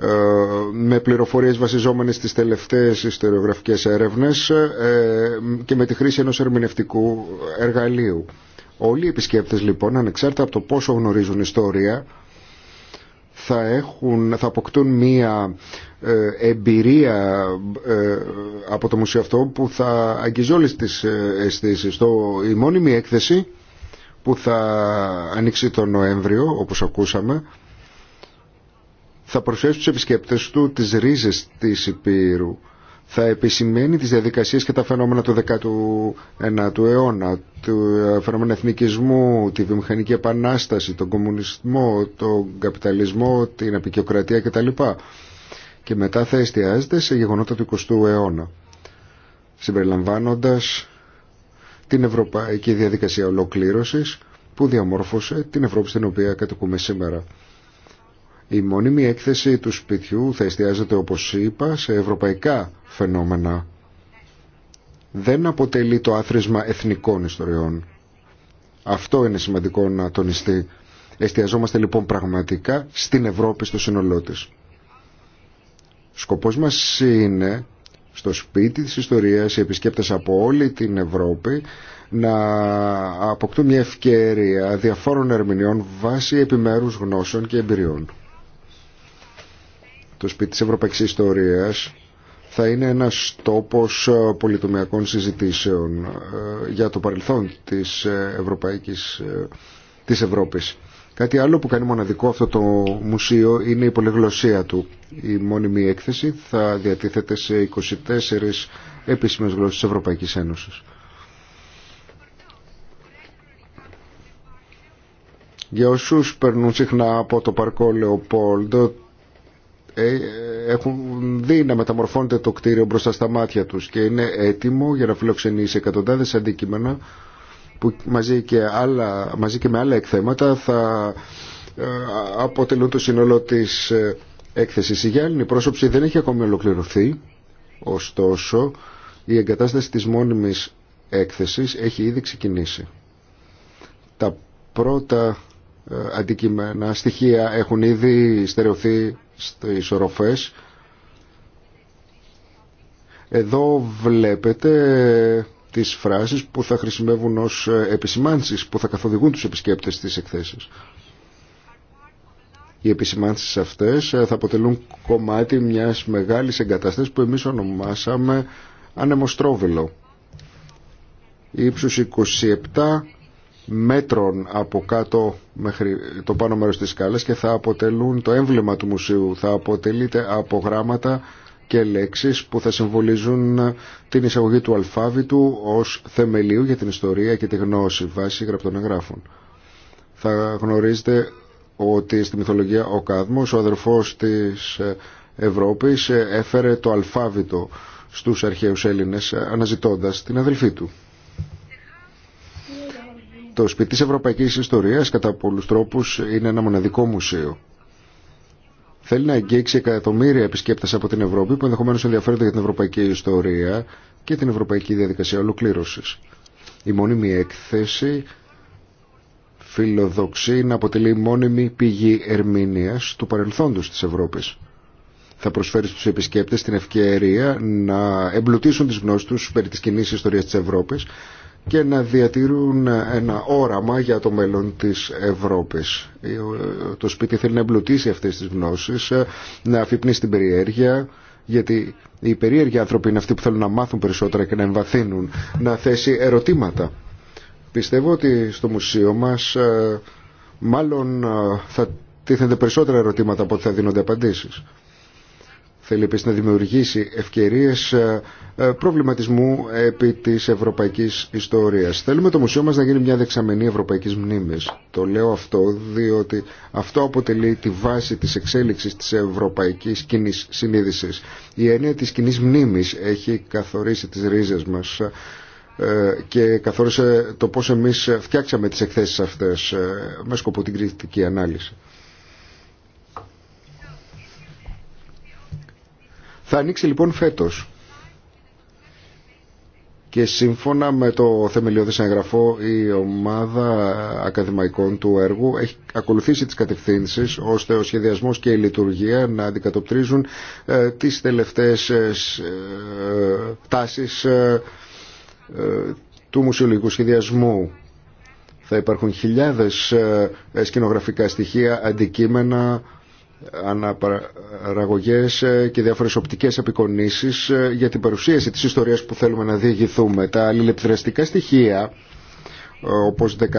ε, με πληροφορίες βασιζόμενες στις τελευταίες ιστοριογραφικές έρευνες ε, και με τη χρήση ενός ερμηνευτικού εργαλείου. Όλοι οι επισκέπτες λοιπόν, ανεξάρτητα από το πόσο γνωρίζουν ιστορία, θα, έχουν, θα αποκτούν μία ε, εμπειρία ε, από το μουσείο αυτό που θα αγγίζει όλες τις ε, αισθήσεις. Το, η μόνιμη έκθεση που θα ανοίξει τον Νοέμβριο, όπως ακούσαμε, θα προσφέρει στους επισκέπτες του τις ρίζες της Υπήρου θα επισημαίνει τις διαδικασίες και τα φαινόμενα του 19ου αιώνα, του ε, φαινόμενα εθνικισμού, τη βιομηχανική επανάσταση, τον κομμουνισμό, τον καπιταλισμό, την απεικιοκρατία κτλ. Και μετά θα εστιάζεται σε γεγονότα του 20ου αιώνα, συμπεριλαμβάνοντας την ευρωπαϊκή διαδικασία ολοκλήρωσης που διαμόρφωσε την Ευρώπη στην οποία κατοικούμε σήμερα. Η μόνιμη έκθεση του σπιτιού θα εστιάζεται, όπως είπα, σε ευρωπαϊκά φαινόμενα. Δεν αποτελεί το άθροισμα εθνικών ιστοριών. Αυτό είναι σημαντικό να τονιστεί. Εστιαζόμαστε λοιπόν πραγματικά στην Ευρώπη στο σύνολό της. Σκοπός μας είναι στο σπίτι της ιστορίας οι επισκέπτες από όλη την Ευρώπη να αποκτούν μια ευκαιρία διαφόρων ερμηνεών βάσει επιμέρους γνώσεων και εμπειριών. Το σπίτι της Ευρωπαϊκής Ιστορίας θα είναι ένας τόπος ε, πολυτομιακών συζητήσεων ε, για το παρελθόν της, ε, Ευρωπαϊκής, της Ευρώπης. Κάτι άλλο που κάνει μοναδικό αυτό το μουσείο είναι η πολυγλωσία του. Η μόνιμη έκθεση θα διατίθεται σε 24 επίσημες γλώσσες της Ευρωπαϊκής Ένωσης. Για όσους περνούν συχνά από το παρκό Λεοπόλντο, ε, έχουν δει να μεταμορφώνεται το κτίριο μπροστά στα μάτια τους και είναι έτοιμο για να φιλοξενήσει εκατοντάδες αντικείμενα που μαζί και, άλλα, μαζί και με άλλα εκθέματα θα ε, αποτελούν το σύνολο της ε, έκθεσης. Η Γιάννη πρόσωψη δεν έχει ακόμη ολοκληρωθεί, ωστόσο η εγκατάσταση της μόνιμης έκθεσης έχει ήδη ξεκινήσει. Τα πρώτα αντικείμενα, στοιχεία έχουν ήδη στερεωθεί στις οροφές. Εδώ βλέπετε τις φράσεις που θα χρησιμεύουν ως επισημάνσεις που θα καθοδηγούν τους επισκέπτες στις εκθέσεις. Οι επισημάνσεις αυτές θα αποτελούν κομμάτι μιας μεγάλης εγκατάστασης που εμείς ονομάσαμε ανεμοστρόβελο. Ήψους 27 μέτρων από κάτω μέχρι το πάνω μέρος της σκάλας και θα αποτελούν το έμβλημα του μουσείου. Θα αποτελείται από γράμματα και λέξεις που θα συμβολίζουν την εισαγωγή του αλφάβητου ως θεμελίου για την ιστορία και τη γνώση βάσει γραπτών εγγράφων. Θα γνωρίζετε ότι στη μυθολογία ο Κάδμος, ο αδερφός της ε, Ευρώπης, ε, έφερε το αλφάβητο στους αρχαίους Έλληνες ε, αναζητώντας την αδελφή του. Το σπίτι της Ευρωπαϊκής Ιστορίας κατά πολλούς τρόπους είναι ένα μοναδικό μουσείο. Θέλει να αγγίξει εκατομμύρια επισκέπτες από την Ευρώπη που ενδεχομένως ενδιαφέρονται για την ευρωπαϊκή ιστορία και την ευρωπαϊκή διαδικασία ολοκλήρωσης. Η μόνιμη έκθεση φιλοδοξεί να αποτελεί μόνιμη πηγή ερμηνείας του παρελθόντος της Ευρώπης. Θα προσφέρει στους επισκέπτες την ευκαιρία να εμπλουτίσουν τις γνώσεις τους περί της κοινής ιστορίας της Ευρώπης και να διατηρούν ένα όραμα για το μέλλον της Ευρώπης. Το σπίτι θέλει να εμπλουτίσει αυτές τις γνώσεις, να αφυπνίσει την περιέργεια, γιατί οι περίεργοι άνθρωποι είναι αυτοί που θέλουν να μάθουν περισσότερα και να εμβαθύνουν, να θέσει ερωτήματα. Πιστεύω ότι στο μουσείο μας ε, μάλλον ε, θα τίθενται περισσότερα ερωτήματα από ότι θα δίνονται απαντήσεις. Θέλει επίσης να δημιουργήσει ευκαιρίες ε, ε, προβληματισμού επί της ευρωπαϊκής ιστορίας. Θέλουμε το μουσείο μας να γίνει μια δεξαμενή ευρωπαϊκής μνήμης. Το λέω αυτό διότι αυτό αποτελεί τη βάση της εξέλιξης της ευρωπαϊκής κοινή συνείδησης. Η έννοια της κοινή μνήμης έχει καθορίσει τις ρίζες μας ε, και καθόρισε το πώς εμείς φτιάξαμε τις εκθέσεις αυτές με σκοπό την κριτική ανάλυση. Θα ανοίξει λοιπόν φέτος. Και σύμφωνα με το θεμελιώδες εγγραφό η ομάδα ακαδημαϊκών του έργου έχει ακολουθήσει τις κατευθύνσεις ώστε ο σχεδιασμός και η λειτουργία να αντικατοπτρίζουν ε, τις τελευταίες ε, ε, τάσεις ε, του μουσιολογικού σχεδιασμού. Θα υπάρχουν χιλιάδες σκηνογραφικά στοιχεία, αντικείμενα αναπαραγωγές ε, και διάφορες οπτικές απεικονίσεις ε, για την παρουσίαση της ιστορίας που θέλουμε να διηγηθούμε. Τα αλληλεπιδραστικά στοιχεία ε, όπως 14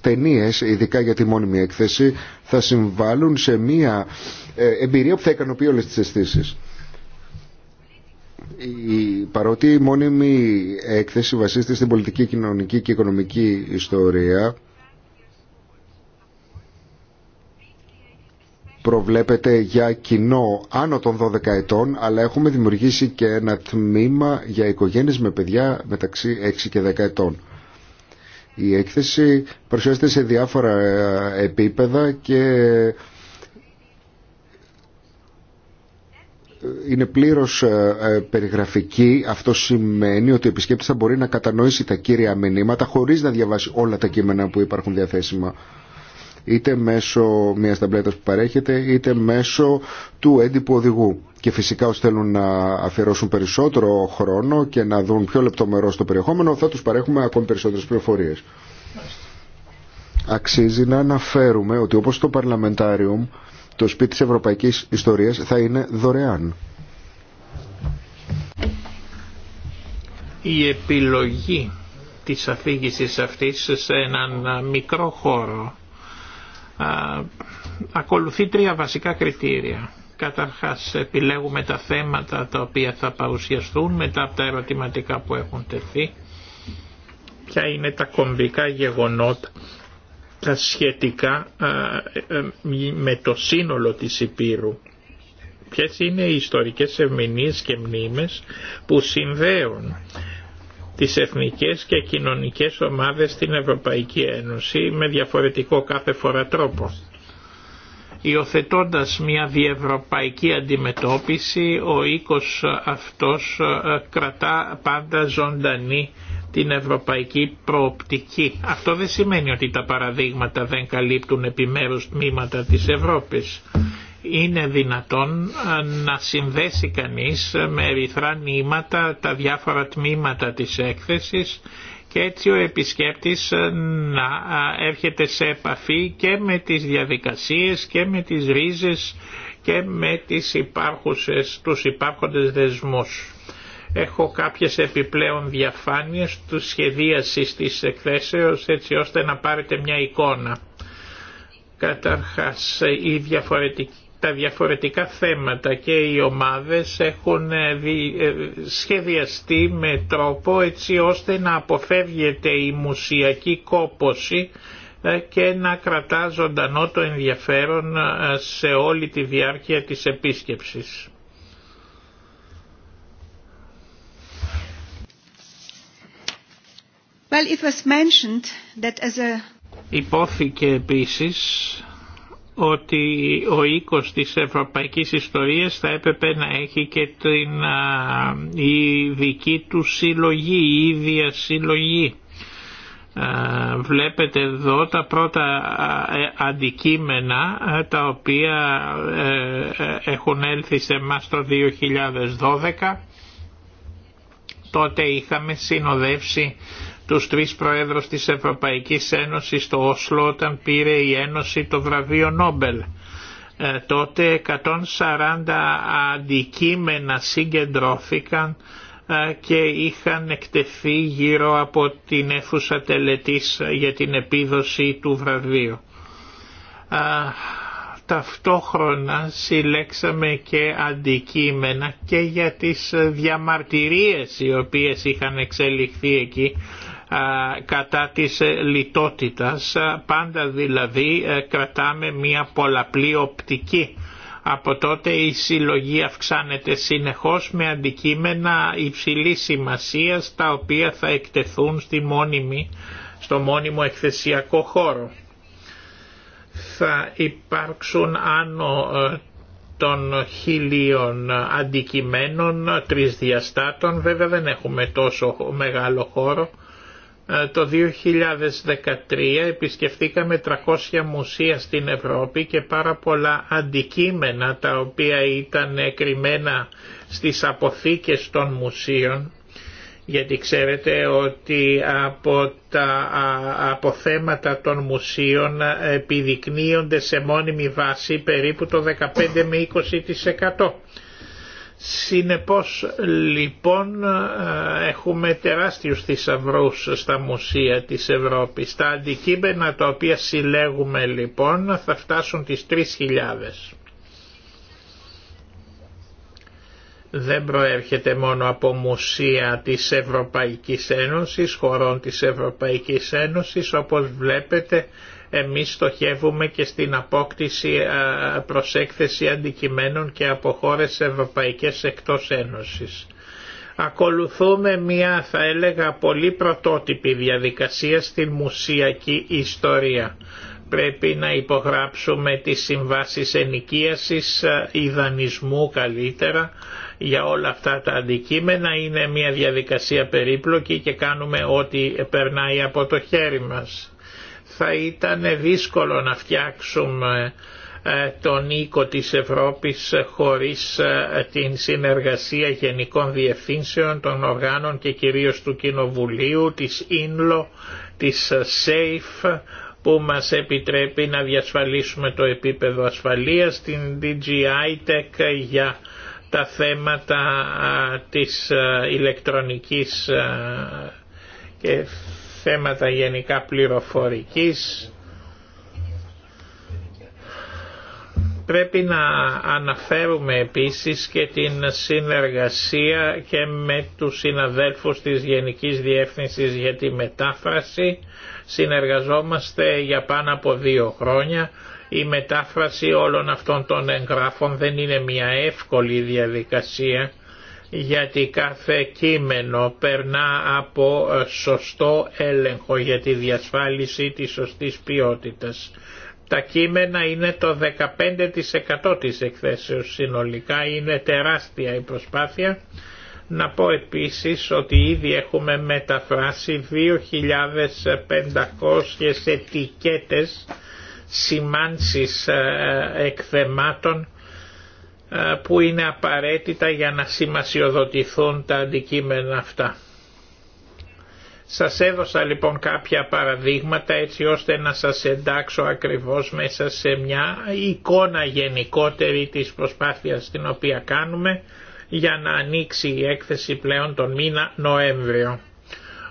ταινίε, ειδικά για τη μόνιμη έκθεση, θα συμβάλλουν σε μια εμπειρία που θα ικανοποιεί όλες τις αισθήσει. Η, παρότι η μόνιμη έκθεση βασίζεται στην πολιτική, κοινωνική και οικονομική ιστορία, προβλέπεται για κοινό άνω των 12 ετών, αλλά έχουμε δημιουργήσει και ένα τμήμα για οικογένειες με παιδιά μεταξύ 6 και 10 ετών. Η έκθεση παρουσιάζεται σε διάφορα ε, επίπεδα και ε, είναι πλήρως ε, περιγραφική. Αυτό σημαίνει ότι ο επισκέπτης θα μπορεί να κατανοήσει τα κύρια μηνύματα χωρίς να διαβάσει όλα τα κείμενα που υπάρχουν διαθέσιμα είτε μέσω μιας ταμπλέτας που παρέχεται είτε μέσω του έντυπου οδηγού. Και φυσικά όσοι θέλουν να αφιερώσουν περισσότερο χρόνο και να δουν πιο λεπτομερό στο περιεχόμενο θα τους παρέχουμε ακόμη περισσότερες πληροφορίες. Αξίζει να αναφέρουμε ότι όπως το Parliamentarium, το σπίτι της Ευρωπαϊκής Ιστορίας θα είναι δωρεάν. Η επιλογή της αφήγησης αυτής σε έναν μικρό χώρο ακολουθεί τρία βασικά κριτήρια. Καταρχάς επιλέγουμε τα θέματα τα οποία θα παρουσιαστούν μετά από τα ερωτηματικά που έχουν τεθεί. Ποια είναι τα κομβικά γεγονότα τα σχετικά ε, ε, με το σύνολο της Υπήρου. Ποιες είναι οι ιστορικές ευμηνείς και μνήμες που συνδέουν τις εθνικές και κοινωνικές ομάδες στην Ευρωπαϊκή Ένωση με διαφορετικό κάθε φορά τρόπο. Υιοθετώντα μια διευρωπαϊκή αντιμετώπιση, ο οίκος αυτός ε, κρατά πάντα ζωντανή την ευρωπαϊκή προοπτική. Αυτό δεν σημαίνει ότι τα παραδείγματα δεν καλύπτουν επιμέρους τμήματα της Ευρώπης είναι δυνατόν ε, να συνδέσει κανείς με ερυθρά νήματα τα διάφορα τμήματα της έκθεσης και έτσι ο επισκέπτης ε, να ε, έρχεται σε επαφή και με τις διαδικασίες και με τις ρίζες και με τις υπάρχουσες, τους υπάρχοντες δεσμούς. Έχω κάποιες επιπλέον διαφάνειες του σχεδίασης της εκθέσεως έτσι ώστε να πάρετε μια εικόνα. Καταρχάς οι διαφορετική τα διαφορετικά θέματα και οι ομάδες έχουν ε, ε, σχεδιαστεί με τρόπο έτσι ώστε να αποφεύγεται η μουσιακή κόπωση ε, και να κρατά ζωντανό το ενδιαφέρον σε όλη τη διάρκεια της επίσκεψης. Υπόθηκε επίσης ότι ο οίκος της ευρωπαϊκής ιστορίας θα έπρεπε να έχει και την η δική του συλλογή, η ίδια συλλογή. Βλέπετε εδώ τα πρώτα ε, αντικείμενα τα οποία ε, ε, έχουν έλθει σε εμάς το 2012. Τότε είχαμε συνοδεύσει τους τρεις προέδρους της Ευρωπαϊκής Ένωσης στο Όσλο όταν πήρε η Ένωση το βραβείο Νόμπελ. Ε, τότε 140 αντικείμενα συγκεντρώθηκαν ε, και είχαν εκτεθεί γύρω από την αίθουσα τελετής για την επίδοση του βραβείου. Ε, ταυτόχρονα συλλέξαμε και αντικείμενα και για τις διαμαρτυρίες οι οποίες είχαν εξελιχθεί εκεί κατά της ε, λιτότητας, πάντα δηλαδή ε, κρατάμε μια πολλαπλή οπτική. Από τότε η συλλογή αυξάνεται συνεχώς με αντικείμενα υψηλής σημασίας τα οποία θα εκτεθούν στη μόνιμη, στο μόνιμο εκθεσιακό χώρο. Θα υπάρξουν άνω ε, των χιλίων αντικειμένων τρισδιαστάτων, βέβαια δεν έχουμε τόσο μεγάλο χώρο, ε, το 2013 επισκεφτήκαμε 300 μουσεία στην Ευρώπη και πάρα πολλά αντικείμενα τα οποία ήταν κρυμμένα στις αποθήκες των μουσείων γιατί ξέρετε ότι από τα αποθέματα των μουσείων επιδεικνύονται σε μόνιμη βάση περίπου το 15 με 20%. Συνεπώς λοιπόν ε, έχουμε τεράστιους θησαυρού στα μουσεία της Ευρώπης. Τα αντικείμενα τα οποία συλλέγουμε λοιπόν θα φτάσουν τις 3.000. Δεν προέρχεται μόνο από μουσεία της Ευρωπαϊκής Ένωσης, χωρών της Ευρωπαϊκής Ένωσης, όπως βλέπετε εμείς στοχεύουμε και στην απόκτηση ε, προσέκθεση αντικειμένων και από χώρες ευρωπαϊκές εκτός Ένωσης. Ακολουθούμε μια θα έλεγα πολύ πρωτότυπη διαδικασία στην μουσιακή ιστορία. Πρέπει να υπογράψουμε τις συμβάσεις ενοικίασης, ε, ιδανισμού καλύτερα, για όλα αυτά τα αντικείμενα είναι μια διαδικασία περίπλοκη και κάνουμε ό,τι περνάει από το χέρι μας θα ήταν δύσκολο να φτιάξουμε ε, τον οίκο της Ευρώπης χωρίς ε, την συνεργασία γενικών διευθύνσεων των οργάνων και κυρίως του Κοινοβουλίου, της ίνλο, της ε, ΣΕΙΦ που μας επιτρέπει να διασφαλίσουμε το επίπεδο ασφαλείας, την DGI Tech για τα θέματα της ηλεκτρονικής και θέματα γενικά πληροφορικής, πρέπει να αναφέρουμε επίσης και την συνεργασία και με τους συναδέλφους της Γενικής Διεύθυνσης για τη μετάφραση. Συνεργαζόμαστε για πάνω από δύο χρόνια. Η μετάφραση όλων αυτών των εγγράφων δεν είναι μια εύκολη διαδικασία γιατί κάθε κείμενο περνά από ε, σωστό έλεγχο για τη διασφάλιση της σωστής ποιότητας. Τα κείμενα είναι το 15% της εκθέσεως συνολικά, είναι τεράστια η προσπάθεια. Να πω επίσης ότι ήδη έχουμε μεταφράσει 2.500 ετικέτες σημάνσεις ε, ε, εκθεμάτων ε, που είναι απαραίτητα για να σημασιοδοτηθούν τα αντικείμενα αυτά. Σας έδωσα λοιπόν κάποια παραδείγματα έτσι ώστε να σας εντάξω ακριβώς μέσα σε μια εικόνα γενικότερη της προσπάθειας την οποία κάνουμε για να ανοίξει η έκθεση πλέον τον μήνα Νοέμβριο.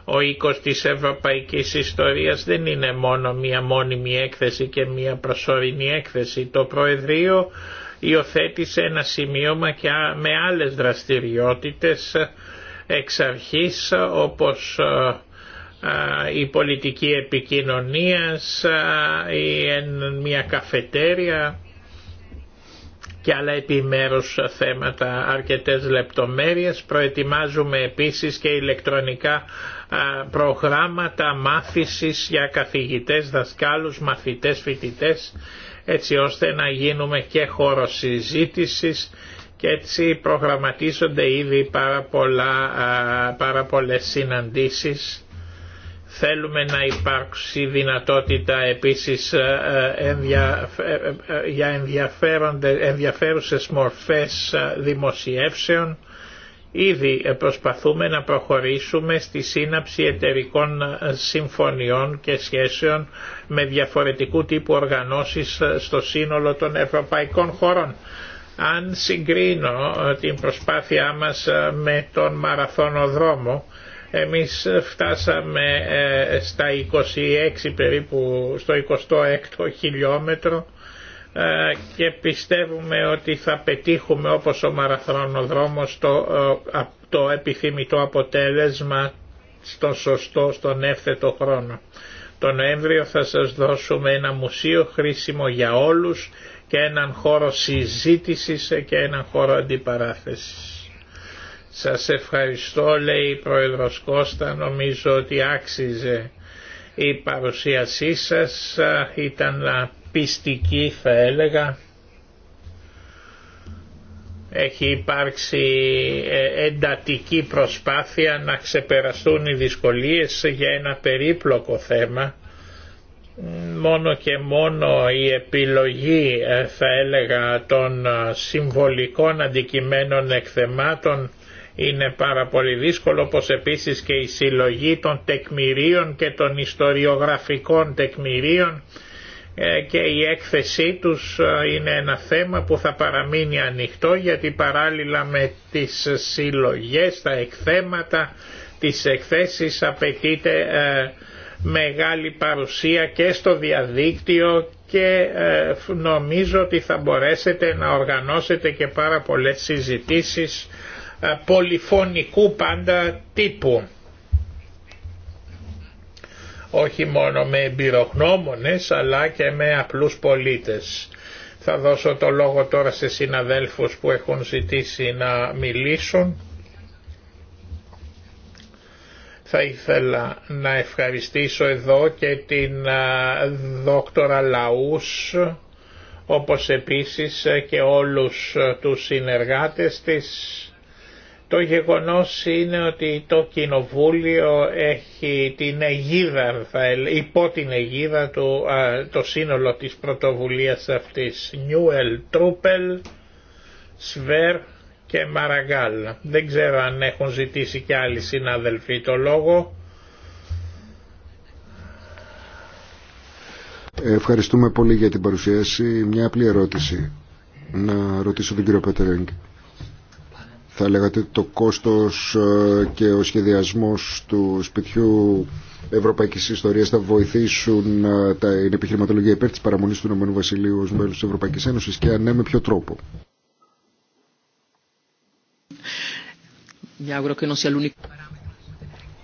Ο οίκος της Ευρωπαϊκής Ιστορίας δεν είναι μόνο μία μόνιμη έκθεση και μία προσωρινή έκθεση. Το Προεδρείο υιοθέτησε ένα σημείωμα και με άλλες δραστηριότητες ε, εξ αρχής όπως ε, ε, η πολιτική επικοινωνίας, η, μια καφετέρια και άλλα επιμέρους θέματα αρκετές λεπτομέρειες. Προετοιμάζουμε επίσης και ηλεκτρονικά προγράμματα μάθησης για καθηγητές, δασκάλους, μαθητές, φοιτητές έτσι ώστε να γίνουμε και χώρο συζήτησης και έτσι προγραμματίζονται ήδη πάρα, πολλά, πάρα πολλές συναντήσεις. Θέλουμε να υπάρξει δυνατότητα επίσης ε, ε, ε, για ενδιαφέρουσες μορφές δημοσιεύσεων Ήδη ε, προσπαθούμε να προχωρήσουμε στη σύναψη εταιρικών ε, συμφωνιών και σχέσεων με διαφορετικού τύπου οργανώσεις ε, στο σύνολο των ευρωπαϊκών χωρών. Αν συγκρίνω την προσπάθειά μας με τον δρόμο, εμείς φτάσαμε στα 26 περίπου, στο 26ο χιλιόμετρο ε, και πιστεύουμε ότι θα πετύχουμε όπως ο μαραθρονοδρόμος το, ε, το επιθυμητό αποτέλεσμα στον σωστό, στον εύθετο χρόνο. Το Νοέμβριο θα σας δώσουμε ένα μουσείο χρήσιμο για όλους και έναν χώρο συζήτησης και έναν χώρο αντιπαράθεσης. Σας ευχαριστώ λέει η Πρόεδρος Κώστα, νομίζω ότι άξιζε η παρουσίασή σας, ήταν πιστική θα έλεγα έχει υπάρξει ε, εντατική προσπάθεια να ξεπεραστούν οι δυσκολίες για ένα περίπλοκο θέμα μόνο και μόνο η επιλογή ε, θα έλεγα των ε, συμβολικών αντικειμένων εκθεμάτων είναι πάρα πολύ δύσκολο όπως επίσης και η συλλογή των τεκμηρίων και των ιστοριογραφικών τεκμηρίων ε, και η έκθεσή τους ε, είναι ένα θέμα που θα παραμείνει ανοιχτό γιατί παράλληλα με τις συλλογές, τα εκθέματα, τις εκθέσεις απαιτείται ε, μεγάλη παρουσία και στο διαδίκτυο και νομίζω ότι θα μπορέσετε να οργανώσετε και πάρα πολλές συζητήσεις πολυφωνικού πάντα τύπου όχι μόνο με εμπειρογνώμονες αλλά και με απλούς πολίτες. Θα δώσω το λόγο τώρα σε συναδέλφους που έχουν ζητήσει να μιλήσουν. Θα ήθελα να ευχαριστήσω εδώ και την δόκτορα Λαούς, όπως επίσης και όλους τους συνεργάτες της το γεγονός είναι ότι το Κοινοβούλιο έχει την αιγίδα, θα υπό την αιγίδα του, το σύνολο της πρωτοβουλίας αυτής, Νιούελ, Τρούπελ, Σβέρ και Μαραγκάλ. Δεν ξέρω αν έχουν ζητήσει και άλλοι συνάδελφοι το λόγο. Ευχαριστούμε πολύ για την παρουσίαση. Μια απλή ερώτηση. Να ρωτήσω τον κύριο Πέτρεγκ θα λέγατε το κόστος ε, και ο σχεδιασμός του σπιτιού Ευρωπαϊκής Ιστορίας θα βοηθήσουν ε, τα, την επιχειρηματολογία υπέρ της παραμονής του Ηνωμένου Βασιλείου ως μέλος της Ευρωπαϊκής Ένωσης και αν ναι με ποιο τρόπο.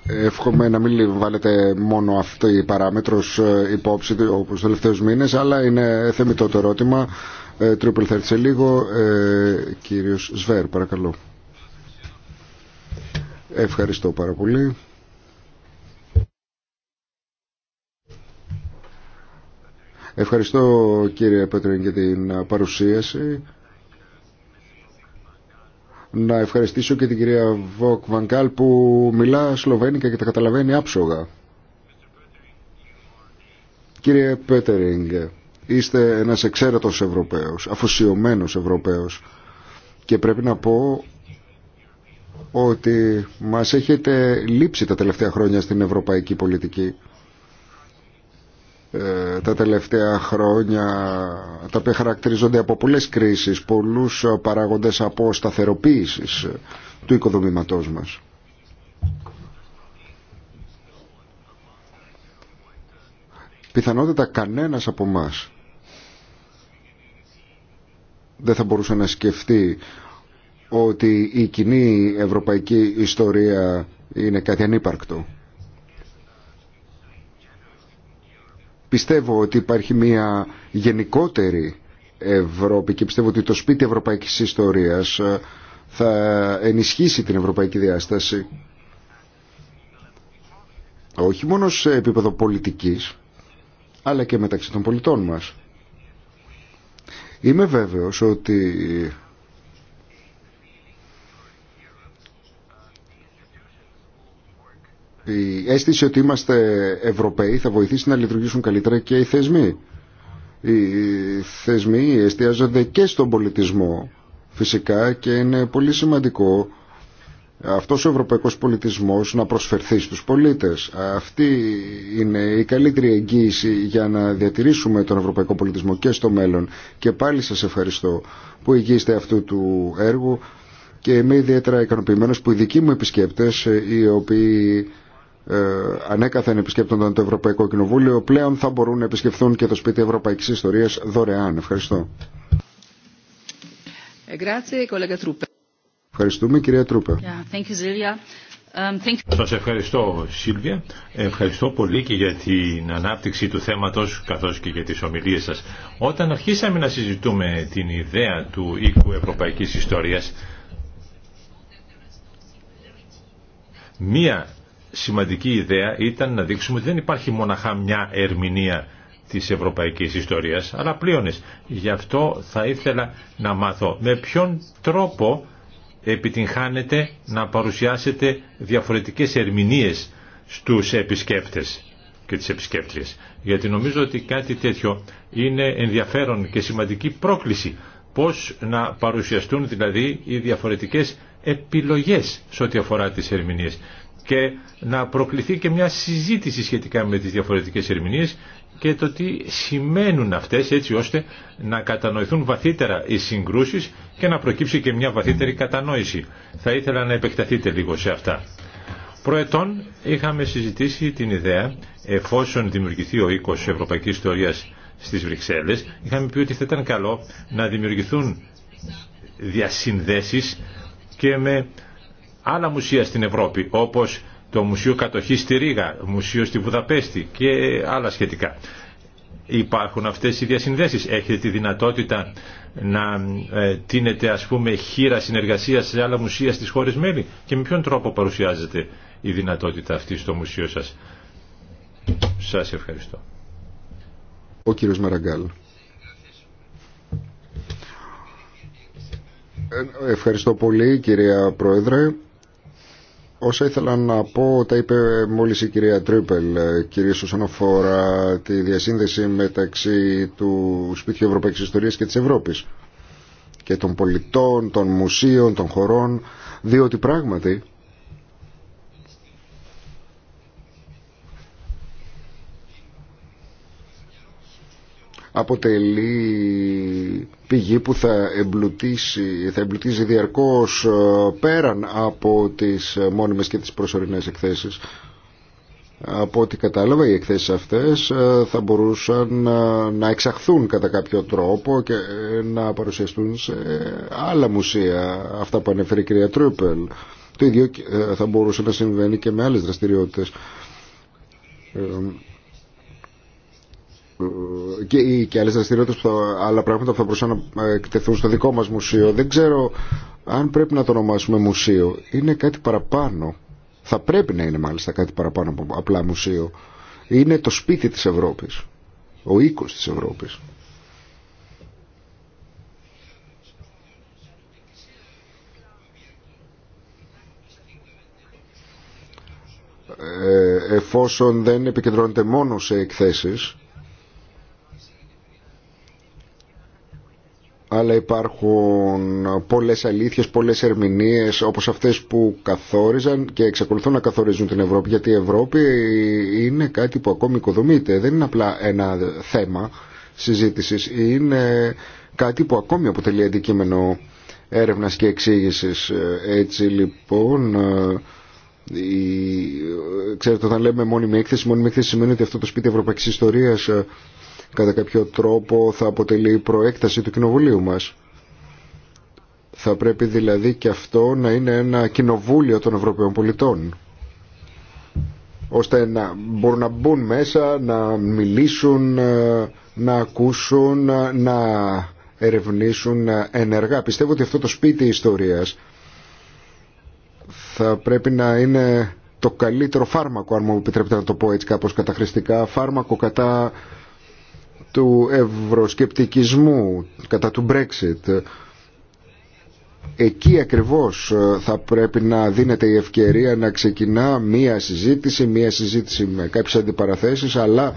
Εύχομαι να μην βάλετε μόνο αυτή η παράμετρος ε, υπόψη όπως τους τελευταίους μήνες αλλά είναι θεμητό το ερώτημα. Τρίπελ θα έρθει σε λίγο. Κύριος Σβέρ, παρακαλώ. Ευχαριστώ πάρα πολύ. Ευχαριστώ κύριε Πέτριν για την παρουσίαση. Να ευχαριστήσω και την κυρία Βοκ Βανκάλ που μιλά σλοβένικα και τα καταλαβαίνει άψογα. Κύριε Πέτερινγκ, είστε ένας εξαίρετος Ευρωπαίος, αφοσιωμένος Ευρωπαίος και πρέπει να πω ότι μας έχετε λείψει τα τελευταία χρόνια στην ευρωπαϊκή πολιτική. Ε, τα τελευταία χρόνια τα οποία χαρακτηρίζονται από πολλές κρίσεις, πολλούς παράγοντες από σταθεροποίησης του οικοδομήματός μας. Πιθανότητα κανένας από μας δεν θα μπορούσε να σκεφτεί ότι η κοινή ευρωπαϊκή ιστορία είναι κάτι ανύπαρκτο. Πιστεύω ότι υπάρχει μια γενικότερη Ευρώπη και πιστεύω ότι το σπίτι ευρωπαϊκής ιστορίας ε, θα ενισχύσει την ευρωπαϊκή διάσταση όχι μόνο σε επίπεδο πολιτικής αλλά και μεταξύ των πολιτών μας. Είμαι βέβαιος ότι η αίσθηση ότι είμαστε Ευρωπαίοι θα βοηθήσει να λειτουργήσουν καλύτερα και οι θεσμοί. Οι θεσμοί εστιάζονται και στον πολιτισμό φυσικά και είναι πολύ σημαντικό αυτός ο ευρωπαϊκός πολιτισμός να προσφερθεί στους πολίτες. Αυτή είναι η καλύτερη εγγύηση για να διατηρήσουμε τον ευρωπαϊκό πολιτισμό και στο μέλλον. Και πάλι σας ευχαριστώ που εγγύηστε αυτού του έργου και είμαι ιδιαίτερα ικανοποιημένο που οι δικοί μου επισκέπτες οι οποίοι ε, ανέκαθεν επισκέπτονταν το Ευρωπαϊκό Κοινοβούλιο πλέον θα μπορούν να επισκεφθούν και το σπίτι Ευρωπαϊκής Ιστορίας δωρεάν. Ευχαριστώ. Ε, Ευχαριστούμε κυρία Τρούπε. Σα um, σας ευχαριστώ Σίλβια, ευχαριστώ πολύ και για την ανάπτυξη του θέματος καθώς και για τις ομιλίες σα Όταν αρχίσαμε να συζητούμε την ιδέα του οίκου ευρωπαϊκής ιστορίας, μία σημαντική ιδέα ήταν να δείξουμε ότι δεν υπάρχει μοναχά μια ερμηνεία της ευρωπαϊκής ιστορίας, αλλά πλήρωνες. Γι' αυτό θα ήθελα να μάθω με ποιον τρόπο επιτυγχάνετε να παρουσιάσετε διαφορετικές ερμηνείες στους επισκέπτες και τις επισκέπτριες. Γιατί νομίζω ότι κάτι τέτοιο είναι ενδιαφέρον και σημαντική πρόκληση. Πώς να παρουσιαστούν δηλαδή οι διαφορετικές επιλογές σε ό,τι αφορά τις ερμηνείες και να προκληθεί και μια συζήτηση σχετικά με τις διαφορετικές ερμηνείες και το τι σημαίνουν αυτές έτσι ώστε να κατανοηθούν βαθύτερα οι συγκρούσεις και να προκύψει και μια βαθύτερη κατανόηση. Θα ήθελα να επεκταθείτε λίγο σε αυτά. Προετών είχαμε συζητήσει την ιδέα εφόσον δημιουργηθεί ο οίκος Ευρωπαϊκής Ιστορίας στις Βρυξέλλες είχαμε πει ότι θα ήταν καλό να δημιουργηθούν διασυνδέσεις και με άλλα μουσεία στην Ευρώπη, όπως το Μουσείο Κατοχής στη Ρήγα, Μουσείο στη Βουδαπέστη και άλλα σχετικά. Υπάρχουν αυτές οι διασυνδέσεις. Έχετε τη δυνατότητα να ε, τίνετε ας πούμε χείρα συνεργασία σε άλλα μουσεία στις χώρες μέλη και με ποιον τρόπο παρουσιάζεται η δυνατότητα αυτή στο μουσείο σας. Σας ευχαριστώ. Ο κύριος Μαραγκάλ. Ε, ευχαριστώ πολύ κυρία Πρόεδρε. Όσα ήθελα να πω, τα είπε μόλις η κυρία Τρίπελ, ε, κυρίως όσον αφορά τη διασύνδεση μεταξύ του Σπίτιου Ευρωπαϊκής Ιστορίας και της Ευρώπης και των πολιτών, των μουσείων, των χωρών, διότι πράγματι αποτελεί πηγή που θα εμπλουτίσει, θα εμπλουτίζει διαρκώς ε, πέραν από τις μόνιμες και τις προσωρινές εκθέσεις. Από ό,τι κατάλαβα οι εκθέσεις αυτές ε, θα μπορούσαν ε, να εξαχθούν κατά κάποιο τρόπο και να παρουσιαστούν σε άλλα μουσεία, αυτά που ανέφερε η κυρία Τρούπελ. Το ίδιο θα μπορούσε να συμβαίνει και με άλλες δραστηριότητες και, και άλλες δραστηριότητες, που άλλα πράγματα που θα μπορούσαν να ε, εκτεθούν στο δικό μας μουσείο. Δεν ξέρω αν πρέπει να το ονομάσουμε μουσείο. Είναι κάτι παραπάνω. Θα πρέπει να είναι μάλιστα κάτι παραπάνω από απλά μουσείο. Είναι το σπίτι της Ευρώπης. Ο οίκος της Ευρώπης. Ε, εφόσον δεν επικεντρώνεται μόνο σε εκθέσεις αλλά υπάρχουν πολλές αλήθειες, πολλές ερμηνείες όπως αυτές που καθόριζαν και εξακολουθούν να καθορίζουν την Ευρώπη γιατί η Ευρώπη είναι κάτι που ακόμη οικοδομείται, δεν είναι απλά ένα θέμα συζήτησης, είναι κάτι που ακόμη αποτελεί αντικείμενο έρευνας και εξήγησης. Έτσι λοιπόν... Η... Ξέρετε, όταν λέμε μόνιμη έκθεση, μόνιμη έκθεση σημαίνει ότι αυτό το σπίτι Ευρωπαϊκής Ιστορίας κατά κάποιο τρόπο θα αποτελεί προέκταση του κοινοβουλίου μας. Θα πρέπει δηλαδή και αυτό να είναι ένα κοινοβούλιο των Ευρωπαίων πολιτών ώστε να μπορούν να μπουν μέσα, να μιλήσουν, να ακούσουν, να ερευνήσουν ενεργά. Πιστεύω ότι αυτό το σπίτι ιστορίας θα πρέπει να είναι το καλύτερο φάρμακο, αν μου επιτρέπετε να το πω έτσι κάπως καταχρηστικά, φάρμακο κατά του ευρωσκεπτικισμού, κατά του Brexit. Εκεί ακριβώς ε, θα πρέπει να δίνεται η ευκαιρία να ξεκινά μία συζήτηση, μία συζήτηση με κάποιες αντιπαραθέσεις, αλλά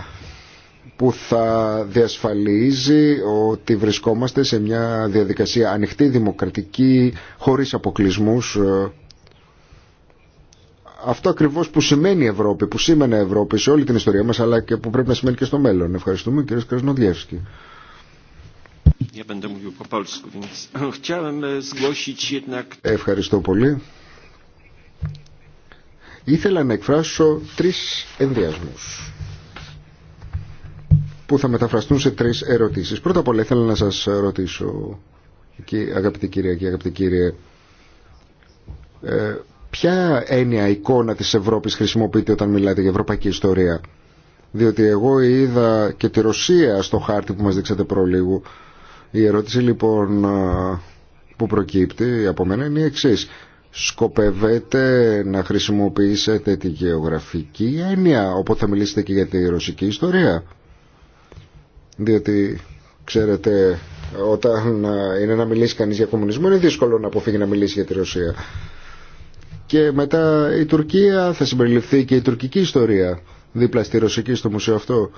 που θα διασφαλίζει ότι βρισκόμαστε σε μια διαδικασία ανοιχτή, δημοκρατική, χωρίς αποκλεισμούς ε, αυτό ακριβώς που σημαίνει Ευρώπη, που σήμαινε Ευρώπη σε όλη την ιστορία μας, αλλά και που πρέπει να σημαίνει και στο μέλλον. Ευχαριστούμε κύριε Κρασνοδιεύσκη. Ευχαριστώ πολύ. Ήθελα να εκφράσω τρεις ενδιασμούς που θα μεταφραστούν σε τρεις ερωτήσεις. Πρώτα απ' όλα ήθελα να σας ρωτήσω, αγαπητή κυρία και αγαπητή κύριε, ε, Ποια έννοια εικόνα της Ευρώπης χρησιμοποιείτε όταν μιλάτε για ευρωπαϊκή ιστορία. Διότι εγώ είδα και τη Ρωσία στο χάρτη που μας δείξατε προλίγου. Η ερώτηση λοιπόν που προκύπτει από μένα είναι η εξή. Σκοπεύετε να χρησιμοποιήσετε τη γεωγραφική έννοια, όπου θα μιλήσετε και για τη ρωσική ιστορία. Διότι, ξέρετε, όταν είναι να μιλήσει κανείς για κομμουνισμό είναι δύσκολο να αποφύγει να μιλήσει για τη Ρωσία και μετά η Τουρκία θα συμπεριληφθεί και η τουρκική ιστορία δίπλα στη ρωσική στο μουσείο αυτό.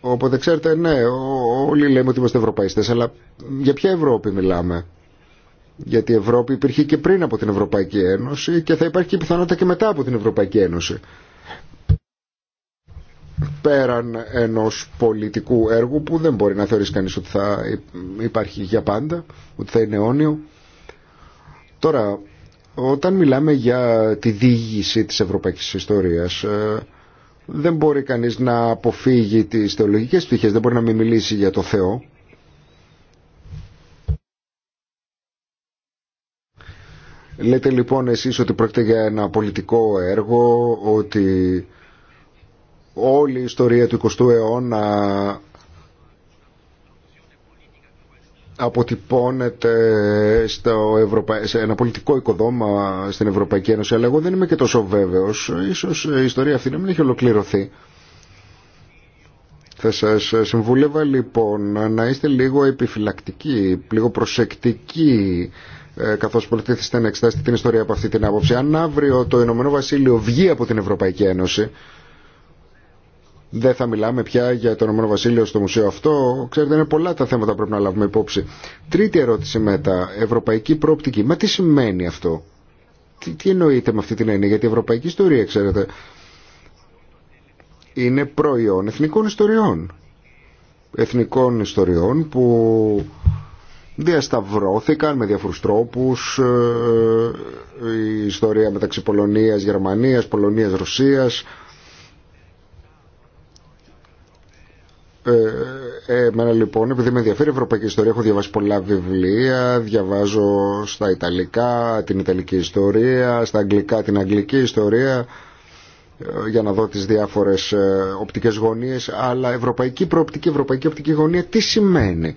Οπότε ξέρετε, ναι, όλοι λέμε ότι είμαστε ευρωπαϊστές, αλλά για ποια Ευρώπη μιλάμε. Γιατί η Ευρώπη υπήρχε και πριν από την Ευρωπαϊκή Ένωση και θα υπάρχει και πιθανότητα και μετά από την Ευρωπαϊκή Ένωση. Πέραν ενός πολιτικού έργου που δεν μπορεί να θεωρείς κανείς ότι θα υπάρχει για πάντα, ότι θα είναι αιώνιο. Τώρα, όταν μιλάμε για τη διήγηση της ευρωπαϊκής ιστορίας, ε, δεν μπορεί κανείς να αποφύγει τις θεολογικές πτυχές, δεν μπορεί να μην μιλήσει για το Θεό. Λέτε λοιπόν εσείς ότι πρόκειται για ένα πολιτικό έργο, ότι όλη η ιστορία του 20ου αιώνα αποτυπώνεται στο Ευρωπα... σε ένα πολιτικό οικοδόμα στην Ευρωπαϊκή Ένωση αλλά εγώ δεν είμαι και τόσο βέβαιος ίσως η ιστορία αυτή να μην έχει ολοκληρωθεί θα σας συμβούλευα λοιπόν να είστε λίγο επιφυλακτικοί λίγο προσεκτικοί ε, καθώς προτίθεστε να εξετάσετε την ιστορία από αυτή την άποψη αν αύριο το Ηνωμένο Βασίλειο βγει από την Ευρωπαϊκή Ένωση δεν θα μιλάμε πια για τον Ομόνο Βασίλειο στο μουσείο αυτό. Ξέρετε, είναι πολλά τα θέματα που πρέπει να λάβουμε υπόψη. Τρίτη ερώτηση μετά. Ευρωπαϊκή πρόπτικη. Μα τι σημαίνει αυτό. Τι, τι εννοείται με αυτή την έννοια. Γιατί η ευρωπαϊκή ιστορία, ξέρετε, είναι προϊόν εθνικών ιστοριών. Εθνικών ιστοριών που διασταυρώθηκαν με διάφορους τρόπους ε, ε, η ιστορία μεταξύ Πολωνίας, Γερμανίας, Πολωνίας, Ρωσίας Ε, ε, εμένα λοιπόν, επειδή με ενδιαφέρει η ευρωπαϊκή ιστορία, έχω διαβάσει πολλά βιβλία, διαβάζω στα Ιταλικά την Ιταλική ιστορία, στα Αγγλικά την Αγγλική ιστορία, ε, για να δω τις διάφορες ε, οπτικές γωνίες, αλλά ευρωπαϊκή προοπτική, ευρωπαϊκή οπτική γωνία, τι σημαίνει.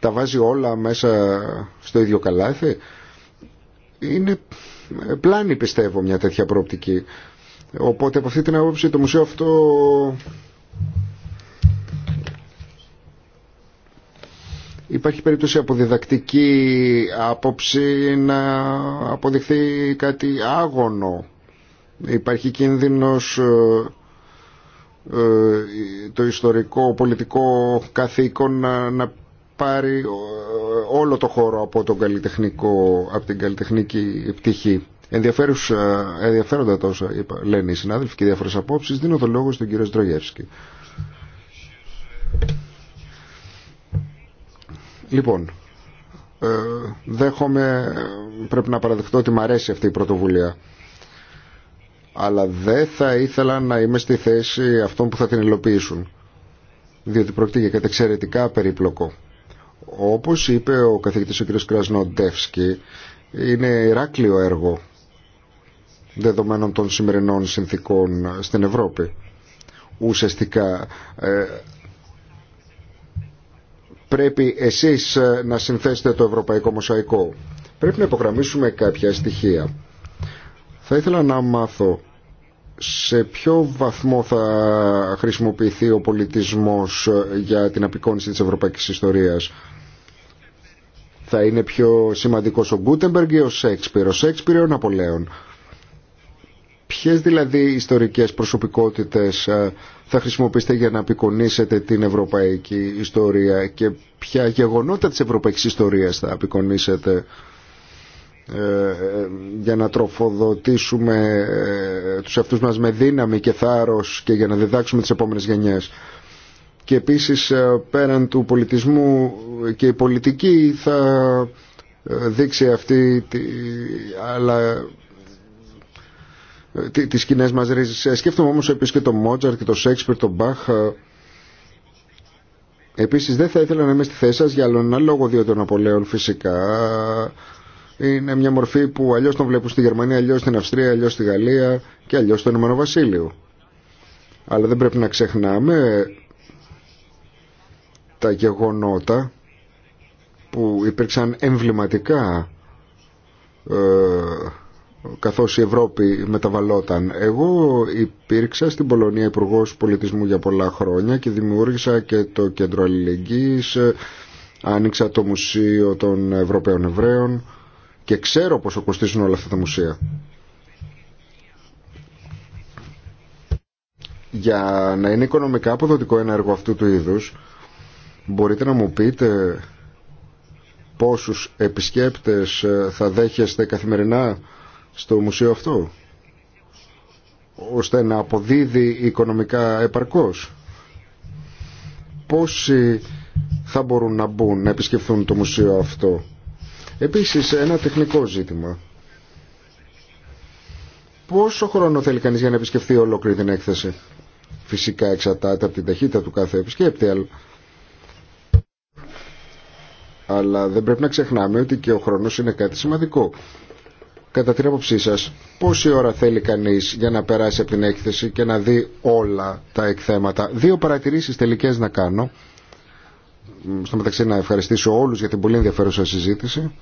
Τα βάζει όλα μέσα στο ίδιο καλάθι. Είναι πλάνη πιστεύω μια τέτοια προοπτική. Οπότε από αυτή την άποψη το μουσείο αυτό Υπάρχει περίπτωση από διδακτική άποψη να αποδειχθεί κάτι άγωνο. Υπάρχει κίνδυνος ε, ε, το ιστορικό, πολιτικό καθήκον να, να πάρει ε, όλο το χώρο από, τον καλλιτεχνικό, από την καλλιτεχνική πτυχή. Ενδιαφέροντα τόσα είπα, λένε οι συνάδελφοι και διάφορες απόψεις. Δίνω το λόγο στον κύριο Στρογεύσκη. Λοιπόν, ε, δέχομαι, πρέπει να παραδεχτώ ότι μου αρέσει αυτή η πρωτοβουλία. Αλλά δεν θα ήθελα να είμαι στη θέση αυτών που θα την υλοποιήσουν. Διότι πρόκειται για κάτι εξαιρετικά περίπλοκο. Όπως είπε ο καθηγητής ο κ. Κρασνοντεύσκη, είναι Ηράκλειο έργο δεδομένων των σημερινών συνθήκων στην Ευρώπη. Ουσιαστικά ε, πρέπει εσείς ε, να συνθέσετε το ευρωπαϊκό μοσαϊκό. Πρέπει να υπογραμμίσουμε κάποια στοιχεία. Θα ήθελα να μάθω σε ποιο βαθμό θα χρησιμοποιηθεί ο πολιτισμός ε, για την απεικόνιση της ευρωπαϊκής ιστορίας. Θα είναι πιο σημαντικός ο Γκούτεμπεργκ ή ο Σέξπιρ. Ο Σέξπιρ ή ο Ναπολέον. Ποιες δηλαδή ιστορικές προσωπικότητες ε, θα χρησιμοποιήσετε για να απεικονίσετε την ευρωπαϊκή ιστορία και ποια γεγονότα της ευρωπαϊκής ιστορίας θα απεικονίσετε ε, ε, για να τροφοδοτήσουμε ε, τους αυτούς μας με δύναμη και θάρρος και για να διδάξουμε τις επόμενες γενιές. Και επίσης πέραν του πολιτισμού και η πολιτική θα δείξει αυτή, αλλά τις κοινέ μας ρίζες. Ε, σκέφτομαι όμως επίσης και τον Μότζαρτ και το Σέξπιρ, τον Μπαχ. Επίσης δεν θα ήθελα να είμαι στη θέση σας για άλλο ένα λόγο δύο των απολέων φυσικά. Ε, είναι μια μορφή που αλλιώς τον βλέπουν στη Γερμανία, αλλιώς στην Αυστρία, αλλιώς στη Γαλλία και αλλιώς στον Ενωμένο Βασίλειο. Αλλά δεν πρέπει να ξεχνάμε τα γεγονότα που υπήρξαν εμβληματικά ε, καθώς η Ευρώπη μεταβαλόταν. Εγώ υπήρξα στην Πολωνία υπουργό Πολιτισμού για πολλά χρόνια και δημιούργησα και το Κέντρο Αλληλεγγύης, άνοιξα το Μουσείο των Ευρωπαίων Εβραίων και ξέρω πόσο κοστίζουν όλα αυτά τα μουσεία. Για να είναι οικονομικά αποδοτικό ένα έργο αυτού του είδους, μπορείτε να μου πείτε πόσους επισκέπτες θα δέχεστε καθημερινά στο μουσείο αυτό ώστε να αποδίδει οικονομικά επαρκώς πόσοι θα μπορούν να μπουν να επισκεφθούν το μουσείο αυτό επίσης ένα τεχνικό ζήτημα πόσο χρόνο θέλει κανείς για να επισκεφθεί ολόκληρη την έκθεση φυσικά εξατάται από την ταχύτητα του κάθε επισκέπτη αλλά... αλλά δεν πρέπει να ξεχνάμε ότι και ο χρόνος είναι κάτι σημαντικό Κατά την άποψή σας, πόση ώρα θέλει κανείς για να περάσει από την έκθεση και να δει όλα τα εκθέματα. Δύο παρατηρήσεις τελικές να κάνω. Στο μεταξύ να ευχαριστήσω όλους για την πολύ ενδιαφέρουσα συζήτηση.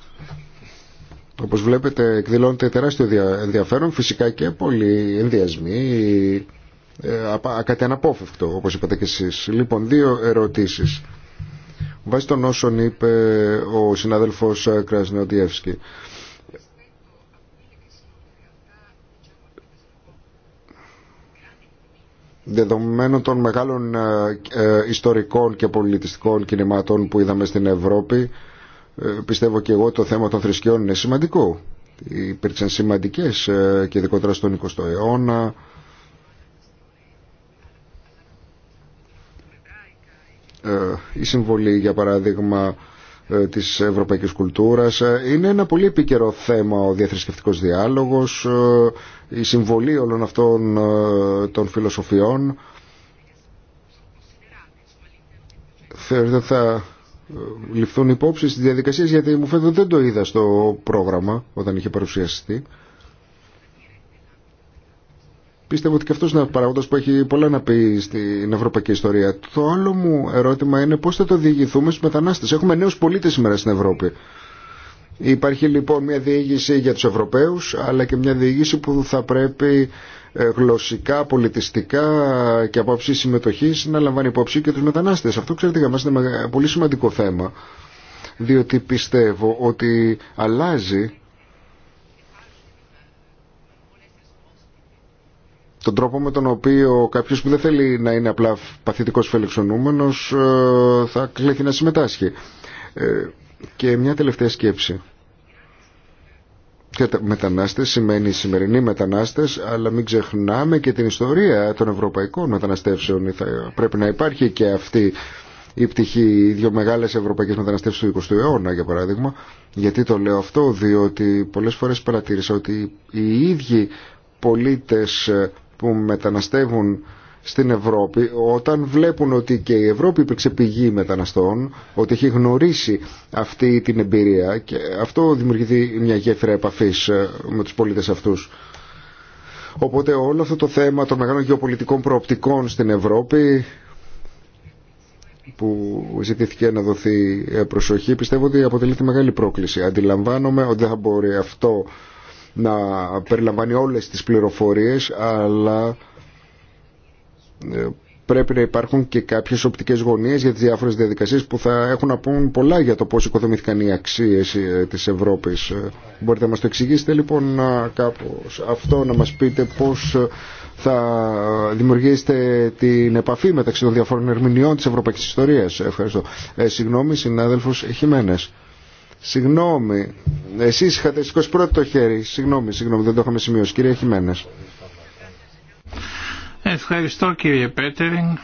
Όπως βλέπετε εκδηλώνεται τεράστιο ενδιαφέρον, φυσικά και πολλοί ενδιασμοί, ε, κάτι αναπόφευκτο όπως είπατε και εσείς. Λοιπόν, δύο ερωτήσεις. Βάσει των όσων είπε ο συνάδελφος Κρασνεοτιεύσκη. δεδομένων των μεγάλων ε, ε, ιστορικών και πολιτιστικών κινημάτων που είδαμε στην Ευρώπη ε, πιστεύω και εγώ το θέμα των θρησκειών είναι σημαντικό υπήρξαν σημαντικές και ειδικότερα στον 20ο αιώνα η συμβολή για παράδειγμα ε, της ευρωπαϊκής κουλτούρας. Ε, είναι ένα πολύ επίκαιρο θέμα ο διαθρησκευτικός διάλογος, ε, η συμβολή όλων αυτών των φιλοσοφιών. Θεωρείτε θα ληφθούν υπόψη στις διαδικασίες γιατί μου φαίνεται δεν το είδα στο πρόγραμμα όταν είχε παρουσιαστεί. Πιστεύω ότι και αυτό είναι ένα παράγοντα που έχει πολλά να πει στην ευρωπαϊκή ιστορία. Το άλλο μου ερώτημα είναι πώ θα το διηγηθούμε στου μετανάστε. Έχουμε νέου πολίτε σήμερα στην Ευρώπη. Υπάρχει λοιπόν μια διήγηση για του Ευρωπαίου, αλλά και μια διήγηση που θα πρέπει ε, γλωσσικά, πολιτιστικά και από άψη συμμετοχή να λαμβάνει υπόψη και του μετανάστε. Αυτό ξέρετε για μα είναι ένα πολύ σημαντικό θέμα διότι πιστεύω ότι αλλάζει τον τρόπο με τον οποίο κάποιος που δεν θέλει να είναι απλά παθητικός φελεξονούμενος ε, θα κληθεί να συμμετάσχει. Ε, και μια τελευταία σκέψη. Και μετανάστες σημαίνει σημερινοί μετανάστες, αλλά μην ξεχνάμε και την ιστορία των ευρωπαϊκών μεταναστεύσεων. πρέπει να υπάρχει και αυτή η πτυχή, οι δύο μεγάλες ευρωπαϊκές μεταναστεύσεις του 20ου αιώνα, για παράδειγμα. Γιατί το λέω αυτό, διότι πολλές φορές παρατήρησα ότι οι ίδιοι πολίτες ε, που μεταναστεύουν στην Ευρώπη όταν βλέπουν ότι και η Ευρώπη υπήρξε πηγή μεταναστών, ότι έχει γνωρίσει αυτή την εμπειρία και αυτό δημιουργεί μια γέφυρα επαφής ε, με τους πολίτες αυτούς. Οπότε όλο αυτό το θέμα των μεγάλων γεωπολιτικών προοπτικών στην Ευρώπη που ζητήθηκε να δοθεί ε, προσοχή πιστεύω ότι αποτελεί μεγάλη πρόκληση. Αντιλαμβάνομαι ότι δεν θα μπορεί αυτό να περιλαμβάνει όλες τις πληροφορίες αλλά ε, πρέπει να υπάρχουν και κάποιες οπτικές γωνίες για τις διάφορες διαδικασίες που θα έχουν να πούν πολλά για το πώς οικοδομήθηκαν οι αξίες ε, της Ευρώπης. Ε, μπορείτε να μας το εξηγήσετε λοιπόν κάπως αυτό, να μας πείτε πώς θα δημιουργήσετε την επαφή μεταξύ των διαφόρων ερμηνεών της ευρωπαϊκής ιστορίας. Ευχαριστώ. συγγνώμη, συνάδελφος Χιμένες. Συγγνώμη, εσείς είχατε σηκώσει πρώτο το χέρι. Συγγνώμη, συγγνώμη, δεν το είχαμε σημειώσει. Κύριε Χιμένες. Ευχαριστώ κύριε Πέτεριν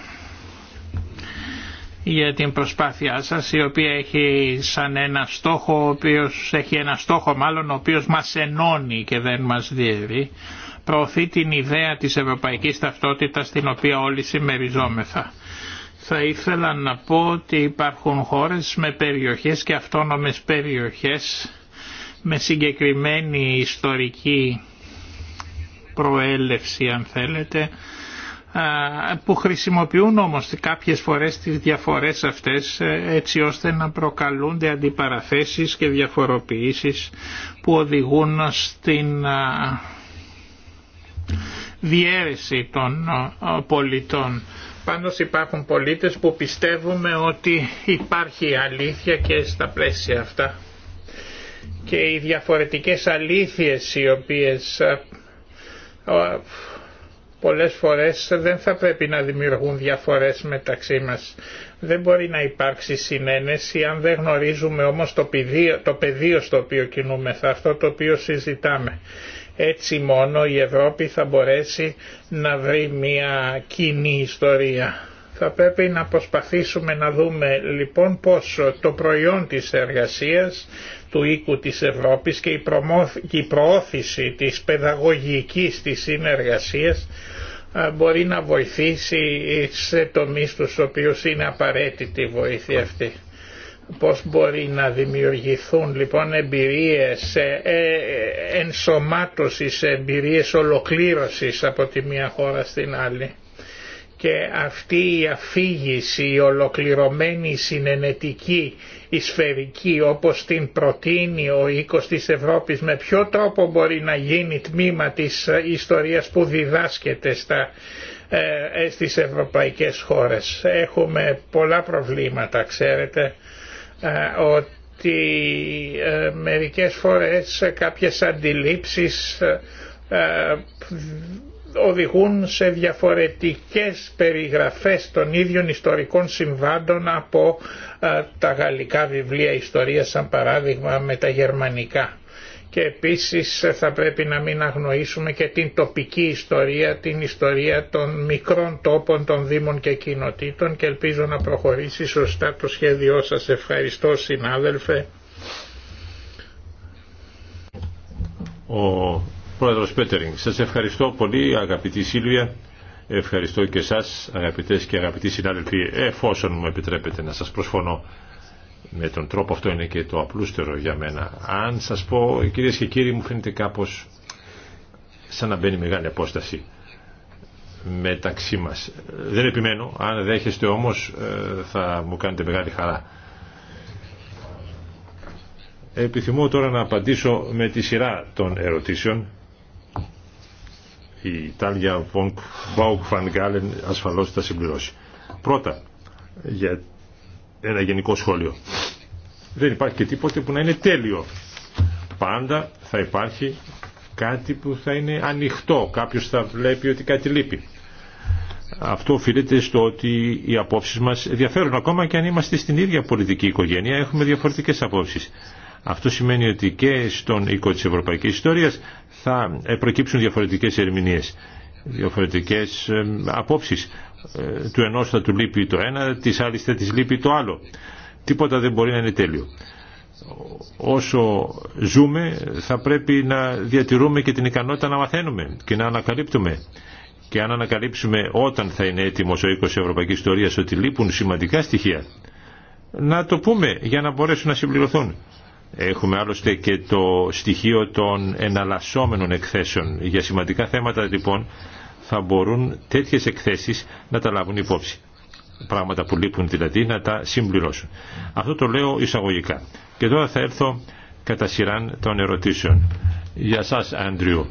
για την προσπάθειά σας η οποία έχει σαν ένα στόχο ο οποίος έχει ένα στόχο μάλλον ο οποίος μας ενώνει και δεν μας διαιρεί προωθεί την ιδέα της ευρωπαϊκής ταυτότητας την οποία όλοι συμμεριζόμεθα θα ήθελα να πω ότι υπάρχουν χώρες με περιοχές και αυτόνομες περιοχές με συγκεκριμένη ιστορική προέλευση αν θέλετε που χρησιμοποιούν όμως κάποιες φορές τις διαφορές αυτές ε, έτσι ώστε να προκαλούνται αντιπαραθέσεις και διαφοροποιήσεις που οδηγούν στην διέρεση των πολιτών. Πάντως υπάρχουν πολίτες που πιστεύουμε ότι υπάρχει αλήθεια και στα πλαίσια αυτά και οι διαφορετικές αλήθειες οι οποίες πολλές φορές δεν θα πρέπει να δημιουργούν διαφορές μεταξύ μας. Δεν μπορεί να υπάρξει συνένεση αν δεν γνωρίζουμε όμως το πεδίο, το πεδίο στο οποίο κινούμεθα, αυτό το οποίο συζητάμε. Έτσι μόνο η Ευρώπη θα μπορέσει να βρει μια κοινή ιστορία. Θα πρέπει να προσπαθήσουμε να δούμε λοιπόν πως το προϊόν της εργασίας του οίκου της Ευρώπης και η προώθηση της παιδαγωγικής της συνεργασίας μπορεί να βοηθήσει σε τομείς τους οποίους είναι απαραίτητη η βοήθεια αυτή πώς μπορεί να δημιουργηθούν λοιπόν εμπειρίες ε, ε, ενσωμάτωσης, εμπειρίες ολοκλήρωσης από τη μία χώρα στην άλλη. Και αυτή η αφήγηση, η ολοκληρωμένη συνενετική, η σφαιρική όπως την προτείνει ο οίκος της Ευρώπης με ποιο τρόπο μπορεί να γίνει τμήμα της ιστορίας που διδάσκεται στα, ε, στις ευρωπαϊκές χώρες. Έχουμε πολλά προβλήματα ξέρετε ε, ότι ε, μερικές φορές κάποιες αντιλήψεις ε, οδηγούν σε διαφορετικές περιγραφές των ίδιων ιστορικών συμβάντων από τα γαλλικά βιβλία ιστορίας σαν παράδειγμα με τα γερμανικά και επίσης θα πρέπει να μην αγνοήσουμε και την τοπική ιστορία, την ιστορία των μικρών τόπων των Δήμων και Κοινοτήτων και ελπίζω να προχωρήσει σωστά το σχέδιό σας. Ευχαριστώ συνάδελφε. Ο πρόεδρος Πέτερινγκ, σας ευχαριστώ πολύ αγαπητή Σίλβια. Ευχαριστώ και εσάς αγαπητές και αγαπητοί συνάδελφοι εφόσον μου επιτρέπετε να σας προσφωνώ με τον τρόπο αυτό είναι και το απλούστερο για μένα. Αν σας πω, κυρίες και κύριοι, μου φαίνεται κάπως σαν να μπαίνει μεγάλη απόσταση μεταξύ μας. Δεν επιμένω, αν δέχεστε όμως ε, θα μου κάνετε μεγάλη χαρά. Επιθυμώ τώρα να απαντήσω με τη σειρά των ερωτήσεων. Η Τάλια Βάουκ Φανγκάλεν ασφαλώς θα συμπληρώσει. Πρώτα, για ένα γενικό σχόλιο. Δεν υπάρχει και τίποτε που να είναι τέλειο. Πάντα θα υπάρχει κάτι που θα είναι ανοιχτό. Κάποιος θα βλέπει ότι κάτι λείπει. Αυτό οφείλεται στο ότι οι απόψεις μας διαφέρουν ακόμα και αν είμαστε στην ίδια πολιτική οικογένεια έχουμε διαφορετικές απόψεις. Αυτό σημαίνει ότι και στον οίκο της ευρωπαϊκής ιστορίας θα ε, προκύψουν διαφορετικές ερμηνείες, διαφορετικές ε, απόψεις. Ε, του ενός θα του λείπει το ένα, της άλλης θα της λείπει το άλλο. Τίποτα δεν μπορεί να είναι τέλειο. Όσο ζούμε θα πρέπει να διατηρούμε και την ικανότητα να μαθαίνουμε και να ανακαλύπτουμε. Και αν ανακαλύψουμε όταν θα είναι έτοιμος ο οίκος Ευρωπαϊκής Ιστορίας ότι λείπουν σημαντικά στοιχεία, να το πούμε για να μπορέσουν να συμπληρωθούν. Έχουμε άλλωστε και το στοιχείο των εναλλασσόμενων εκθέσεων για σημαντικά θέματα λοιπόν θα μπορούν τέτοιες εκθέσεις να τα λάβουν υπόψη. Πράγματα που λείπουν δηλαδή να τα συμπληρώσουν. Αυτό το λέω εισαγωγικά. Και τώρα θα έρθω κατά σειράν των ερωτήσεων. Για σας Άντριου.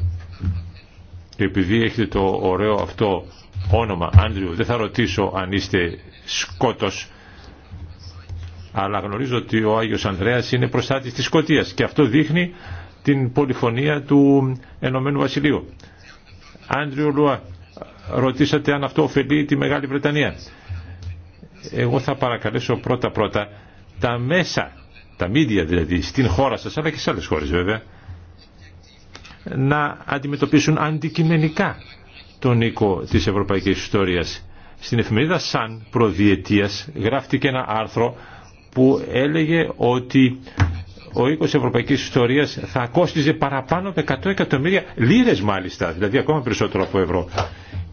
Επειδή έχετε το ωραίο αυτό όνομα Άντριου, δεν θα ρωτήσω αν είστε σκότος, αλλά γνωρίζω ότι ο Άγιος Ανδρέας είναι προστάτης της Σκοτίας και αυτό δείχνει την πολυφωνία του Ενωμένου Βασιλείου. Άντριο Λουά, ρωτήσατε αν αυτό ωφελεί τη Μεγάλη Βρετανία. Εγώ θα παρακαλέσω πρώτα-πρώτα τα μέσα, τα μίδια δηλαδή, στην χώρα σας, αλλά και σε άλλες χώρες βέβαια, να αντιμετωπίσουν αντικειμενικά τον οίκο της ευρωπαϊκής ιστορίας. Στην εφημερίδα Σαν προδιετίας γράφτηκε ένα άρθρο που έλεγε ότι ο οίκο Ευρωπαϊκή ιστορίας θα κόστιζε παραπάνω από 100 εκατομμύρια λίρε, μάλιστα, δηλαδή ακόμα περισσότερο από ευρώ.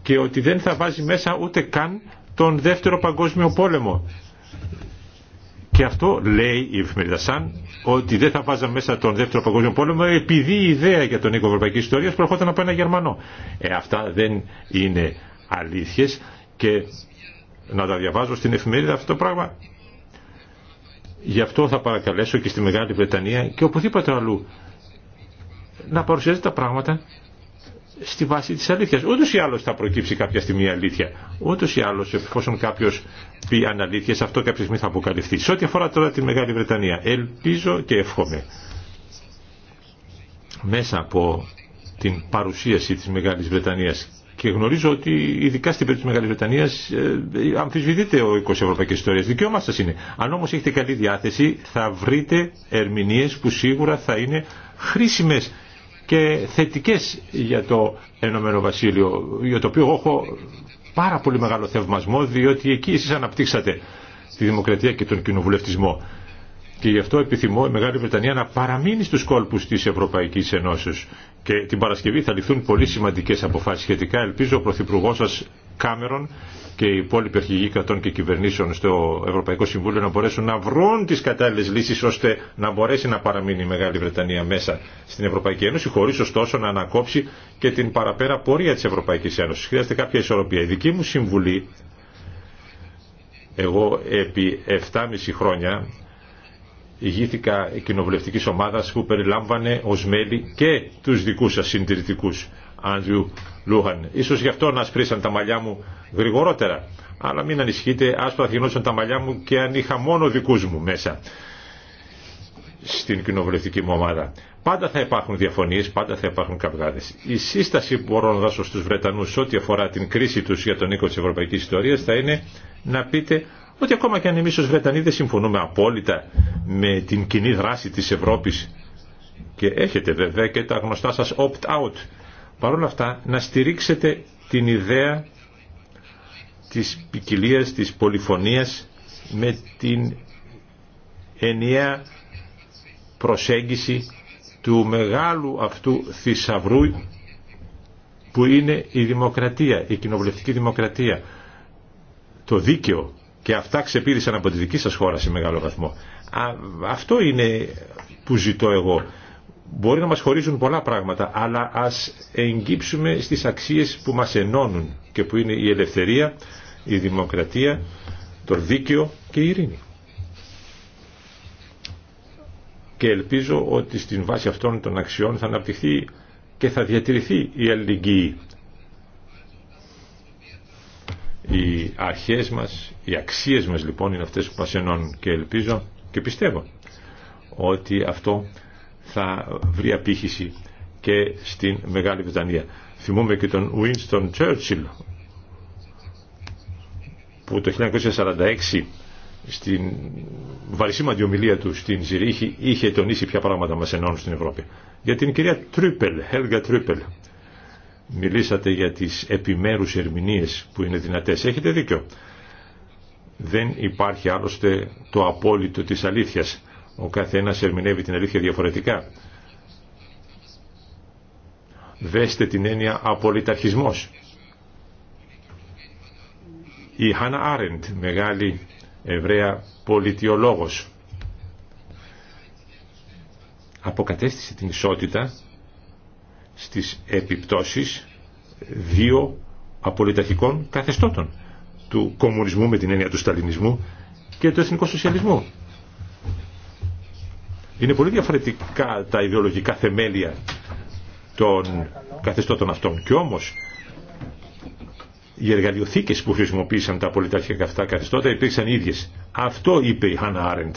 Και ότι δεν θα βάζει μέσα ούτε καν τον δεύτερο παγκόσμιο πόλεμο. Και αυτό λέει η εφημερίδα Σαν ότι δεν θα βάζαμε μέσα τον δεύτερο παγκόσμιο πόλεμο επειδή η ιδέα για τον οίκο ευρωπαϊκή ιστορία προερχόταν από ένα Γερμανό. Ε, αυτά δεν είναι αλήθειες και να τα διαβάζω στην εφημερίδα αυτό το πράγμα Γι' αυτό θα παρακαλέσω και στη Μεγάλη Βρετανία και οπουδήποτε αλλού να παρουσιάζει τα πράγματα στη βάση της αλήθειας. Ούτως ή άλλως θα προκύψει κάποια στιγμή η αλήθεια. Ούτως ή άλλως εφόσον κάποιος πει αναλήθειες αυτό κάποια στιγμή θα αποκαλυφθεί. Σε ό,τι αφορά τώρα τη Μεγάλη Βρετανία ελπίζω και εύχομαι μέσα από την παρουσίαση της Μεγάλης Βρετανίας και γνωρίζω ότι ειδικά στην περίπτωση τη Μεγάλη Βρετανία ε, αμφισβητείται ο οίκο Ευρωπαϊκή Ιστορία. Δικαίωμά σα είναι. Αν όμω έχετε καλή διάθεση, θα βρείτε ερμηνείε που σίγουρα θα είναι χρήσιμε και θετικέ για το Ενωμένο Βασίλειο, για το οποίο έχω πάρα πολύ μεγάλο θευμασμό διότι εκεί εσεί αναπτύξατε τη δημοκρατία και τον κοινοβουλευτισμό. Και γι' αυτό επιθυμώ η Μεγάλη Βρετανία να παραμείνει στους κόλπους της Ευρωπαϊκής Ενώσεως και την Παρασκευή θα ληφθούν πολύ σημαντικές αποφάσεις σχετικά. Ελπίζω ο Πρωθυπουργός σας Κάμερον και οι υπόλοιποι αρχηγοί κρατών και κυβερνήσεων στο Ευρωπαϊκό Συμβούλιο να μπορέσουν να βρουν τις κατάλληλες λύσεις ώστε να μπορέσει να παραμείνει η Μεγάλη Βρετανία μέσα στην Ευρωπαϊκή Ένωση χωρίς ωστόσο να ανακόψει και την παραπέρα πορεία της Ευρωπαϊκής Ένωσης. Χρειάζεται κάποια ισορροπία. Η δική μου συμβουλή, εγώ επί 7,5 χρόνια ηγήθηκα κοινοβουλευτικής ομάδα που περιλάμβανε ως μέλη και τους δικούς σας συντηρητικούς, Άντριου Λούχαν. Ίσως γι' αυτό να ασπρίσαν τα μαλλιά μου γρηγορότερα, αλλά μην ανησυχείτε, άσπρα θα τα μαλλιά μου και αν είχα μόνο δικούς μου μέσα στην κοινοβουλευτική μου ομάδα. Πάντα θα υπάρχουν διαφωνίες, πάντα θα υπάρχουν καυγάδες. Η σύσταση που μπορώ να δώσω στους Βρετανούς ό,τι αφορά την κρίση του για τον οίκο της ευρωπαϊκής ιστορίας θα είναι να πείτε ότι ακόμα και αν εμείς ως Βρετανοί δεν συμφωνούμε απόλυτα με την κοινή δράση της Ευρώπης και έχετε βέβαια και τα γνωστά σας opt-out παρόλα αυτά να στηρίξετε την ιδέα της ποικιλία, της πολυφωνίας με την ενιαία προσέγγιση του μεγάλου αυτού θησαυρού που είναι η δημοκρατία, η κοινοβουλευτική δημοκρατία, το δίκαιο και αυτά ξεπήρυσαν από τη δική σας χώρα σε μεγάλο βαθμό. αυτό είναι που ζητώ εγώ. Μπορεί να μας χωρίζουν πολλά πράγματα, αλλά ας εγγύψουμε στις αξίες που μας ενώνουν και που είναι η ελευθερία, η δημοκρατία, το δίκαιο και η ειρήνη. Και ελπίζω ότι στην βάση αυτών των αξιών θα αναπτυχθεί και θα διατηρηθεί η αλληλεγγύη οι αρχές μας, οι αξίες μας λοιπόν είναι αυτές που μας ενώνουν και ελπίζω και πιστεύω ότι αυτό θα βρει απήχηση και στην Μεγάλη Βρετανία. Θυμούμε και τον Winston Churchill που το 1946 στην βαρισίμαντη ομιλία του στην Ζηρίχη είχε τονίσει ποια πράγματα μας ενώνουν στην Ευρώπη. Για την κυρία Τρύπελ, Helga Τρύπελ, Μιλήσατε για τις επιμέρους ερμηνείες που είναι δυνατές. Έχετε δίκιο. Δεν υπάρχει άλλωστε το απόλυτο της αλήθειας. Ο καθένας ερμηνεύει την αλήθεια διαφορετικά. Δέστε την έννοια απολυταρχισμός. Η Χάνα Άρεντ, μεγάλη Εβραία πολιτιολόγος, αποκατέστησε την ισότητα στις επιπτώσεις δύο απολυταρχικών καθεστώτων του κομμουνισμού με την έννοια του σταλινισμού και του εθνικού σοσιαλισμού. Είναι πολύ διαφορετικά τα ιδεολογικά θεμέλια των καθεστώτων αυτών και όμως οι εργαλειοθήκες που χρησιμοποίησαν τα πολιταρχικά αυτά καθεστώτα υπήρξαν ίδιες. Αυτό είπε η Χάννα Άρεντ.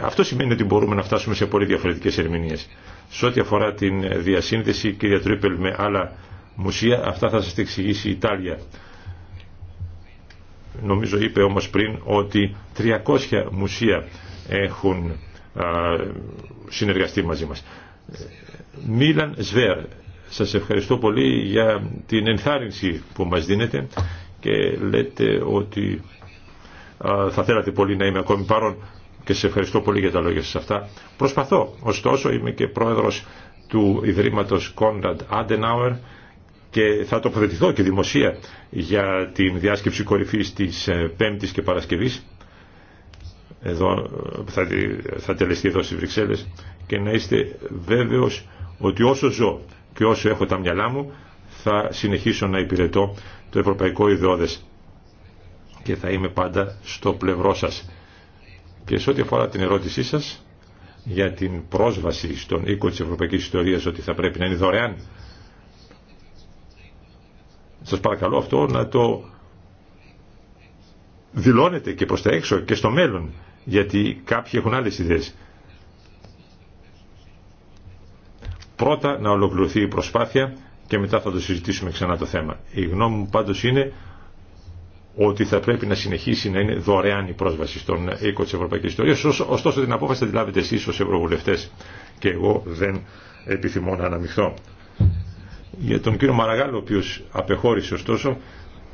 Αυτό σημαίνει ότι μπορούμε να φτάσουμε σε πολύ διαφορετικές ερμηνείες. Σε ό,τι αφορά την διασύνδεση, και Τρίπελ, με άλλα μουσεία, αυτά θα σας τα εξηγήσει η Ιτάλια. Νομίζω είπε όμως πριν ότι 300 μουσεία έχουν συνεργαστεί μαζί μας. Μίλαν Σβέρ, σας ευχαριστώ πολύ για την ενθάρρυνση που μας δίνετε και λέτε ότι θα θέλατε πολύ να είμαι ακόμη παρόν και σε ευχαριστώ πολύ για τα λόγια σας αυτά. Προσπαθώ, ωστόσο είμαι και πρόεδρος του Ιδρύματος Κόνραντ Αντενάουερ και θα τοποθετηθώ και δημοσία για την διάσκεψη κορυφής της ε, Πέμπτης και Παρασκευής εδώ, ε, θα, θα τελεστεί εδώ στις Βρυξέλλες και να είστε βέβαιος ότι όσο ζω και όσο έχω τα μυαλά μου θα συνεχίσω να υπηρετώ το Ευρωπαϊκό Ιδεώδες και θα είμαι πάντα στο πλευρό σας. Και σε ό,τι αφορά την ερώτησή σας για την πρόσβαση στον οίκο της Ευρωπαϊκής Ιστορίας ότι θα πρέπει να είναι δωρεάν, σας παρακαλώ αυτό να το δηλώνετε και προς τα έξω και στο μέλλον, γιατί κάποιοι έχουν άλλες ιδέες. Πρώτα να ολοκληρωθεί η προσπάθεια και μετά θα το συζητήσουμε ξανά το θέμα. Η γνώμη μου πάντως είναι ότι θα πρέπει να συνεχίσει να είναι δωρεάν η πρόσβαση στον οίκο της Ευρωπαϊκή Ιστορίας. Ωστόσο την απόφαση θα την λάβετε εσείς ως Ευρωβουλευτές και εγώ δεν επιθυμώ να αναμειχθώ. Για τον κύριο Μαραγάλο, ο οποίος απεχώρησε ωστόσο,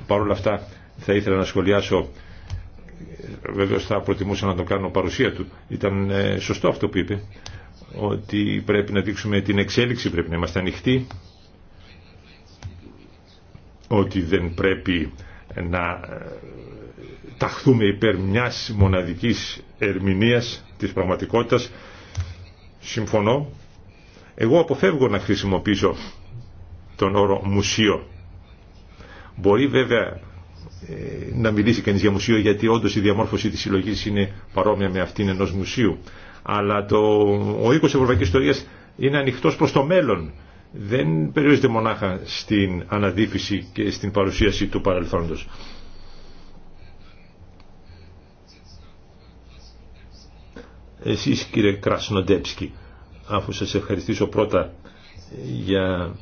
παρόλα αυτά θα ήθελα να σχολιάσω βέβαια θα προτιμούσα να τον κάνω παρουσία του. Ήταν ε, σωστό αυτό που είπε, ότι πρέπει να δείξουμε την εξέλιξη, πρέπει να είμαστε ανοιχτοί, ότι δεν πρέπει να ε, ταχθούμε υπέρ μιας μοναδικής ερμηνείας της πραγματικότητας. Συμφωνώ. Εγώ αποφεύγω να χρησιμοποιήσω τον όρο μουσείο. Μπορεί βέβαια ε, να μιλήσει κανείς για μουσείο γιατί όντως η διαμόρφωση της συλλογή είναι παρόμοια με αυτήν ενός μουσείου. Αλλά το, ο οίκος Ευρωπαϊκής Ιστορίας είναι ανοιχτός προς το μέλλον δεν περιορίζεται μονάχα στην αναδίφηση και στην παρουσίαση του παρελθόντος. Εσείς κύριε Κρασνοντέψκι, αφού σας ευχαριστήσω πρώτα για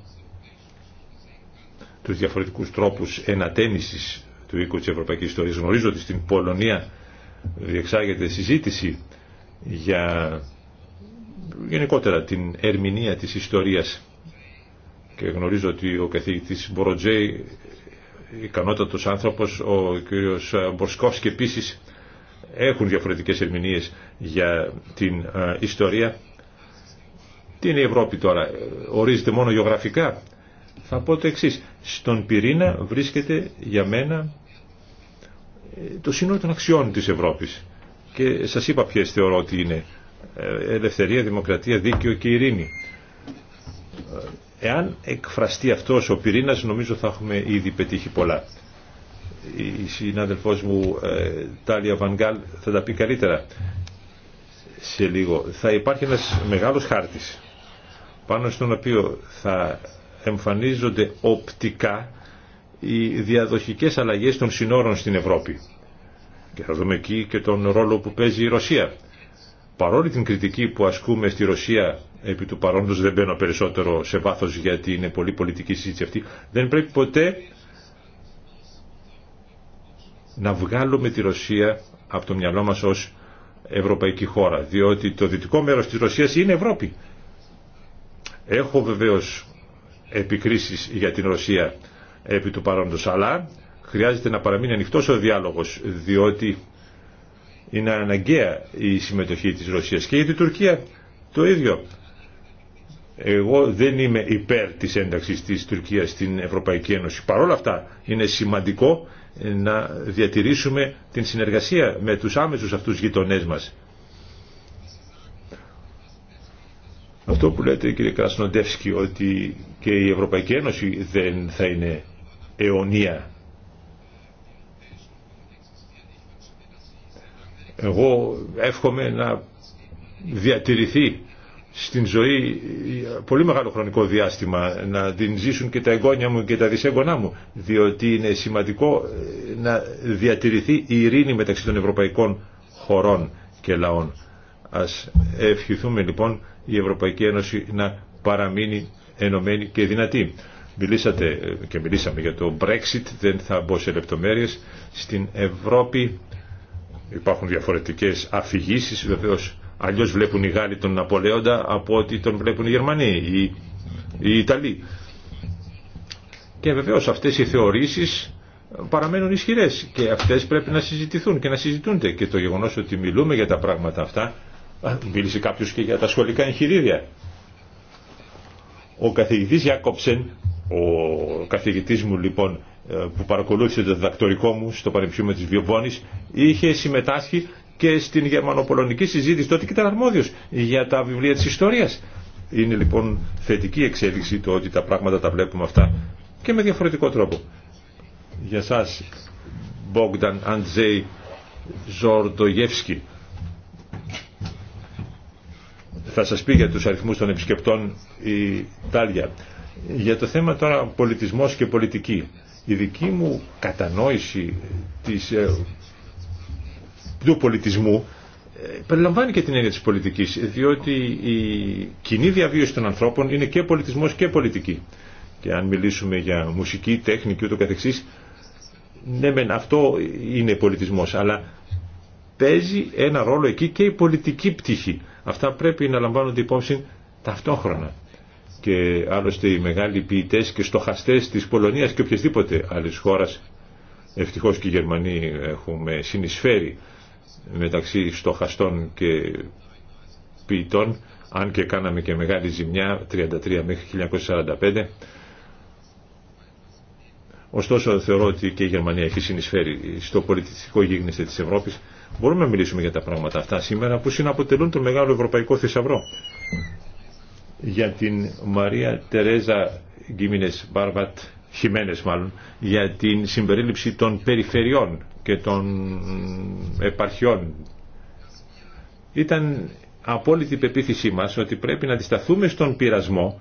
τους διαφορετικούς τρόπους ενατένισης του οίκου της Ευρωπαϊκής Ιστορίας. Γνωρίζω ότι στην Πολωνία διεξάγεται συζήτηση για γενικότερα την ερμηνεία της ιστορίας και γνωρίζω ότι ο καθηγητής Μποροτζέη, ικανότατος άνθρωπος, ο κύριος και επίσης έχουν διαφορετικές ερμηνείες για την ιστορία. Τι είναι η Ευρώπη τώρα, ορίζεται μόνο γεωγραφικά. Θα πω το εξής, στον πυρήνα βρίσκεται για μένα ε, το σύνολο των αξιών της Ευρώπης. Και σας είπα ποιες θεωρώ ότι είναι ε, ελευθερία, δημοκρατία, δίκαιο και ειρήνη. Εάν εκφραστεί αυτός ο πυρήνας νομίζω θα έχουμε ήδη πετύχει πολλά. Η συνάδελφός μου ε, Τάλια Βανγκάλ θα τα πει καλύτερα σε λίγο. Θα υπάρχει ένας μεγάλος χάρτης πάνω στον οποίο θα εμφανίζονται οπτικά οι διαδοχικές αλλαγές των συνόρων στην Ευρώπη. Και θα δούμε εκεί και τον ρόλο που παίζει η Ρωσία. Παρόλη την κριτική που ασκούμε στη Ρωσία επί του παρόντος δεν μπαίνω περισσότερο σε βάθος γιατί είναι πολύ πολιτική συζήτηση αυτή, δεν πρέπει ποτέ να βγάλουμε τη Ρωσία από το μυαλό μας ως ευρωπαϊκή χώρα, διότι το δυτικό μέρος της Ρωσίας είναι Ευρώπη. Έχω βεβαίως επικρίσεις για την Ρωσία επί του παρόντος, αλλά χρειάζεται να παραμείνει ανοιχτός ο διάλογος, διότι είναι αναγκαία η συμμετοχή της Ρωσίας και για την Τουρκία το ίδιο. Εγώ δεν είμαι υπέρ της ένταξης της Τουρκίας στην Ευρωπαϊκή Ένωση. Παρ' όλα αυτά είναι σημαντικό ε, να διατηρήσουμε την συνεργασία με τους άμεσους αυτούς γειτονές μας. Αυτό που λέτε κύριε Κρασνοντεύσκη ότι και η Ευρωπαϊκή Ένωση δεν θα είναι αιωνία. Εγώ εύχομαι να διατηρηθεί στην ζωή πολύ μεγάλο χρονικό διάστημα να την ζήσουν και τα εγγόνια μου και τα δυσέγγονά μου διότι είναι σημαντικό ε, να διατηρηθεί η ειρήνη μεταξύ των ευρωπαϊκών χωρών και λαών. Ας ευχηθούμε λοιπόν η Ευρωπαϊκή Ένωση να παραμείνει ενωμένη και δυνατή. Μιλήσατε ε, και μιλήσαμε για το Brexit, δεν θα μπω σε λεπτομέρειες. Στην Ευρώπη υπάρχουν διαφορετικές αφηγήσεις βεβαίως Αλλιώς βλέπουν οι Γάλλοι τον Ναπολέοντα από ότι τον βλέπουν οι Γερμανοί ή οι Ιταλοί. Και βεβαίως αυτές οι θεωρήσεις παραμένουν ισχυρές και αυτές πρέπει να συζητηθούν και να συζητούνται. Και το γεγονός ότι μιλούμε για τα πράγματα αυτά, μίλησε κάποιος και για τα σχολικά εγχειρίδια. Ο καθηγητής Γιάκοψεν, ο καθηγητής μου λοιπόν ε, που παρακολούθησε το διδακτορικό μου στο Πανεπιστήμιο της Βιοβόνης, είχε συμμετάσχει και στην γερμανοπολωνική συζήτηση τότε και ήταν αρμόδιος για τα βιβλία της ιστορίας. Είναι λοιπόν θετική εξέλιξη το ότι τα πράγματα τα βλέπουμε αυτά και με διαφορετικό τρόπο. Για σας Μπόγκταν Αντζέι Ζορτογεύσκη θα σας πει για τους αριθμούς των επισκεπτών η Τάλια. Για το θέμα τώρα πολιτισμός και πολιτική. Η δική μου κατανόηση της ε, του πολιτισμού ε, περιλαμβάνει και την έννοια της πολιτικής, διότι η κοινή διαβίωση των ανθρώπων είναι και πολιτισμός και πολιτική. Και αν μιλήσουμε για μουσική, τέχνη και ούτω καθεξής, ναι μεν αυτό είναι πολιτισμός, αλλά παίζει ένα ρόλο εκεί και η πολιτική πτυχή. Αυτά πρέπει να λαμβάνονται υπόψη ταυτόχρονα. Και άλλωστε οι μεγάλοι ποιητέ και στοχαστές της Πολωνίας και οποιασδήποτε άλλη χώρα, ευτυχώς και οι Γερμανοί έχουμε συνεισφέρει μεταξύ στοχαστών και ποιητών αν και κάναμε και μεγάλη ζημιά 33 μέχρι 1945 Ωστόσο θεωρώ ότι και η Γερμανία έχει συνεισφέρει στο πολιτιστικό γίγνεσθε της Ευρώπης. Μπορούμε να μιλήσουμε για τα πράγματα αυτά σήμερα που συναποτελούν τον μεγάλο ευρωπαϊκό θησαυρό. Για την Μαρία Τερέζα Γκίμινες Μπάρβατ, Χιμένες μάλλον, για την συμπερίληψη των περιφερειών και των επαρχιών. Ήταν απόλυτη πεποίθησή μας ότι πρέπει να αντισταθούμε στον πειρασμό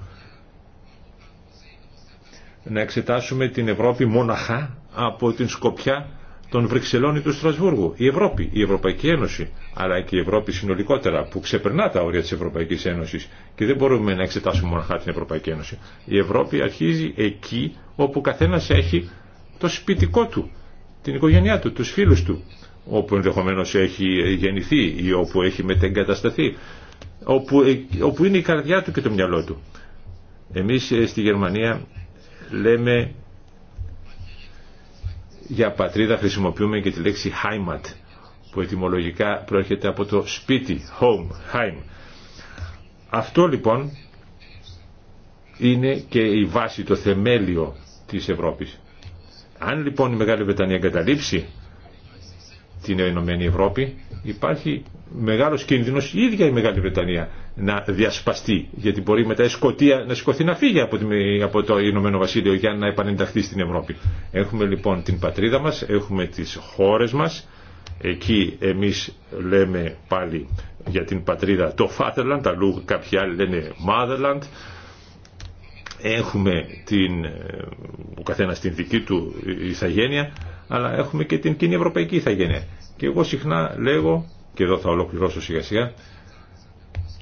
να εξετάσουμε την Ευρώπη μοναχά από την σκοπιά των Βρυξελών ή του Στρασβούργου. Η Ευρώπη, η Ευρωπαϊκή Ένωση, αλλά και η Ευρώπη συνολικότερα που ξεπερνά τα όρια της Ευρωπαϊκής Ένωσης και δεν μπορούμε να εξετάσουμε μοναχά την Ευρωπαϊκή Ένωση. Η Ευρώπη αρχίζει εκεί όπου καθένας έχει το σπιτικό του την οικογένειά του, τους φίλους του, όπου ενδεχομένως έχει γεννηθεί ή όπου έχει μετεγκατασταθεί, όπου, ε, όπου είναι η καρδιά του και το μυαλό του. Εμείς ε, στη Γερμανία λέμε για πατρίδα χρησιμοποιούμε και τη λέξη Heimat που ετυμολογικά προέρχεται από το σπίτι, home, heim. Αυτό λοιπόν είναι και η βάση, το θεμέλιο της Ευρώπης. Αν λοιπόν η Μεγάλη Βρετανία εγκαταλείψει την Ενωμένη Ευρώπη, υπάρχει μεγάλο κίνδυνο η ίδια η Μεγάλη Βρετανία να διασπαστεί. Γιατί μπορεί μετά η Σκοτία να σηκωθεί να φύγει από, το Ηνωμένο Βασίλειο για να επανενταχθεί στην Ευρώπη. Έχουμε λοιπόν την πατρίδα μα, έχουμε τι χώρε μα. Εκεί εμείς λέμε πάλι για την πατρίδα το Fatherland, αλλού κάποιοι άλλοι λένε Motherland έχουμε την, ε, ο καθένας την δική του ηθαγένεια, αλλά έχουμε και την κοινή ευρωπαϊκή ηθαγένεια. Και εγώ συχνά λέγω, και εδώ θα ολοκληρώσω σιγά σιγά,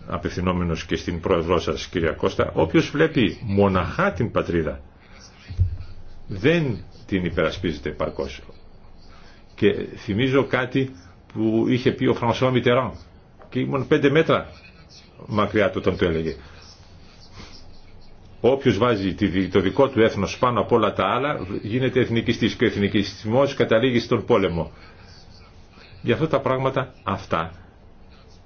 απευθυνόμενος και στην πρόεδρό σας κυρία Κώστα, όποιος βλέπει μοναχά την πατρίδα, δεν την υπερασπίζεται παρκώς. Και θυμίζω κάτι που είχε πει ο Φρανσό Μιτεράν και ήμουν πέντε μέτρα μακριά του όταν το έλεγε. Όποιος βάζει το δικό του έθνος πάνω από όλα τα άλλα γίνεται εθνικιστής και ο εθνικισμός καταλήγει στον πόλεμο. Γι' αυτό τα πράγματα αυτά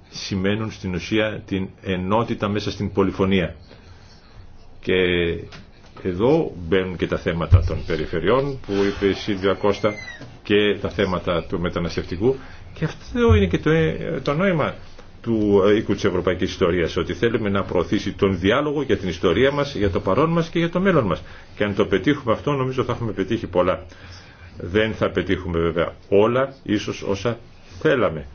σημαίνουν στην ουσία την ενότητα μέσα στην πολυφωνία. Και εδώ μπαίνουν και τα θέματα των περιφερειών που είπε η Σίλβια Κώστα και τα θέματα του μεταναστευτικού και αυτό είναι και το, ε, το νόημα του οίκου τη ευρωπαϊκή Ιστορίας ότι θέλουμε να προωθήσει τον διάλογο για την ιστορία μας, για το παρόν μας και για το μέλλον μας. Και αν το πετύχουμε αυτό νομίζω θα έχουμε πετύχει πολλά. Δεν θα πετύχουμε βέβαια όλα ίσως όσα θέλαμε.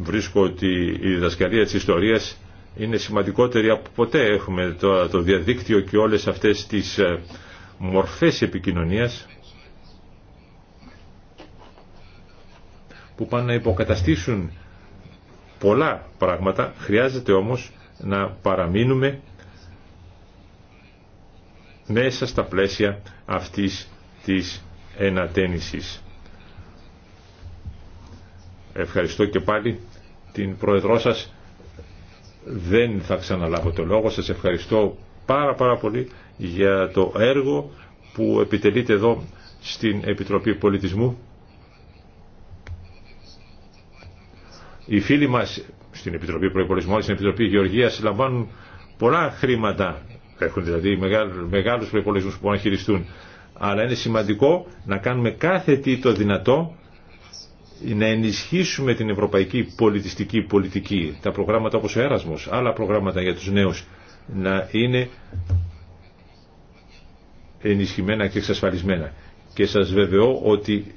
Βρίσκω ότι η διδασκαλία της ιστορίας είναι σημαντικότερη από ποτέ. Έχουμε το, το διαδίκτυο και όλες αυτές τις ε, μορφές επικοινωνίας που πάνε να υποκαταστήσουν πολλά πράγματα, χρειάζεται όμως να παραμείνουμε μέσα στα πλαίσια αυτής της ενατένισης. Ευχαριστώ και πάλι την Πρόεδρό σας. Δεν θα ξαναλάβω το λόγο. Σας ευχαριστώ πάρα πάρα πολύ για το έργο που επιτελείτε εδώ στην Επιτροπή Πολιτισμού Οι φίλοι μας στην Επιτροπή Προϋπολογισμών, στην Επιτροπή Γεωργίας λαμβάνουν πολλά χρήματα, έχουν δηλαδή μεγάλους προϋπολογισμούς που μπορούν να χειριστούν. Αλλά είναι σημαντικό να κάνουμε κάθε τι το δυνατό να ενισχύσουμε την ευρωπαϊκή πολιτιστική πολιτική, τα προγράμματα όπως ο Έρασμος, άλλα προγράμματα για τους νέους, να είναι ενισχυμένα και εξασφαλισμένα. Και σας βεβαιώ ότι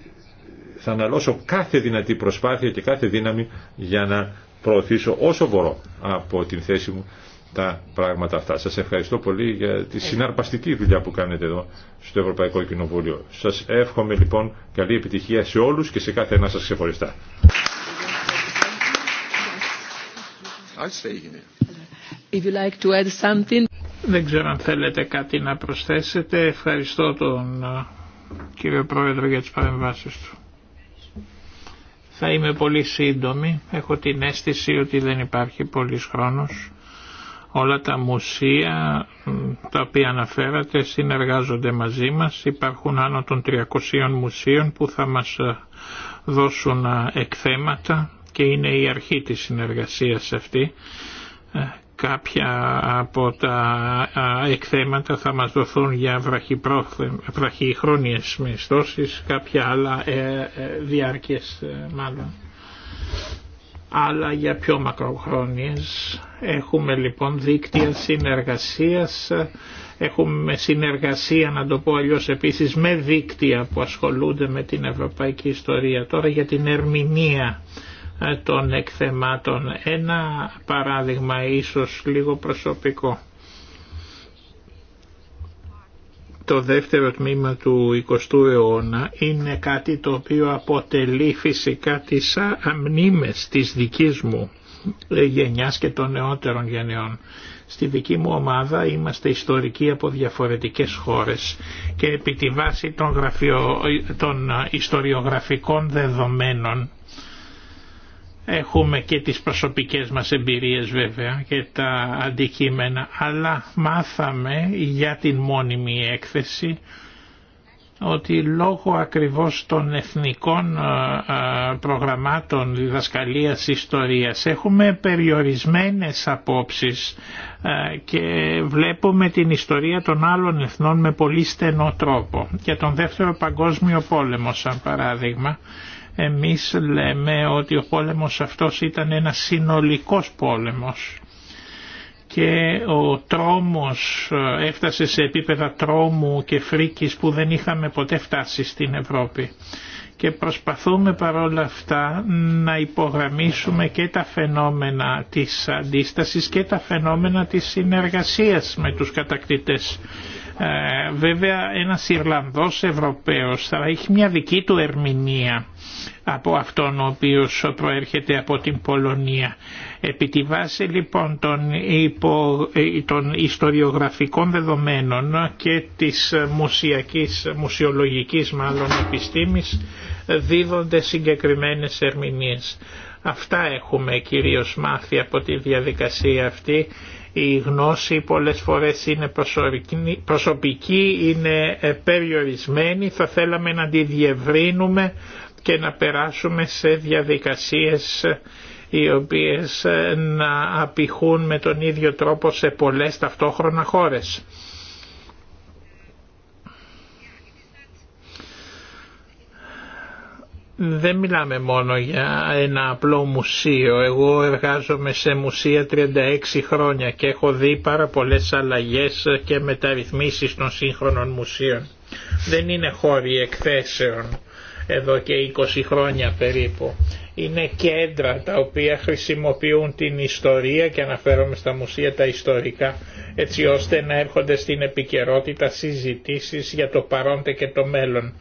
θα αναλώσω κάθε δυνατή προσπάθεια και κάθε δύναμη για να προωθήσω όσο μπορώ από την θέση μου τα πράγματα αυτά. Σας ευχαριστώ πολύ για τη ε. συναρπαστική δουλειά που κάνετε εδώ στο Ευρωπαϊκό Κοινοβούλιο. Σας εύχομαι λοιπόν καλή επιτυχία σε όλους και σε κάθε ένα σας ξεχωριστά. Δεν ξέρω αν θέλετε κάτι να προσθέσετε. Ευχαριστώ τον ε, κύριο Πρόεδρο για τις παρεμβάσεις του. Θα είμαι πολύ σύντομη, έχω την αίσθηση ότι δεν υπάρχει πολύ χρόνος. Όλα τα μουσεία τα οποία αναφέρατε συνεργάζονται μαζί μας. Υπάρχουν άνω των 300 μουσείων που θα μας ε, δώσουν ε, εκθέματα και είναι η αρχή της συνεργασίας αυτή ε, κάποια από τα εκθέματα θα μας δοθούν για βραχυχρόνιες μισθώσεις, κάποια άλλα ε, ε, διάρκειες ε, μάλλον. Αλλά για πιο μακροχρόνιες έχουμε λοιπόν δίκτυα συνεργασίας, έχουμε συνεργασία να το πω αλλιώς επίσης με δίκτυα που ασχολούνται με την ευρωπαϊκή ιστορία. Τώρα για την ερμηνεία των εκθεμάτων. Ένα παράδειγμα ίσως λίγο προσωπικό. Το δεύτερο τμήμα του 20ου αιώνα είναι κάτι το οποίο αποτελεί φυσικά τις αμνήμες της δικής μου γενιάς και των νεότερων γενεών. Στη δική μου ομάδα είμαστε ιστορικοί από διαφορετικές χώρες και επί τη βάση των, των ιστοριογραφικών δεδομένων Έχουμε και τις προσωπικές μας εμπειρίες βέβαια και τα αντικείμενα, αλλά μάθαμε για την μόνιμη έκθεση ότι λόγω ακριβώς των εθνικών ε, ε, προγραμμάτων διδασκαλίας ιστορίας έχουμε περιορισμένες απόψεις ε, και βλέπουμε την ιστορία των άλλων εθνών με πολύ στενό τρόπο. Και τον Δεύτερο Παγκόσμιο Πόλεμο σαν παράδειγμα εμείς λέμε ότι ο πόλεμος αυτός ήταν ένα συνολικός πόλεμος και ο τρόμος ε, έφτασε σε επίπεδα τρόμου και φρίκης που δεν είχαμε ποτέ φτάσει στην Ευρώπη. Και προσπαθούμε παρόλα αυτά να υπογραμμίσουμε και τα φαινόμενα της αντίστασης και τα φαινόμενα της συνεργασίας με τους κατακτητές. Ε, βέβαια ένα Ιρλανδός Ευρωπαίος θα έχει μια δική του ερμηνεία από αυτόν ο οποίος προέρχεται από την Πολωνία. Επί τη βάση λοιπόν των, ε, ιστοριογραφικών δεδομένων και της μουσιακής, μουσιολογικής μάλλον επιστήμης δίδονται συγκεκριμένες ερμηνείες. Αυτά έχουμε κυρίως μάθει από τη διαδικασία αυτή η γνώση πολλές φορές είναι προσωπική, είναι ε, περιορισμένη, θα θέλαμε να τη διευρύνουμε και να περάσουμε σε διαδικασίες ε, οι οποίες ε, να απηχούν με τον ίδιο τρόπο σε πολλές ταυτόχρονα χώρες. δεν μιλάμε μόνο για ένα απλό μουσείο. Εγώ εργάζομαι σε μουσεία 36 χρόνια και έχω δει πάρα πολλές αλλαγές και μεταρρυθμίσεις των σύγχρονων μουσείων. Δεν είναι χώροι εκθέσεων εδώ και 20 χρόνια περίπου. Είναι κέντρα τα οποία χρησιμοποιούν την ιστορία και αναφέρομαι στα μουσεία τα ιστορικά έτσι ώστε να έρχονται στην επικαιρότητα συζητήσεις για το παρόντε και το μέλλον.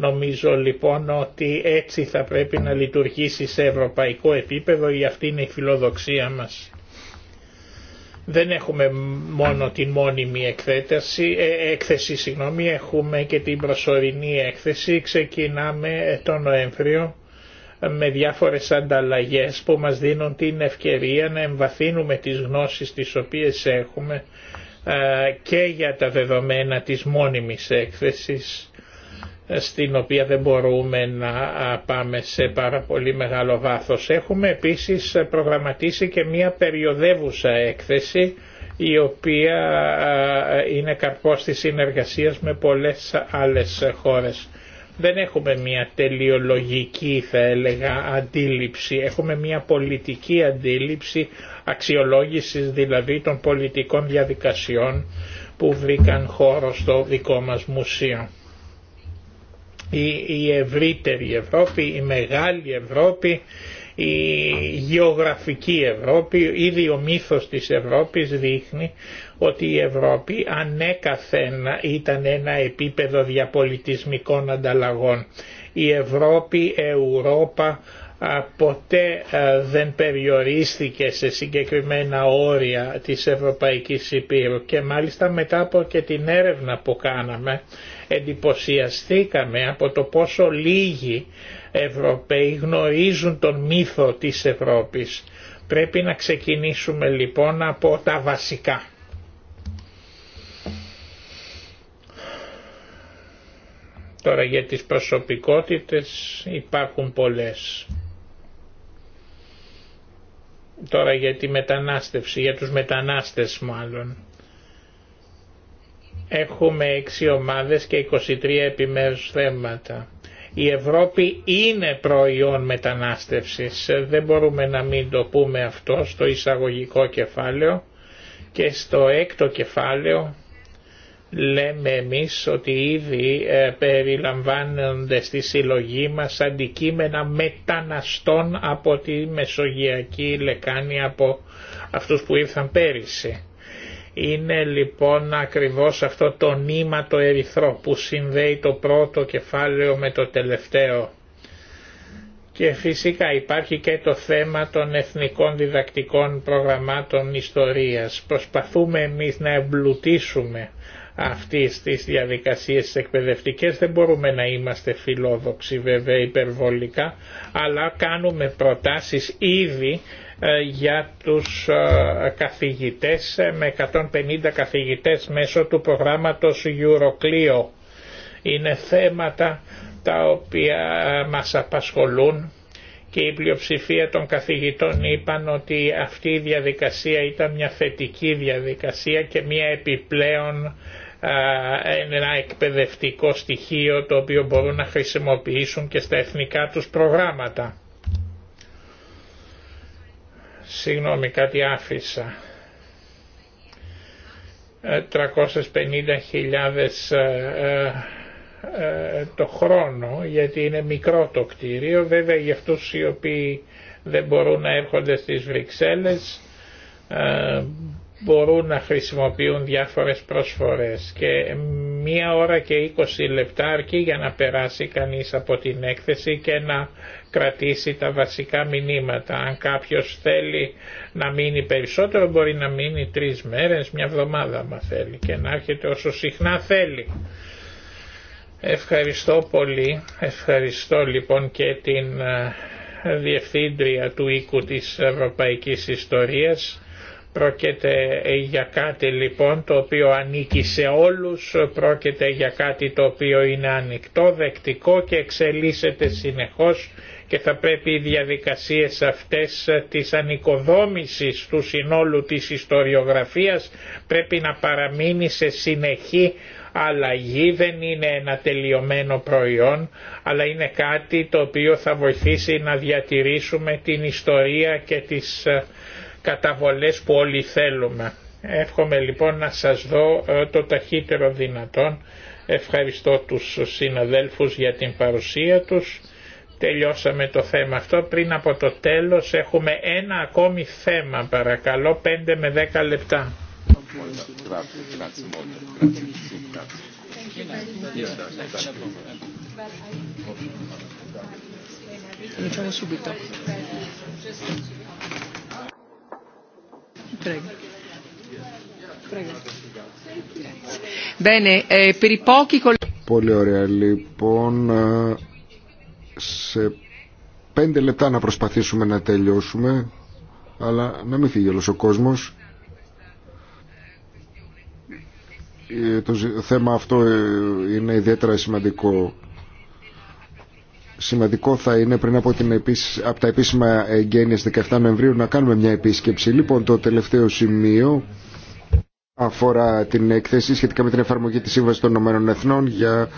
Νομίζω λοιπόν ότι έτσι θα πρέπει να λειτουργήσει σε ευρωπαϊκό επίπεδο ή αυτή είναι η φιλοδοξία μας. Δεν έχουμε μόνο την μόνιμη εκθέταση, ε, έκθεση, συγγνώμη, έχουμε και την προσωρινή έκθεση. Ξεκινάμε ε, τον Νοέμβριο με διάφορες ανταλλαγές που μας δίνουν την ευκαιρία να εμβαθύνουμε τις γνώσεις τις οποίες έχουμε ε, και για τα δεδομένα της μόνιμης έκθεσης στην οποία δεν μπορούμε να πάμε σε πάρα πολύ μεγάλο βάθος. Έχουμε επίσης προγραμματίσει και μια περιοδεύουσα έκθεση η οποία είναι καρπός της συνεργασίας με πολλές άλλες χώρες. Δεν έχουμε μια τελειολογική θα έλεγα αντίληψη, έχουμε μια πολιτική αντίληψη αξιολόγησης δηλαδή των πολιτικών διαδικασιών που βρήκαν χώρο στο δικό μας μουσείο η, η ευρύτερη Ευρώπη, η μεγάλη Ευρώπη, η γεωγραφική Ευρώπη, ήδη ο μύθος της Ευρώπης δείχνει ότι η Ευρώπη ανέκαθεν ήταν ένα επίπεδο διαπολιτισμικών ανταλλαγών. Η Ευρώπη, Ευρώπα ποτέ δεν περιορίστηκε σε συγκεκριμένα όρια της Ευρωπαϊκής Υπήρου και μάλιστα μετά από και την έρευνα που κάναμε εντυπωσιαστήκαμε από το πόσο λίγοι Ευρωπαίοι γνωρίζουν τον μύθο της Ευρώπης. Πρέπει να ξεκινήσουμε λοιπόν από τα βασικά. Τώρα για τις προσωπικότητες υπάρχουν πολλές. Τώρα για τη μετανάστευση, για τους μετανάστες μάλλον. Έχουμε 6 ομάδες και 23 επιμέρους θέματα. Η Ευρώπη είναι προϊόν μετανάστευσης, δεν μπορούμε να μην το πούμε αυτό στο εισαγωγικό κεφάλαιο και στο έκτο κεφάλαιο λέμε εμείς ότι ήδη ε, περιλαμβάνονται στη συλλογή μας αντικείμενα μεταναστών από τη Μεσογειακή Λεκάνη από αυτούς που ήρθαν πέρυσι. Είναι λοιπόν ακριβώς αυτό το νήμα το ερυθρό που συνδέει το πρώτο κεφάλαιο με το τελευταίο. Και φυσικά υπάρχει και το θέμα των εθνικών διδακτικών προγραμμάτων ιστορίας. Προσπαθούμε εμείς να εμπλουτίσουμε αυτή τις διαδικασίες τις εκπαιδευτικές δεν μπορούμε να είμαστε φιλόδοξοι βέβαια υπερβολικά αλλά κάνουμε προτάσεις ήδη ε, για τους ε, καθηγητές ε, με 150 καθηγητές μέσω του προγράμματος Euroclio. Είναι θέματα τα οποία μας απασχολούν και η πλειοψηφία των καθηγητών είπαν ότι αυτή η διαδικασία ήταν μια θετική διαδικασία και μια επιπλέον ένα εκπαιδευτικό στοιχείο το οποίο μπορούν να χρησιμοποιήσουν και στα εθνικά τους προγράμματα. Συγγνώμη, κάτι άφησα. 350.000 ε, ε, ε, το χρόνο γιατί είναι μικρό το κτίριο βέβαια για αυτούς οι οποίοι δεν μπορούν να έρχονται στις Βρυξέλλες μπορούν να χρησιμοποιούν διάφορες προσφορές και μία ώρα και 20 λεπτά αρκεί για να περάσει κανείς από την έκθεση και να κρατήσει τα βασικά μηνύματα. Αν κάποιος θέλει να μείνει περισσότερο μπορεί να μείνει τρεις μέρες, μια εβδομάδα μα θέλει και να έρχεται όσο συχνά θέλει. Ευχαριστώ πολύ, ευχαριστώ λοιπόν και την ε, Διευθύντρια του οίκου της Ευρωπαϊκής Ιστορίας Πρόκειται για κάτι λοιπόν το οποίο ανήκει σε όλους, πρόκειται για κάτι το οποίο είναι ανοιχτό, δεκτικό και εξελίσσεται συνεχώς και θα πρέπει οι διαδικασίες αυτές της ανοικοδόμησης του συνόλου της ιστοριογραφίας πρέπει να παραμείνει σε συνεχή αλλαγή, δεν είναι ένα τελειωμένο προϊόν, αλλά είναι κάτι το οποίο θα βοηθήσει να διατηρήσουμε την ιστορία και τις καταβολές που όλοι θέλουμε. Εύχομαι λοιπόν να σας δω ε, το ταχύτερο δυνατόν. Ευχαριστώ τους συναδέλφους για την παρουσία τους. Τελειώσαμε το θέμα αυτό. Πριν από το τέλος έχουμε ένα ακόμη θέμα παρακαλώ 5 με 10 λεπτά. Eh, Πολύ ωραία. Λοιπόν, ε, σε πέντε λεπτά να προσπαθήσουμε να τελειώσουμε, αλλά να μην φύγει όλος ο κόσμος. Ε, το θέμα αυτό ε, είναι ιδιαίτερα σημαντικό σημαντικό θα είναι πριν από, την από τα επίσημα εγγένειες 17 Νοεμβρίου να κάνουμε μια επίσκεψη. Λοιπόν, το τελευταίο σημείο αφορά την έκθεση σχετικά με την εφαρμογή της Σύμβασης των Ηνωμένων Εθνών για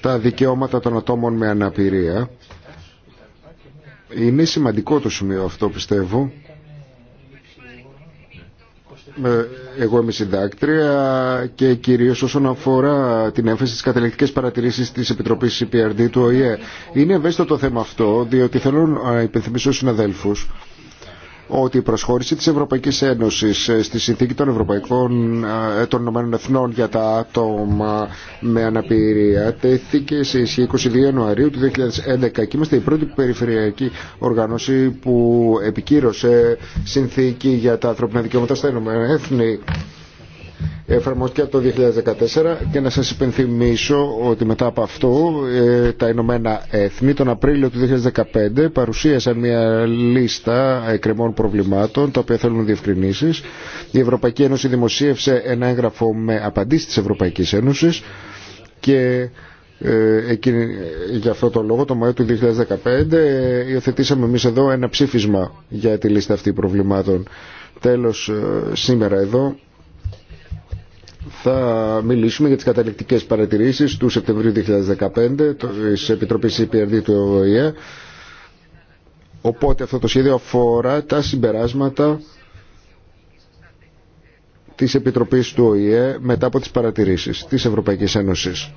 τα δικαιώματα των ατόμων με αναπηρία. Είναι σημαντικό το σημείο αυτό πιστεύω εγώ είμαι συντάκτρια και κυρίως όσον αφορά την έμφαση στις καταληκτικές παρατηρήσεις της Επιτροπής CPRD του ΟΗΕ. Είναι ευαίσθητο το θέμα αυτό, διότι θέλω να υπενθυμίσω συναδέλφους ότι η προσχώρηση της Ευρωπαϊκής Ένωσης ε, στη συνθήκη των Ευρωπαϊκών ε, των Ηνωμένων Εθνών για τα άτομα με αναπηρία τέθηκε σε ισχύ 22 Ιανουαρίου του 2011 και είμαστε η πρώτη περιφερειακή οργάνωση που επικύρωσε συνθήκη για τα ανθρώπινα δικαιώματα στα Ηνωμένα Έθνη εφαρμοστεί από το 2014 και να σας υπενθυμίσω ότι μετά από αυτό ε, τα Ηνωμένα Έθνη τον Απρίλιο του 2015 παρουσίασαν μια λίστα εκκρεμών προβλημάτων τα οποία θέλουν διευκρινήσεις. Η Ευρωπαϊκή Ένωση δημοσίευσε ένα έγγραφο με απαντήσεις της Ευρωπαϊκής Ένωσης και ε, για αυτό το λόγο το Μαΐο του 2015 ε, υιοθετήσαμε εμείς εδώ ένα ψήφισμα για τη λίστα αυτή προβλημάτων τέλος σήμερα εδώ θα μιλήσουμε για τις καταληκτικές παρατηρήσεις του Σεπτεμβρίου 2015 της Επιτροπής CPRD του ΟΗΕ. Οπότε αυτό το σχέδιο αφορά τα συμπεράσματα της Επιτροπής του ΟΗΕ μετά από τις παρατηρήσεις της Ευρωπαϊκής Ένωσης.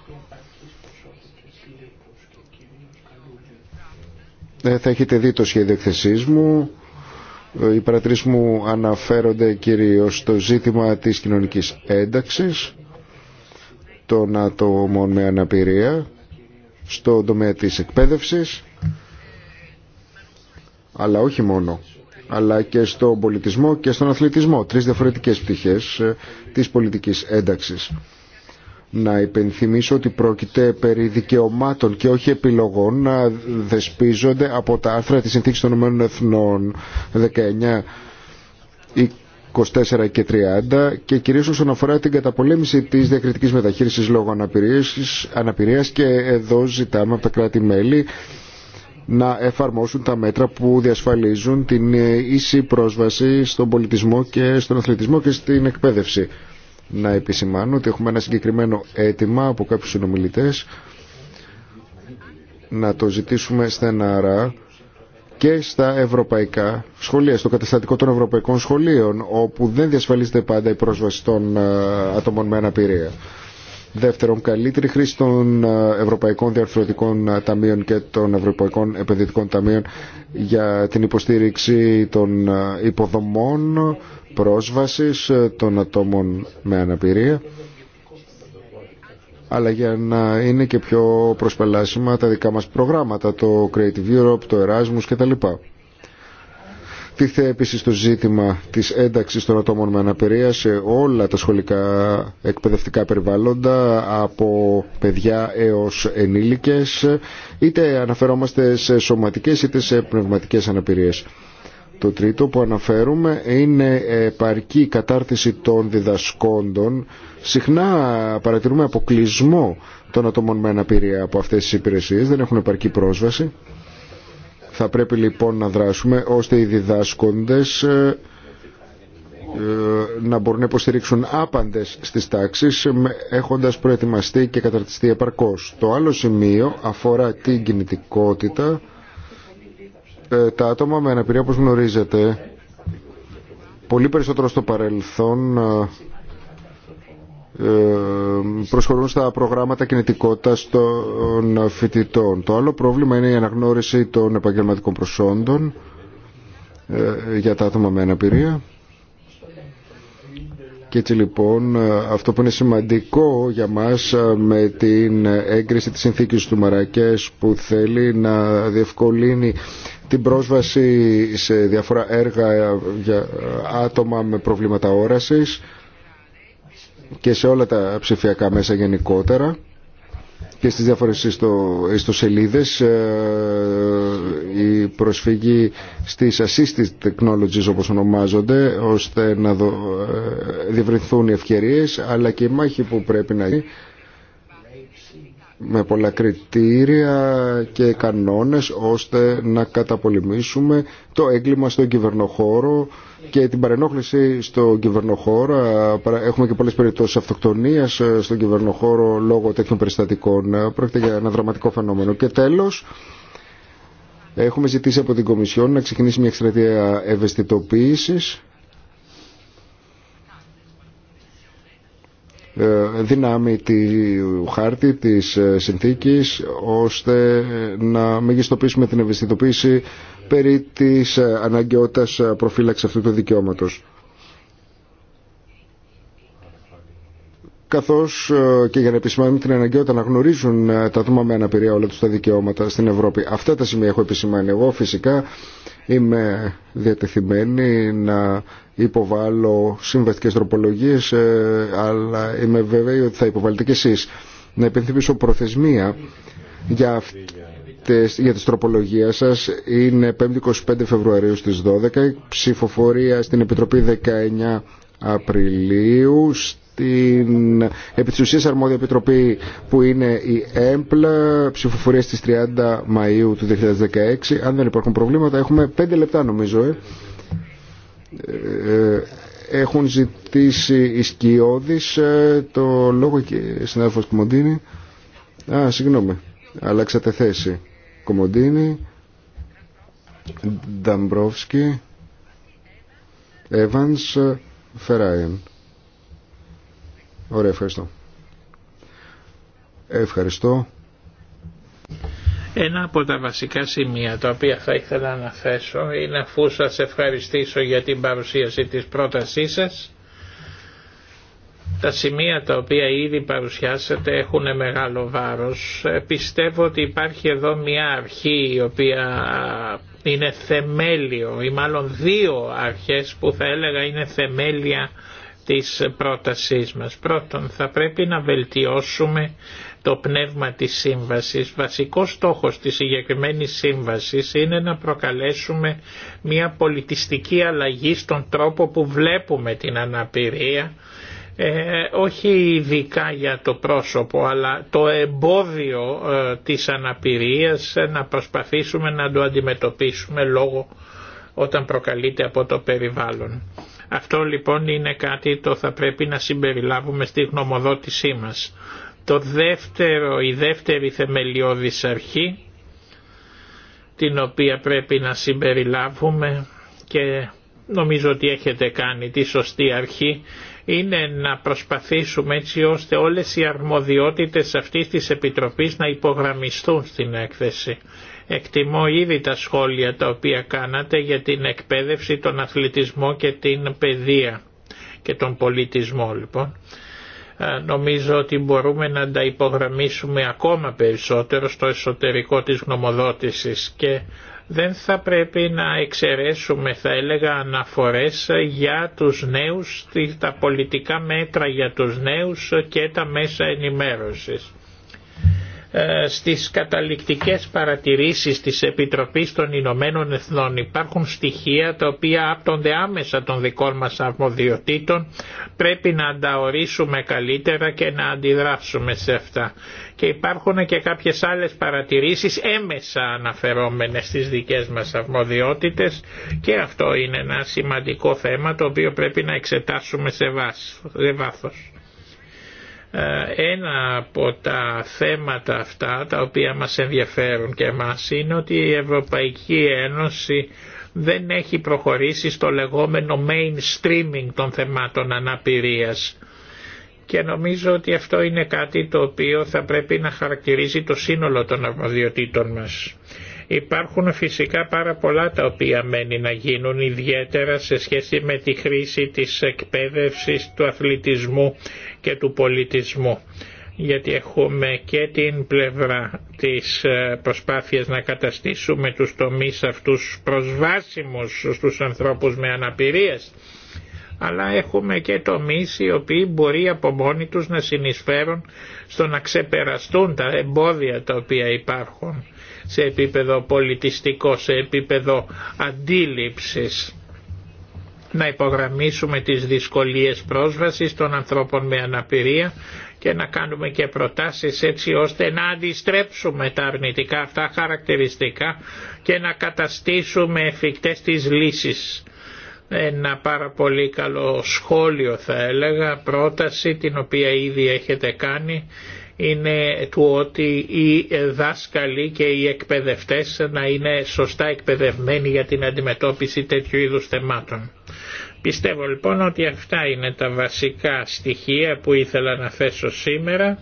Ε, θα έχετε δει το σχέδιο εκθεσής μου. Ε, οι παρατηρήσεις μου αναφέρονται κυρίως στο ζήτημα της κοινωνικής ένταξης των ατόμων με αναπηρία στον τομέα της εκπαίδευσης αλλά όχι μόνο αλλά και στον πολιτισμό και στον αθλητισμό τρεις διαφορετικές πτυχές ε, της πολιτικής ένταξης να υπενθυμίσω ότι πρόκειται περί δικαιωμάτων και όχι επιλογών να δεσπίζονται από τα άρθρα της Συνθήκης των Ηνωμένων Εθνών 19, 24 και 30 και κυρίως όσον αφορά την καταπολέμηση της διακριτικής μεταχείρισης λόγω αναπηρίας, αναπηρίας και εδώ ζητάμε από τα κράτη-μέλη να εφαρμόσουν τα μέτρα που διασφαλίζουν την ίση πρόσβαση στον πολιτισμό και στον αθλητισμό και στην εκπαίδευση να επισημάνω ότι έχουμε ένα συγκεκριμένο αίτημα από κάποιους συνομιλητές να το ζητήσουμε στεναρά και στα ευρωπαϊκά σχολεία, στο καταστατικό των ευρωπαϊκών σχολείων, όπου δεν διασφαλίζεται πάντα η πρόσβαση των ε, ατόμων με αναπηρία. Δεύτερον, καλύτερη χρήση των ε, Ευρωπαϊκών Διαρθρωτικών ε, Ταμείων και των Ευρωπαϊκών Επενδυτικών Ταμείων για την υποστήριξη των υποδομών πρόσβασης ε, των ατόμων με αναπηρία αλλά για να είναι και πιο προσπελάσιμα τα δικά μας προγράμματα, το Creative Europe, το Erasmus κτλ. Τίθε επίσης το ζήτημα της ένταξης των ατόμων με αναπηρία σε όλα τα σχολικά εκπαιδευτικά περιβάλλοντα από παιδιά έως ενήλικες, είτε αναφερόμαστε σε σωματικές είτε σε πνευματικές αναπηρίες. Το τρίτο που αναφέρουμε είναι επαρκή κατάρτιση των διδασκόντων. Συχνά παρατηρούμε αποκλεισμό των ατόμων με αναπηρία από αυτές τις υπηρεσίες, δεν έχουν επαρκή πρόσβαση. Θα πρέπει λοιπόν να δράσουμε ώστε οι διδάσκοντες ε, ε, να μπορούν να υποστηρίξουν άπαντες στις τάξεις ε, έχοντας προετοιμαστεί και καταρτιστεί επαρκώς. Το άλλο σημείο αφορά την κινητικότητα ε, τα άτομα με αναπηρία όπως γνωρίζετε πολύ περισσότερο στο παρελθόν ε, ε, προσχωρούν στα προγράμματα κινητικότητας των φοιτητών. Το άλλο πρόβλημα είναι η αναγνώριση των επαγγελματικών προσόντων για τα άτομα με αναπηρία και έτσι λοιπόν αυτό που είναι σημαντικό για μας ε, με την έγκριση της συνθήκης του Μαρακές που θέλει να διευκολύνει την πρόσβαση σε διάφορα έργα για άτομα με προβλήματα όρασης και σε όλα τα ψηφιακά μέσα γενικότερα και στις διάφορες ιστο, ιστοσελίδες ε, η προσφυγή στις assisted technologies όπως ονομάζονται ώστε να δο, ε, διευρυνθούν οι ευκαιρίες αλλά και η μάχη που πρέπει να γίνει με πολλά κριτήρια και κανόνες ώστε να καταπολεμήσουμε το έγκλημα στον κυβερνοχώρο και την παρενόχληση στον κυβερνοχώρο. Έχουμε και πολλές περιπτώσεις αυτοκτονίας ε, στον κυβερνοχώρο λόγω τέτοιων περιστατικών. Ε, πρόκειται για ένα δραματικό φαινόμενο. Και τέλος, έχουμε ζητήσει από την Κομισιόν να ξεκινήσει μια εξτρατεία ευαισθητοποίησης Ε, δυνάμει του χάρτη, της ε, συνθήκης, ώστε να μεγιστοποιήσουμε την ευαισθητοποίηση περί της ε, αναγκαιότητας προφύλαξης αυτού του δικαιώματος. καθώς και για να επισημάνουμε την αναγκαιότητα να γνωρίζουν τα άτομα με αναπηρία όλα τους τα δικαιώματα στην Ευρώπη. Αυτά τα σημεία έχω επισημάνει εγώ. Φυσικά είμαι διατεθειμένη να υποβάλω συμβαστικές τροπολογίες ε, αλλά είμαι βέβαιη ότι θα υποβάλλετε και εσείς να υπενθυμίσω προθεσμία για, αυτές, για τις τροπολογίες σας είναι 5η-25 Φεβρουαρίου στις 12 ψηφοφορία στην Επιτροπή 19 Απριλίου στην επί αρμόδια επιτροπή που είναι η ΕΜΠΛ ψηφοφορία στις 30 Μαΐου του 2016 αν δεν υπάρχουν προβλήματα έχουμε 5 λεπτά νομίζω ε. Ε, έχουν ζητήσει οι σκιώδεις ε, το λόγο και συνάδελφος Κομοντίνη α συγγνώμη αλλάξατε θέση Κομοντίνη Νταμπρόφσκι Εύανς Φεράιν. Ωραία ευχαριστώ Ευχαριστώ ένα από τα βασικά σημεία τα οποία θα ήθελα να θέσω είναι αφού σας ευχαριστήσω για την παρουσίαση της πρότασής σας τα σημεία τα οποία ήδη παρουσιάσατε έχουν μεγάλο βάρος. Πιστεύω ότι υπάρχει εδώ μια αρχή η οποία είναι θεμέλιο ή μάλλον δύο αρχές που θα έλεγα είναι θεμέλια της πρότασής μας. Πρώτον θα πρέπει να βελτιώσουμε το πνεύμα της σύμβασης. Βασικός στόχος της συγκεκριμένη σύμβασης είναι να προκαλέσουμε μια πολιτιστική αλλαγή στον τρόπο που βλέπουμε την αναπηρία, ε, όχι ειδικά για το πρόσωπο αλλά το εμπόδιο ε, της αναπηρίας ε, να προσπαθήσουμε να το αντιμετωπίσουμε λόγω όταν προκαλείται από το περιβάλλον. Αυτό λοιπόν είναι κάτι το θα πρέπει να συμπεριλάβουμε στη γνωμοδότησή μας το δεύτερο, η δεύτερη θεμελιώδης αρχή την οποία πρέπει να συμπεριλάβουμε και νομίζω ότι έχετε κάνει τη σωστή αρχή είναι να προσπαθήσουμε έτσι ώστε όλες οι αρμοδιότητες αυτής της Επιτροπής να υπογραμμιστούν στην έκθεση. Εκτιμώ ήδη τα σχόλια τα οποία κάνατε για την εκπαίδευση, τον αθλητισμό και την παιδεία και τον πολιτισμό λοιπόν ε, νομίζω ότι μπορούμε να τα υπογραμμίσουμε ακόμα περισσότερο στο εσωτερικό της γνωμοδότησης και δεν θα πρέπει να εξαιρέσουμε θα έλεγα αναφορές για τους νέους, τα πολιτικά μέτρα για τους νέους και τα μέσα ενημέρωσης. Ε, στις καταληκτικές παρατηρήσεις της Επιτροπής των Ηνωμένων Εθνών υπάρχουν στοιχεία τα οποία άπτονται άμεσα των δικών μας αρμοδιοτήτων πρέπει να ανταορίσουμε καλύτερα και να αντιδράσουμε σε αυτά και υπάρχουν και κάποιες άλλες παρατηρήσεις έμεσα αναφερόμενες στις δικές μας αρμοδιότητες και αυτό είναι ένα σημαντικό θέμα το οποίο πρέπει να εξετάσουμε σε βάθος. Ε, ένα από τα θέματα αυτά τα οποία μας ενδιαφέρουν και μας είναι ότι η Ευρωπαϊκή Ένωση δεν έχει προχωρήσει στο λεγόμενο mainstreaming των θεμάτων αναπηρίας και νομίζω ότι αυτό είναι κάτι το οποίο θα πρέπει να χαρακτηρίζει το σύνολο των αρμοδιοτήτων μας. Υπάρχουν φυσικά πάρα πολλά τα οποία μένει να γίνουν ιδιαίτερα σε σχέση με τη χρήση της εκπαίδευσης του αθλητισμού και του πολιτισμού γιατί έχουμε και την πλευρά της ε, προσπάθειας να καταστήσουμε τους τομείς αυτούς προσβάσιμους στους ανθρώπους με αναπηρίες αλλά έχουμε και τομείς οι οποίοι μπορεί από μόνοι τους να συνεισφέρουν στο να ξεπεραστούν τα εμπόδια τα οποία υπάρχουν σε επίπεδο πολιτιστικό, σε επίπεδο αντίληψης. Να υπογραμμίσουμε τις δυσκολίες πρόσβασης των ανθρώπων με αναπηρία και να κάνουμε και προτάσεις έτσι ώστε να αντιστρέψουμε τα αρνητικά αυτά χαρακτηριστικά και να καταστήσουμε εφικτές τις λύσεις. Ένα πάρα πολύ καλό σχόλιο θα έλεγα, πρόταση την οποία ήδη έχετε κάνει είναι του ότι οι δάσκαλοι και οι εκπαιδευτές να είναι σωστά εκπαιδευμένοι για την αντιμετώπιση τέτοιου είδους θεμάτων. Πιστεύω λοιπόν ότι αυτά είναι τα βασικά στοιχεία που ήθελα να θέσω σήμερα.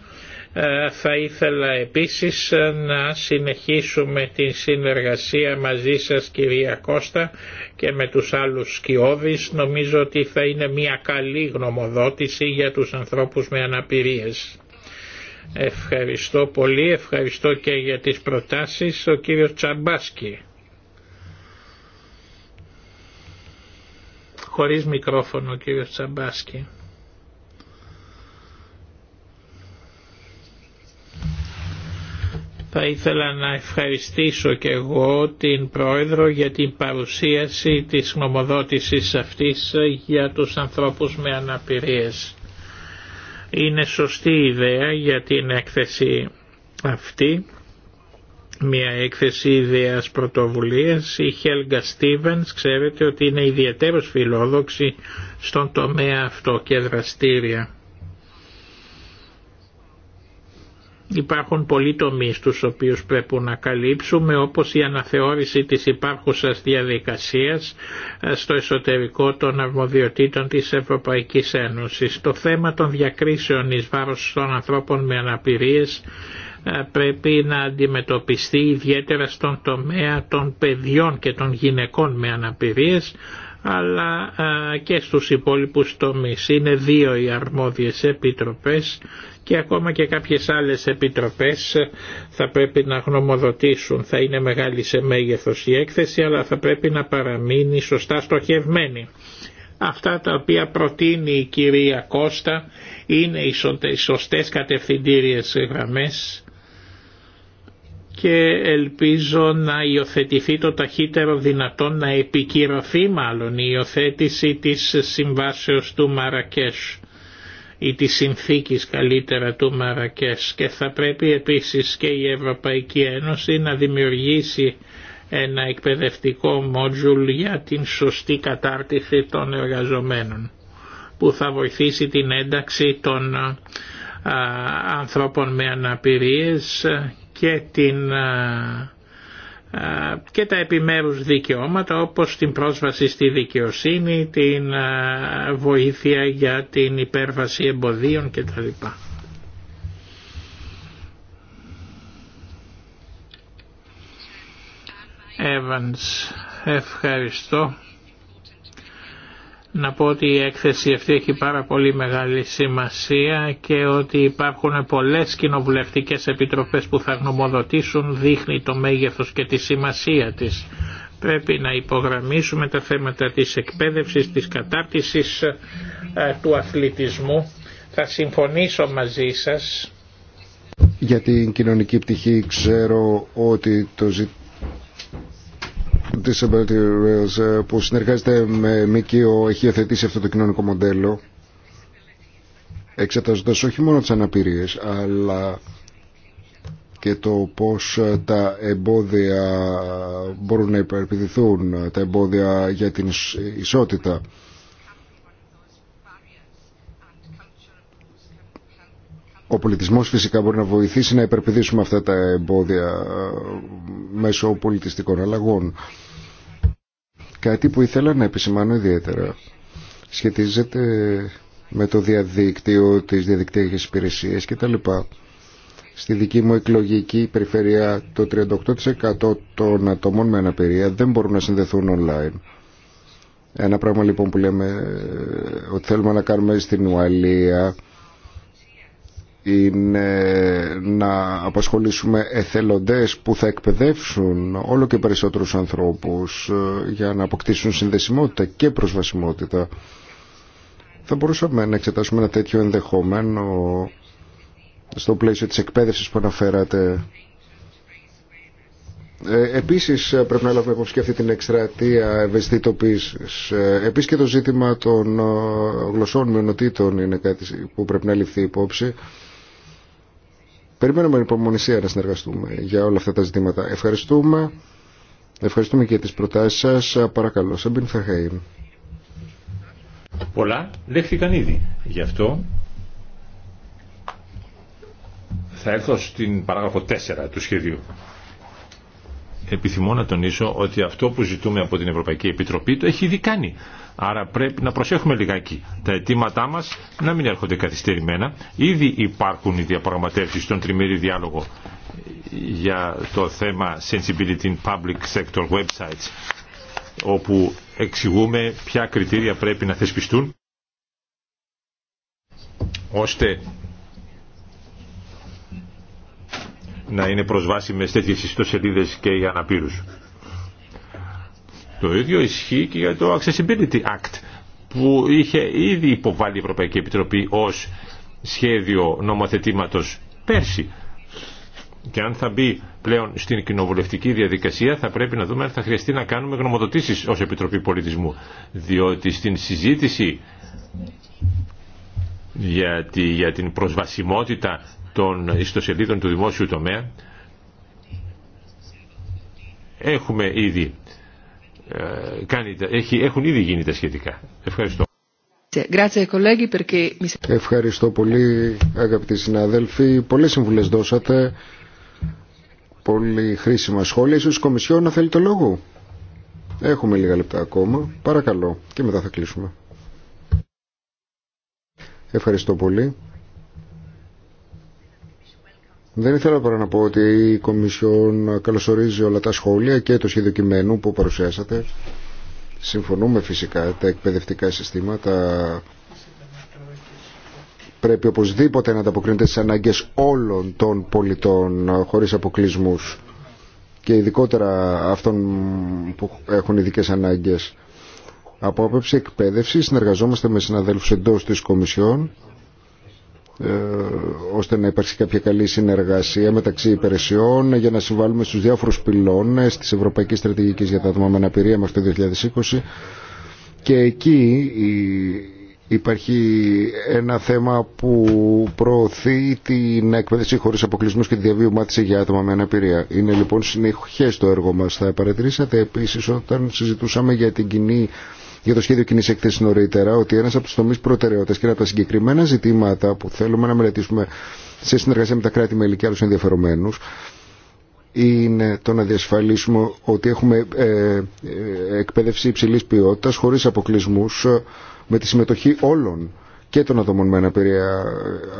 Ε, θα ήθελα επίσης να συνεχίσουμε την συνεργασία μαζί σας κυρία Κώστα και με τους άλλους σκιώδεις. Νομίζω ότι θα είναι μια καλή γνωμοδότηση για τους ανθρώπους με αναπηρίες. Ευχαριστώ πολύ, ευχαριστώ και για τις προτάσεις ο κύριος Τσαμπάσκι. Χωρίς μικρόφωνο ο κύριος Τσαμπάσκι. Θα ήθελα να ευχαριστήσω και εγώ την Πρόεδρο για την παρουσίαση της νομοδότησης αυτής για τους ανθρώπους με αναπηρίες είναι σωστή ιδέα για την έκθεση αυτή, μια έκθεση ιδέας πρωτοβουλίας. Η Χέλγκα Στίβενς ξέρετε ότι είναι ιδιαίτερος φιλόδοξη στον τομέα αυτό και δραστήρια. Υπάρχουν πολλοί τομείς τους οποίους πρέπει να καλύψουμε όπως η αναθεώρηση της υπάρχουσας διαδικασίας ε, στο εσωτερικό των αρμοδιοτήτων της Ευρωπαϊκής Ένωσης. Το θέμα των διακρίσεων εις βάρος των ανθρώπων με αναπηρίες ε, πρέπει να αντιμετωπιστεί ιδιαίτερα στον τομέα των παιδιών και των γυναικών με αναπηρίες αλλά και στους υπόλοιπους τομείς. Είναι δύο οι αρμόδιες επιτροπές και ακόμα και κάποιες άλλες επιτροπές ε, θα πρέπει να γνωμοδοτήσουν. Θα είναι μεγάλη σε μέγεθος η έκθεση αλλά θα πρέπει να παραμείνει σωστά στοχευμένη. Αυτά τα οποία προτείνει η κυρία Κώστα είναι οι σωστές κατευθυντήριες γραμμές και ελπίζω να υιοθετηθεί το ταχύτερο δυνατόν να επικυρωθεί μάλλον η υιοθέτηση της συμβάσεως του Μαρακές ή της συνθήκης καλύτερα του Μαρακές και θα πρέπει επίσης και η Ευρωπαϊκή Ένωση να δημιουργήσει ένα εκπαιδευτικό μόντζουλ για την σωστή κατάρτιση των εργαζομένων που θα βοηθήσει την ένταξη των ανθρώπων με αναπηρίες και, την, ε, ε, και τα επιμέρους δικαιώματα όπως την πρόσβαση στη δικαιοσύνη, την ε, βοήθεια για την υπέρβαση εμποδίων κτλ. Evans, ευχαριστώ. Να πω ότι η έκθεση αυτή έχει πάρα πολύ μεγάλη σημασία και ότι υπάρχουν πολλές κοινοβουλευτικές επιτροπές που θα γνωμοδοτήσουν δείχνει το μέγεθος και τη σημασία της. Πρέπει να υπογραμμίσουμε τα θέματα της εκπαίδευσης, της κατάρτισης, ε, του αθλητισμού. Θα συμφωνήσω μαζί σας. Για την κοινωνική πτυχή ξέρω ότι το ζήτημα Rails ε, που συνεργάζεται με ΜΚΟ έχει αθετήσει αυτό το κοινωνικό μοντέλο εξετάζοντας όχι μόνο τις αναπηρίες αλλά και το πώς ε, τα εμπόδια μπορούν να υπερπηδηθούν, τα εμπόδια για την ισότητα. Ο πολιτισμός φυσικά μπορεί να βοηθήσει να υπερπηδήσουμε αυτά τα εμπόδια ε, μέσω πολιτιστικών αλλαγών. Κάτι που ήθελα να επισημάνω ιδιαίτερα σχετίζεται με το διαδίκτυο, τις διαδικτυακές υπηρεσίες κτλ. Στη δική μου εκλογική περιφέρεια το 38% των ατόμων με αναπηρία δεν μπορούν να συνδεθούν online. Ένα πράγμα λοιπόν που λέμε ε, ότι θέλουμε να κάνουμε στην Ουαλία είναι να απασχολήσουμε εθελοντές που θα εκπαιδεύσουν όλο και περισσότερους ανθρώπους ε, για να αποκτήσουν συνδεσιμότητα και προσβασιμότητα. Θα μπορούσαμε να εξετάσουμε ένα τέτοιο ενδεχόμενο στο πλαίσιο της εκπαίδευσης που αναφέρατε. Ε, επίσης ε, πρέπει να λάβουμε υπόψη και αυτή την εκστρατεία ευαισθητοποίησης. Επίσης και το ζήτημα των γλωσσών μειονοτήτων είναι κάτι που πρέπει να ληφθεί υπόψη Περιμένουμε υπομονησία λοιπόν να συνεργαστούμε για όλα αυτά τα ζητήματα. Ευχαριστούμε. Ευχαριστούμε και τις προτάσεις σας. Παρακαλώ, Σαμπίν Φερχαΐν. Πολλά λέχθηκαν ήδη. Γι' αυτό θα έρθω στην παράγραφο 4 του σχεδίου. Επιθυμώ να τονίσω ότι αυτό που ζητούμε από την Ευρωπαϊκή Επιτροπή το έχει ήδη κάνει. Άρα πρέπει να προσέχουμε λιγάκι τα αιτήματά μας να μην έρχονται καθυστερημένα. Ήδη υπάρχουν οι διαπραγματεύσεις στον τριμήρη διάλογο για το θέμα Sensibility in Public Sector Websites όπου εξηγούμε ποια κριτήρια πρέπει να θεσπιστούν ώστε να είναι προσβάσιμες τέτοιες ιστοσελίδες και οι αναπήρους. Το ίδιο ισχύει και για το Accessibility Act που είχε ήδη υποβάλει η Ευρωπαϊκή Επιτροπή ως σχέδιο νομοθετήματος πέρσι. Και αν θα μπει πλέον στην κοινοβουλευτική διαδικασία θα πρέπει να δούμε αν θα χρειαστεί να κάνουμε γνωμοδοτήσεις ως Επιτροπή Πολιτισμού. Διότι στην συζήτηση για την προσβασιμότητα των ιστοσελίδων του δημόσιου τομέα έχουμε ήδη ε, έχουν ήδη γίνει τα σχετικά. Ευχαριστώ. Ευχαριστώ πολύ αγαπητοί συναδέλφοι. Πολλές συμβουλές δώσατε. Πολύ χρήσιμα σχόλια. Ίσως η Κομισιόν να θέλει το λόγο. Έχουμε λίγα λεπτά ακόμα. Παρακαλώ. Και μετά θα κλείσουμε. Ευχαριστώ πολύ. Δεν ήθελα παρά να πω ότι η Κομισιόν καλωσορίζει όλα τα σχόλια και το σχέδιο κειμένου που παρουσιάσατε. Συμφωνούμε φυσικά τα εκπαιδευτικά συστήματα πρέπει οπωσδήποτε να ανταποκρίνεται στις ανάγκες όλων των πολιτών χωρίς αποκλεισμούς και ειδικότερα αυτών που έχουν ειδικέ ανάγκες. Από άποψη εκπαίδευση συνεργαζόμαστε με συναδέλφους εντός της Κομισιόν ε, ώστε να υπάρξει κάποια καλή συνεργασία μεταξύ υπηρεσιών για να συμβάλλουμε στους διάφορους πυλώνες της Ευρωπαϊκής Στρατηγικής για τα άτομα με αναπηρία μέχρι το 2020 και εκεί υπάρχει ένα θέμα που προωθεί την εκπαίδευση χωρίς αποκλεισμούς και τη διαβίου μάθηση για άτομα με αναπηρία. Είναι λοιπόν συνεχές το έργο μας. Θα παρατηρήσατε επίσης όταν συζητούσαμε για την κοινή για το σχέδιο κοινή έκθεση νωρίτερα ότι ένα από του τομεί προτεραιότητα και ένα από τα συγκεκριμένα ζητήματα που θέλουμε να μελετήσουμε σε συνεργασία με τα κράτη-μέλη και άλλου ενδιαφερομένου είναι το να διασφαλίσουμε ότι έχουμε ε, ε εκπαίδευση υψηλή ποιότητα χωρίς αποκλεισμούς ε, με τη συμμετοχή όλων και των ατομών με αναπηρία.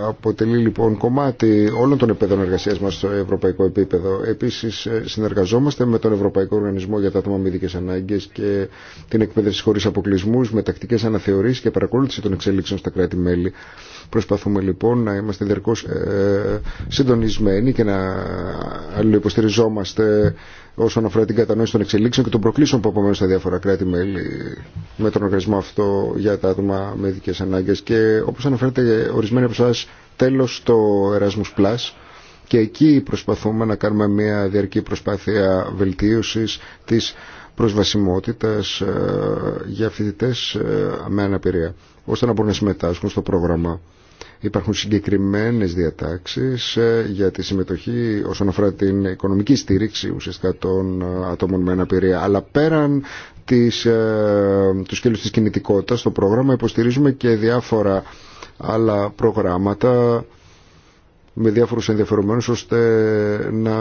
Αποτελεί λοιπόν κομμάτι όλων των επέδων εργασία μα στο ευρωπαϊκό επίπεδο. Επίση, ε, συνεργαζόμαστε με τον Ευρωπαϊκό Οργανισμό για τα Άτομα με Ανάγκε και την εκπαίδευση χωρί αποκλεισμού, με τακτικέ αναθεωρήσει και παρακολούθηση των εξελίξεων στα κράτη-μέλη. Προσπαθούμε λοιπόν να είμαστε διαρκώ ε, συντονισμένοι και να αλληλοϊποστηριζόμαστε όσον αφορά την κατανόηση των εξελίξεων και των προκλήσεων που απομένουν στα διάφορα κράτη-μέλη με τον οργανισμό αυτό για τα άτομα με ειδικέ ανάγκε. Και όπω αναφέρετε, ορισμένοι από εσά, τέλο το Erasmus Plus. Και εκεί προσπαθούμε να κάνουμε μια διαρκή προσπάθεια βελτίωσης της προσβασιμότητας ε, για φοιτητέ ε, με αναπηρία, ώστε να μπορούν να συμμετάσχουν στο πρόγραμμα Υπάρχουν συγκεκριμένες διατάξεις ε, για τη συμμετοχή όσον αφορά την οικονομική στήριξη ουσιαστικά των ε, ατόμων με αναπηρία. Αλλά πέραν της, ε, του σκέλους της κινητικότητας στο πρόγραμμα υποστηρίζουμε και διάφορα άλλα προγράμματα με διάφορους ενδιαφερομένους ώστε να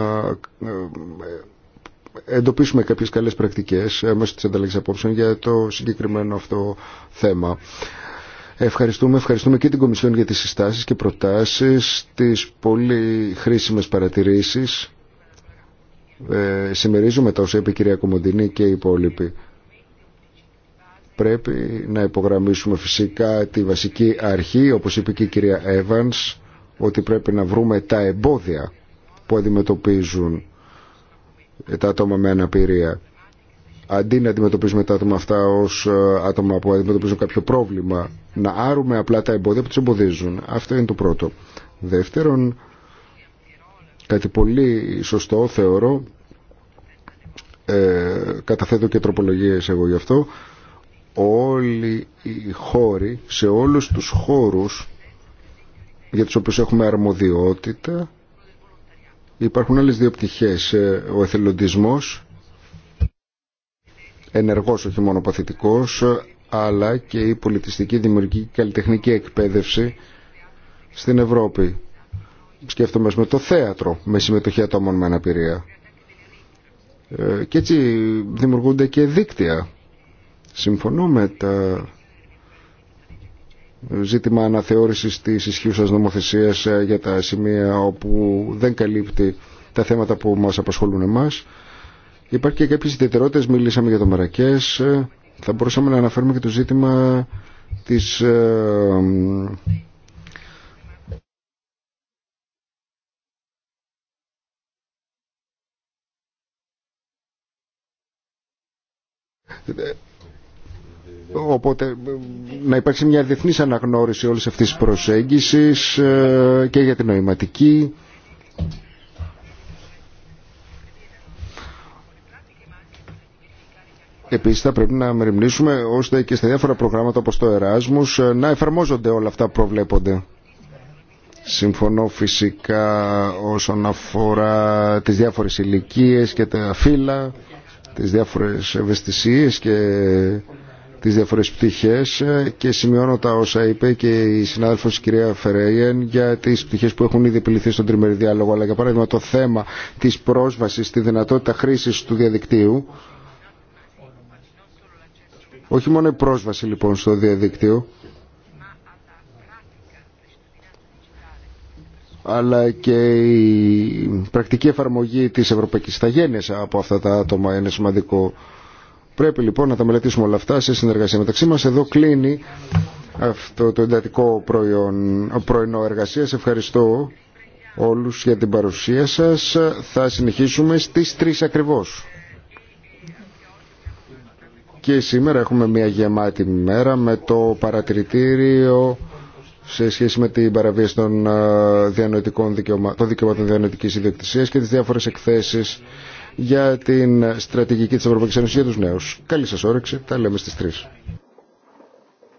εντοπίσουμε κάποιες καλές πρακτικές μέσω της ανταλλαγής απόψεων για το συγκεκριμένο αυτό θέμα. Ευχαριστούμε, ευχαριστούμε και την Κομισιόν για τις συστάσεις και προτάσεις, τις πολύ χρήσιμες παρατηρήσεις. Ε, τα όσα είπε η κυρία Κομοντινή και οι υπόλοιποι. Πρέπει να υπογραμμίσουμε φυσικά τη βασική αρχή, όπως είπε και η κυρία Evans, ότι πρέπει να βρούμε τα εμπόδια που αντιμετωπίζουν τα άτομα με αναπηρία αντί να αντιμετωπίζουμε τα άτομα αυτά ως ε, άτομα που αντιμετωπίζουν κάποιο πρόβλημα, να άρουμε απλά τα εμπόδια που τους εμποδίζουν. Αυτό είναι το πρώτο. Δεύτερον, κάτι πολύ σωστό θεωρώ, ε, καταθέτω και τροπολογίες εγώ γι' αυτό, όλοι οι χώροι, σε όλους τους χώρους για τους οποίους έχουμε αρμοδιότητα, υπάρχουν άλλες δύο πτυχές. Ε, ο εθελοντισμός ενεργός, όχι μόνο παθητικός, αλλά και η πολιτιστική, δημιουργική και καλλιτεχνική εκπαίδευση στην Ευρώπη. Σκέφτομαι με το θέατρο, με συμμετοχή ατόμων με αναπηρία. Ε, και έτσι δημιουργούνται και δίκτυα. Συμφωνώ με τα ζήτημα αναθεώρησης της ισχύουσας νομοθεσίας ε, για τα σημεία όπου δεν καλύπτει τα θέματα που μας απασχολούν εμάς Υπάρχει και κάποιες ιδιαιτερότητες, μιλήσαμε για το Μαρακές, ε, θα μπορούσαμε να αναφέρουμε και το ζήτημα της ε, ε, Οπότε να υπάρξει μια διεθνής αναγνώριση όλης αυτής της προσέγγισης και για την νοηματική Επίση, θα πρέπει να μεριμνήσουμε ώστε και στα διάφορα προγράμματα όπω το Εράσμου ε, να εφαρμόζονται όλα αυτά που προβλέπονται. Συμφωνώ φυσικά όσον αφορά τι διάφορε ηλικίε και τα φύλλα, τι διάφορε ευαισθησίε και τι διάφορε πτυχέ, ε, και σημειώνω τα όσα είπε και η συνάδελφο κυρία Φερέιεν για τι πτυχέ που έχουν ήδη επιληθεί στον τριμερή διάλογο αλλά για παράδειγμα το θέμα τη πρόσβαση, στη δυνατότητα χρήση του διαδικτύου όχι μόνο η πρόσβαση λοιπόν στο διαδίκτυο, αλλά και η πρακτική εφαρμογή της Ευρωπαϊκής Ιταγένειας από αυτά τα άτομα είναι σημαντικό. Πρέπει λοιπόν να τα μελετήσουμε όλα αυτά σε συνεργασία μεταξύ μας. Εδώ κλείνει αυτό το εντατικό προϊόν, πρωινό εργασίας. Ευχαριστώ όλους για την παρουσία σας. Θα συνεχίσουμε στις 3 ακριβώς. Και σήμερα έχουμε μια γεμάτη μέρα με το παρατηρητήριο σε σχέση με την παραβίαση των, ε, διανοητικών δικαιωμα... δικαιωμάτων διανοητικής ιδιοκτησίας και τις διάφορες εκθέσεις για την στρατηγική της Ευρωπαϊκής Ένωσης για τους νέους. Καλή σας όρεξη. Τα λέμε στις 3.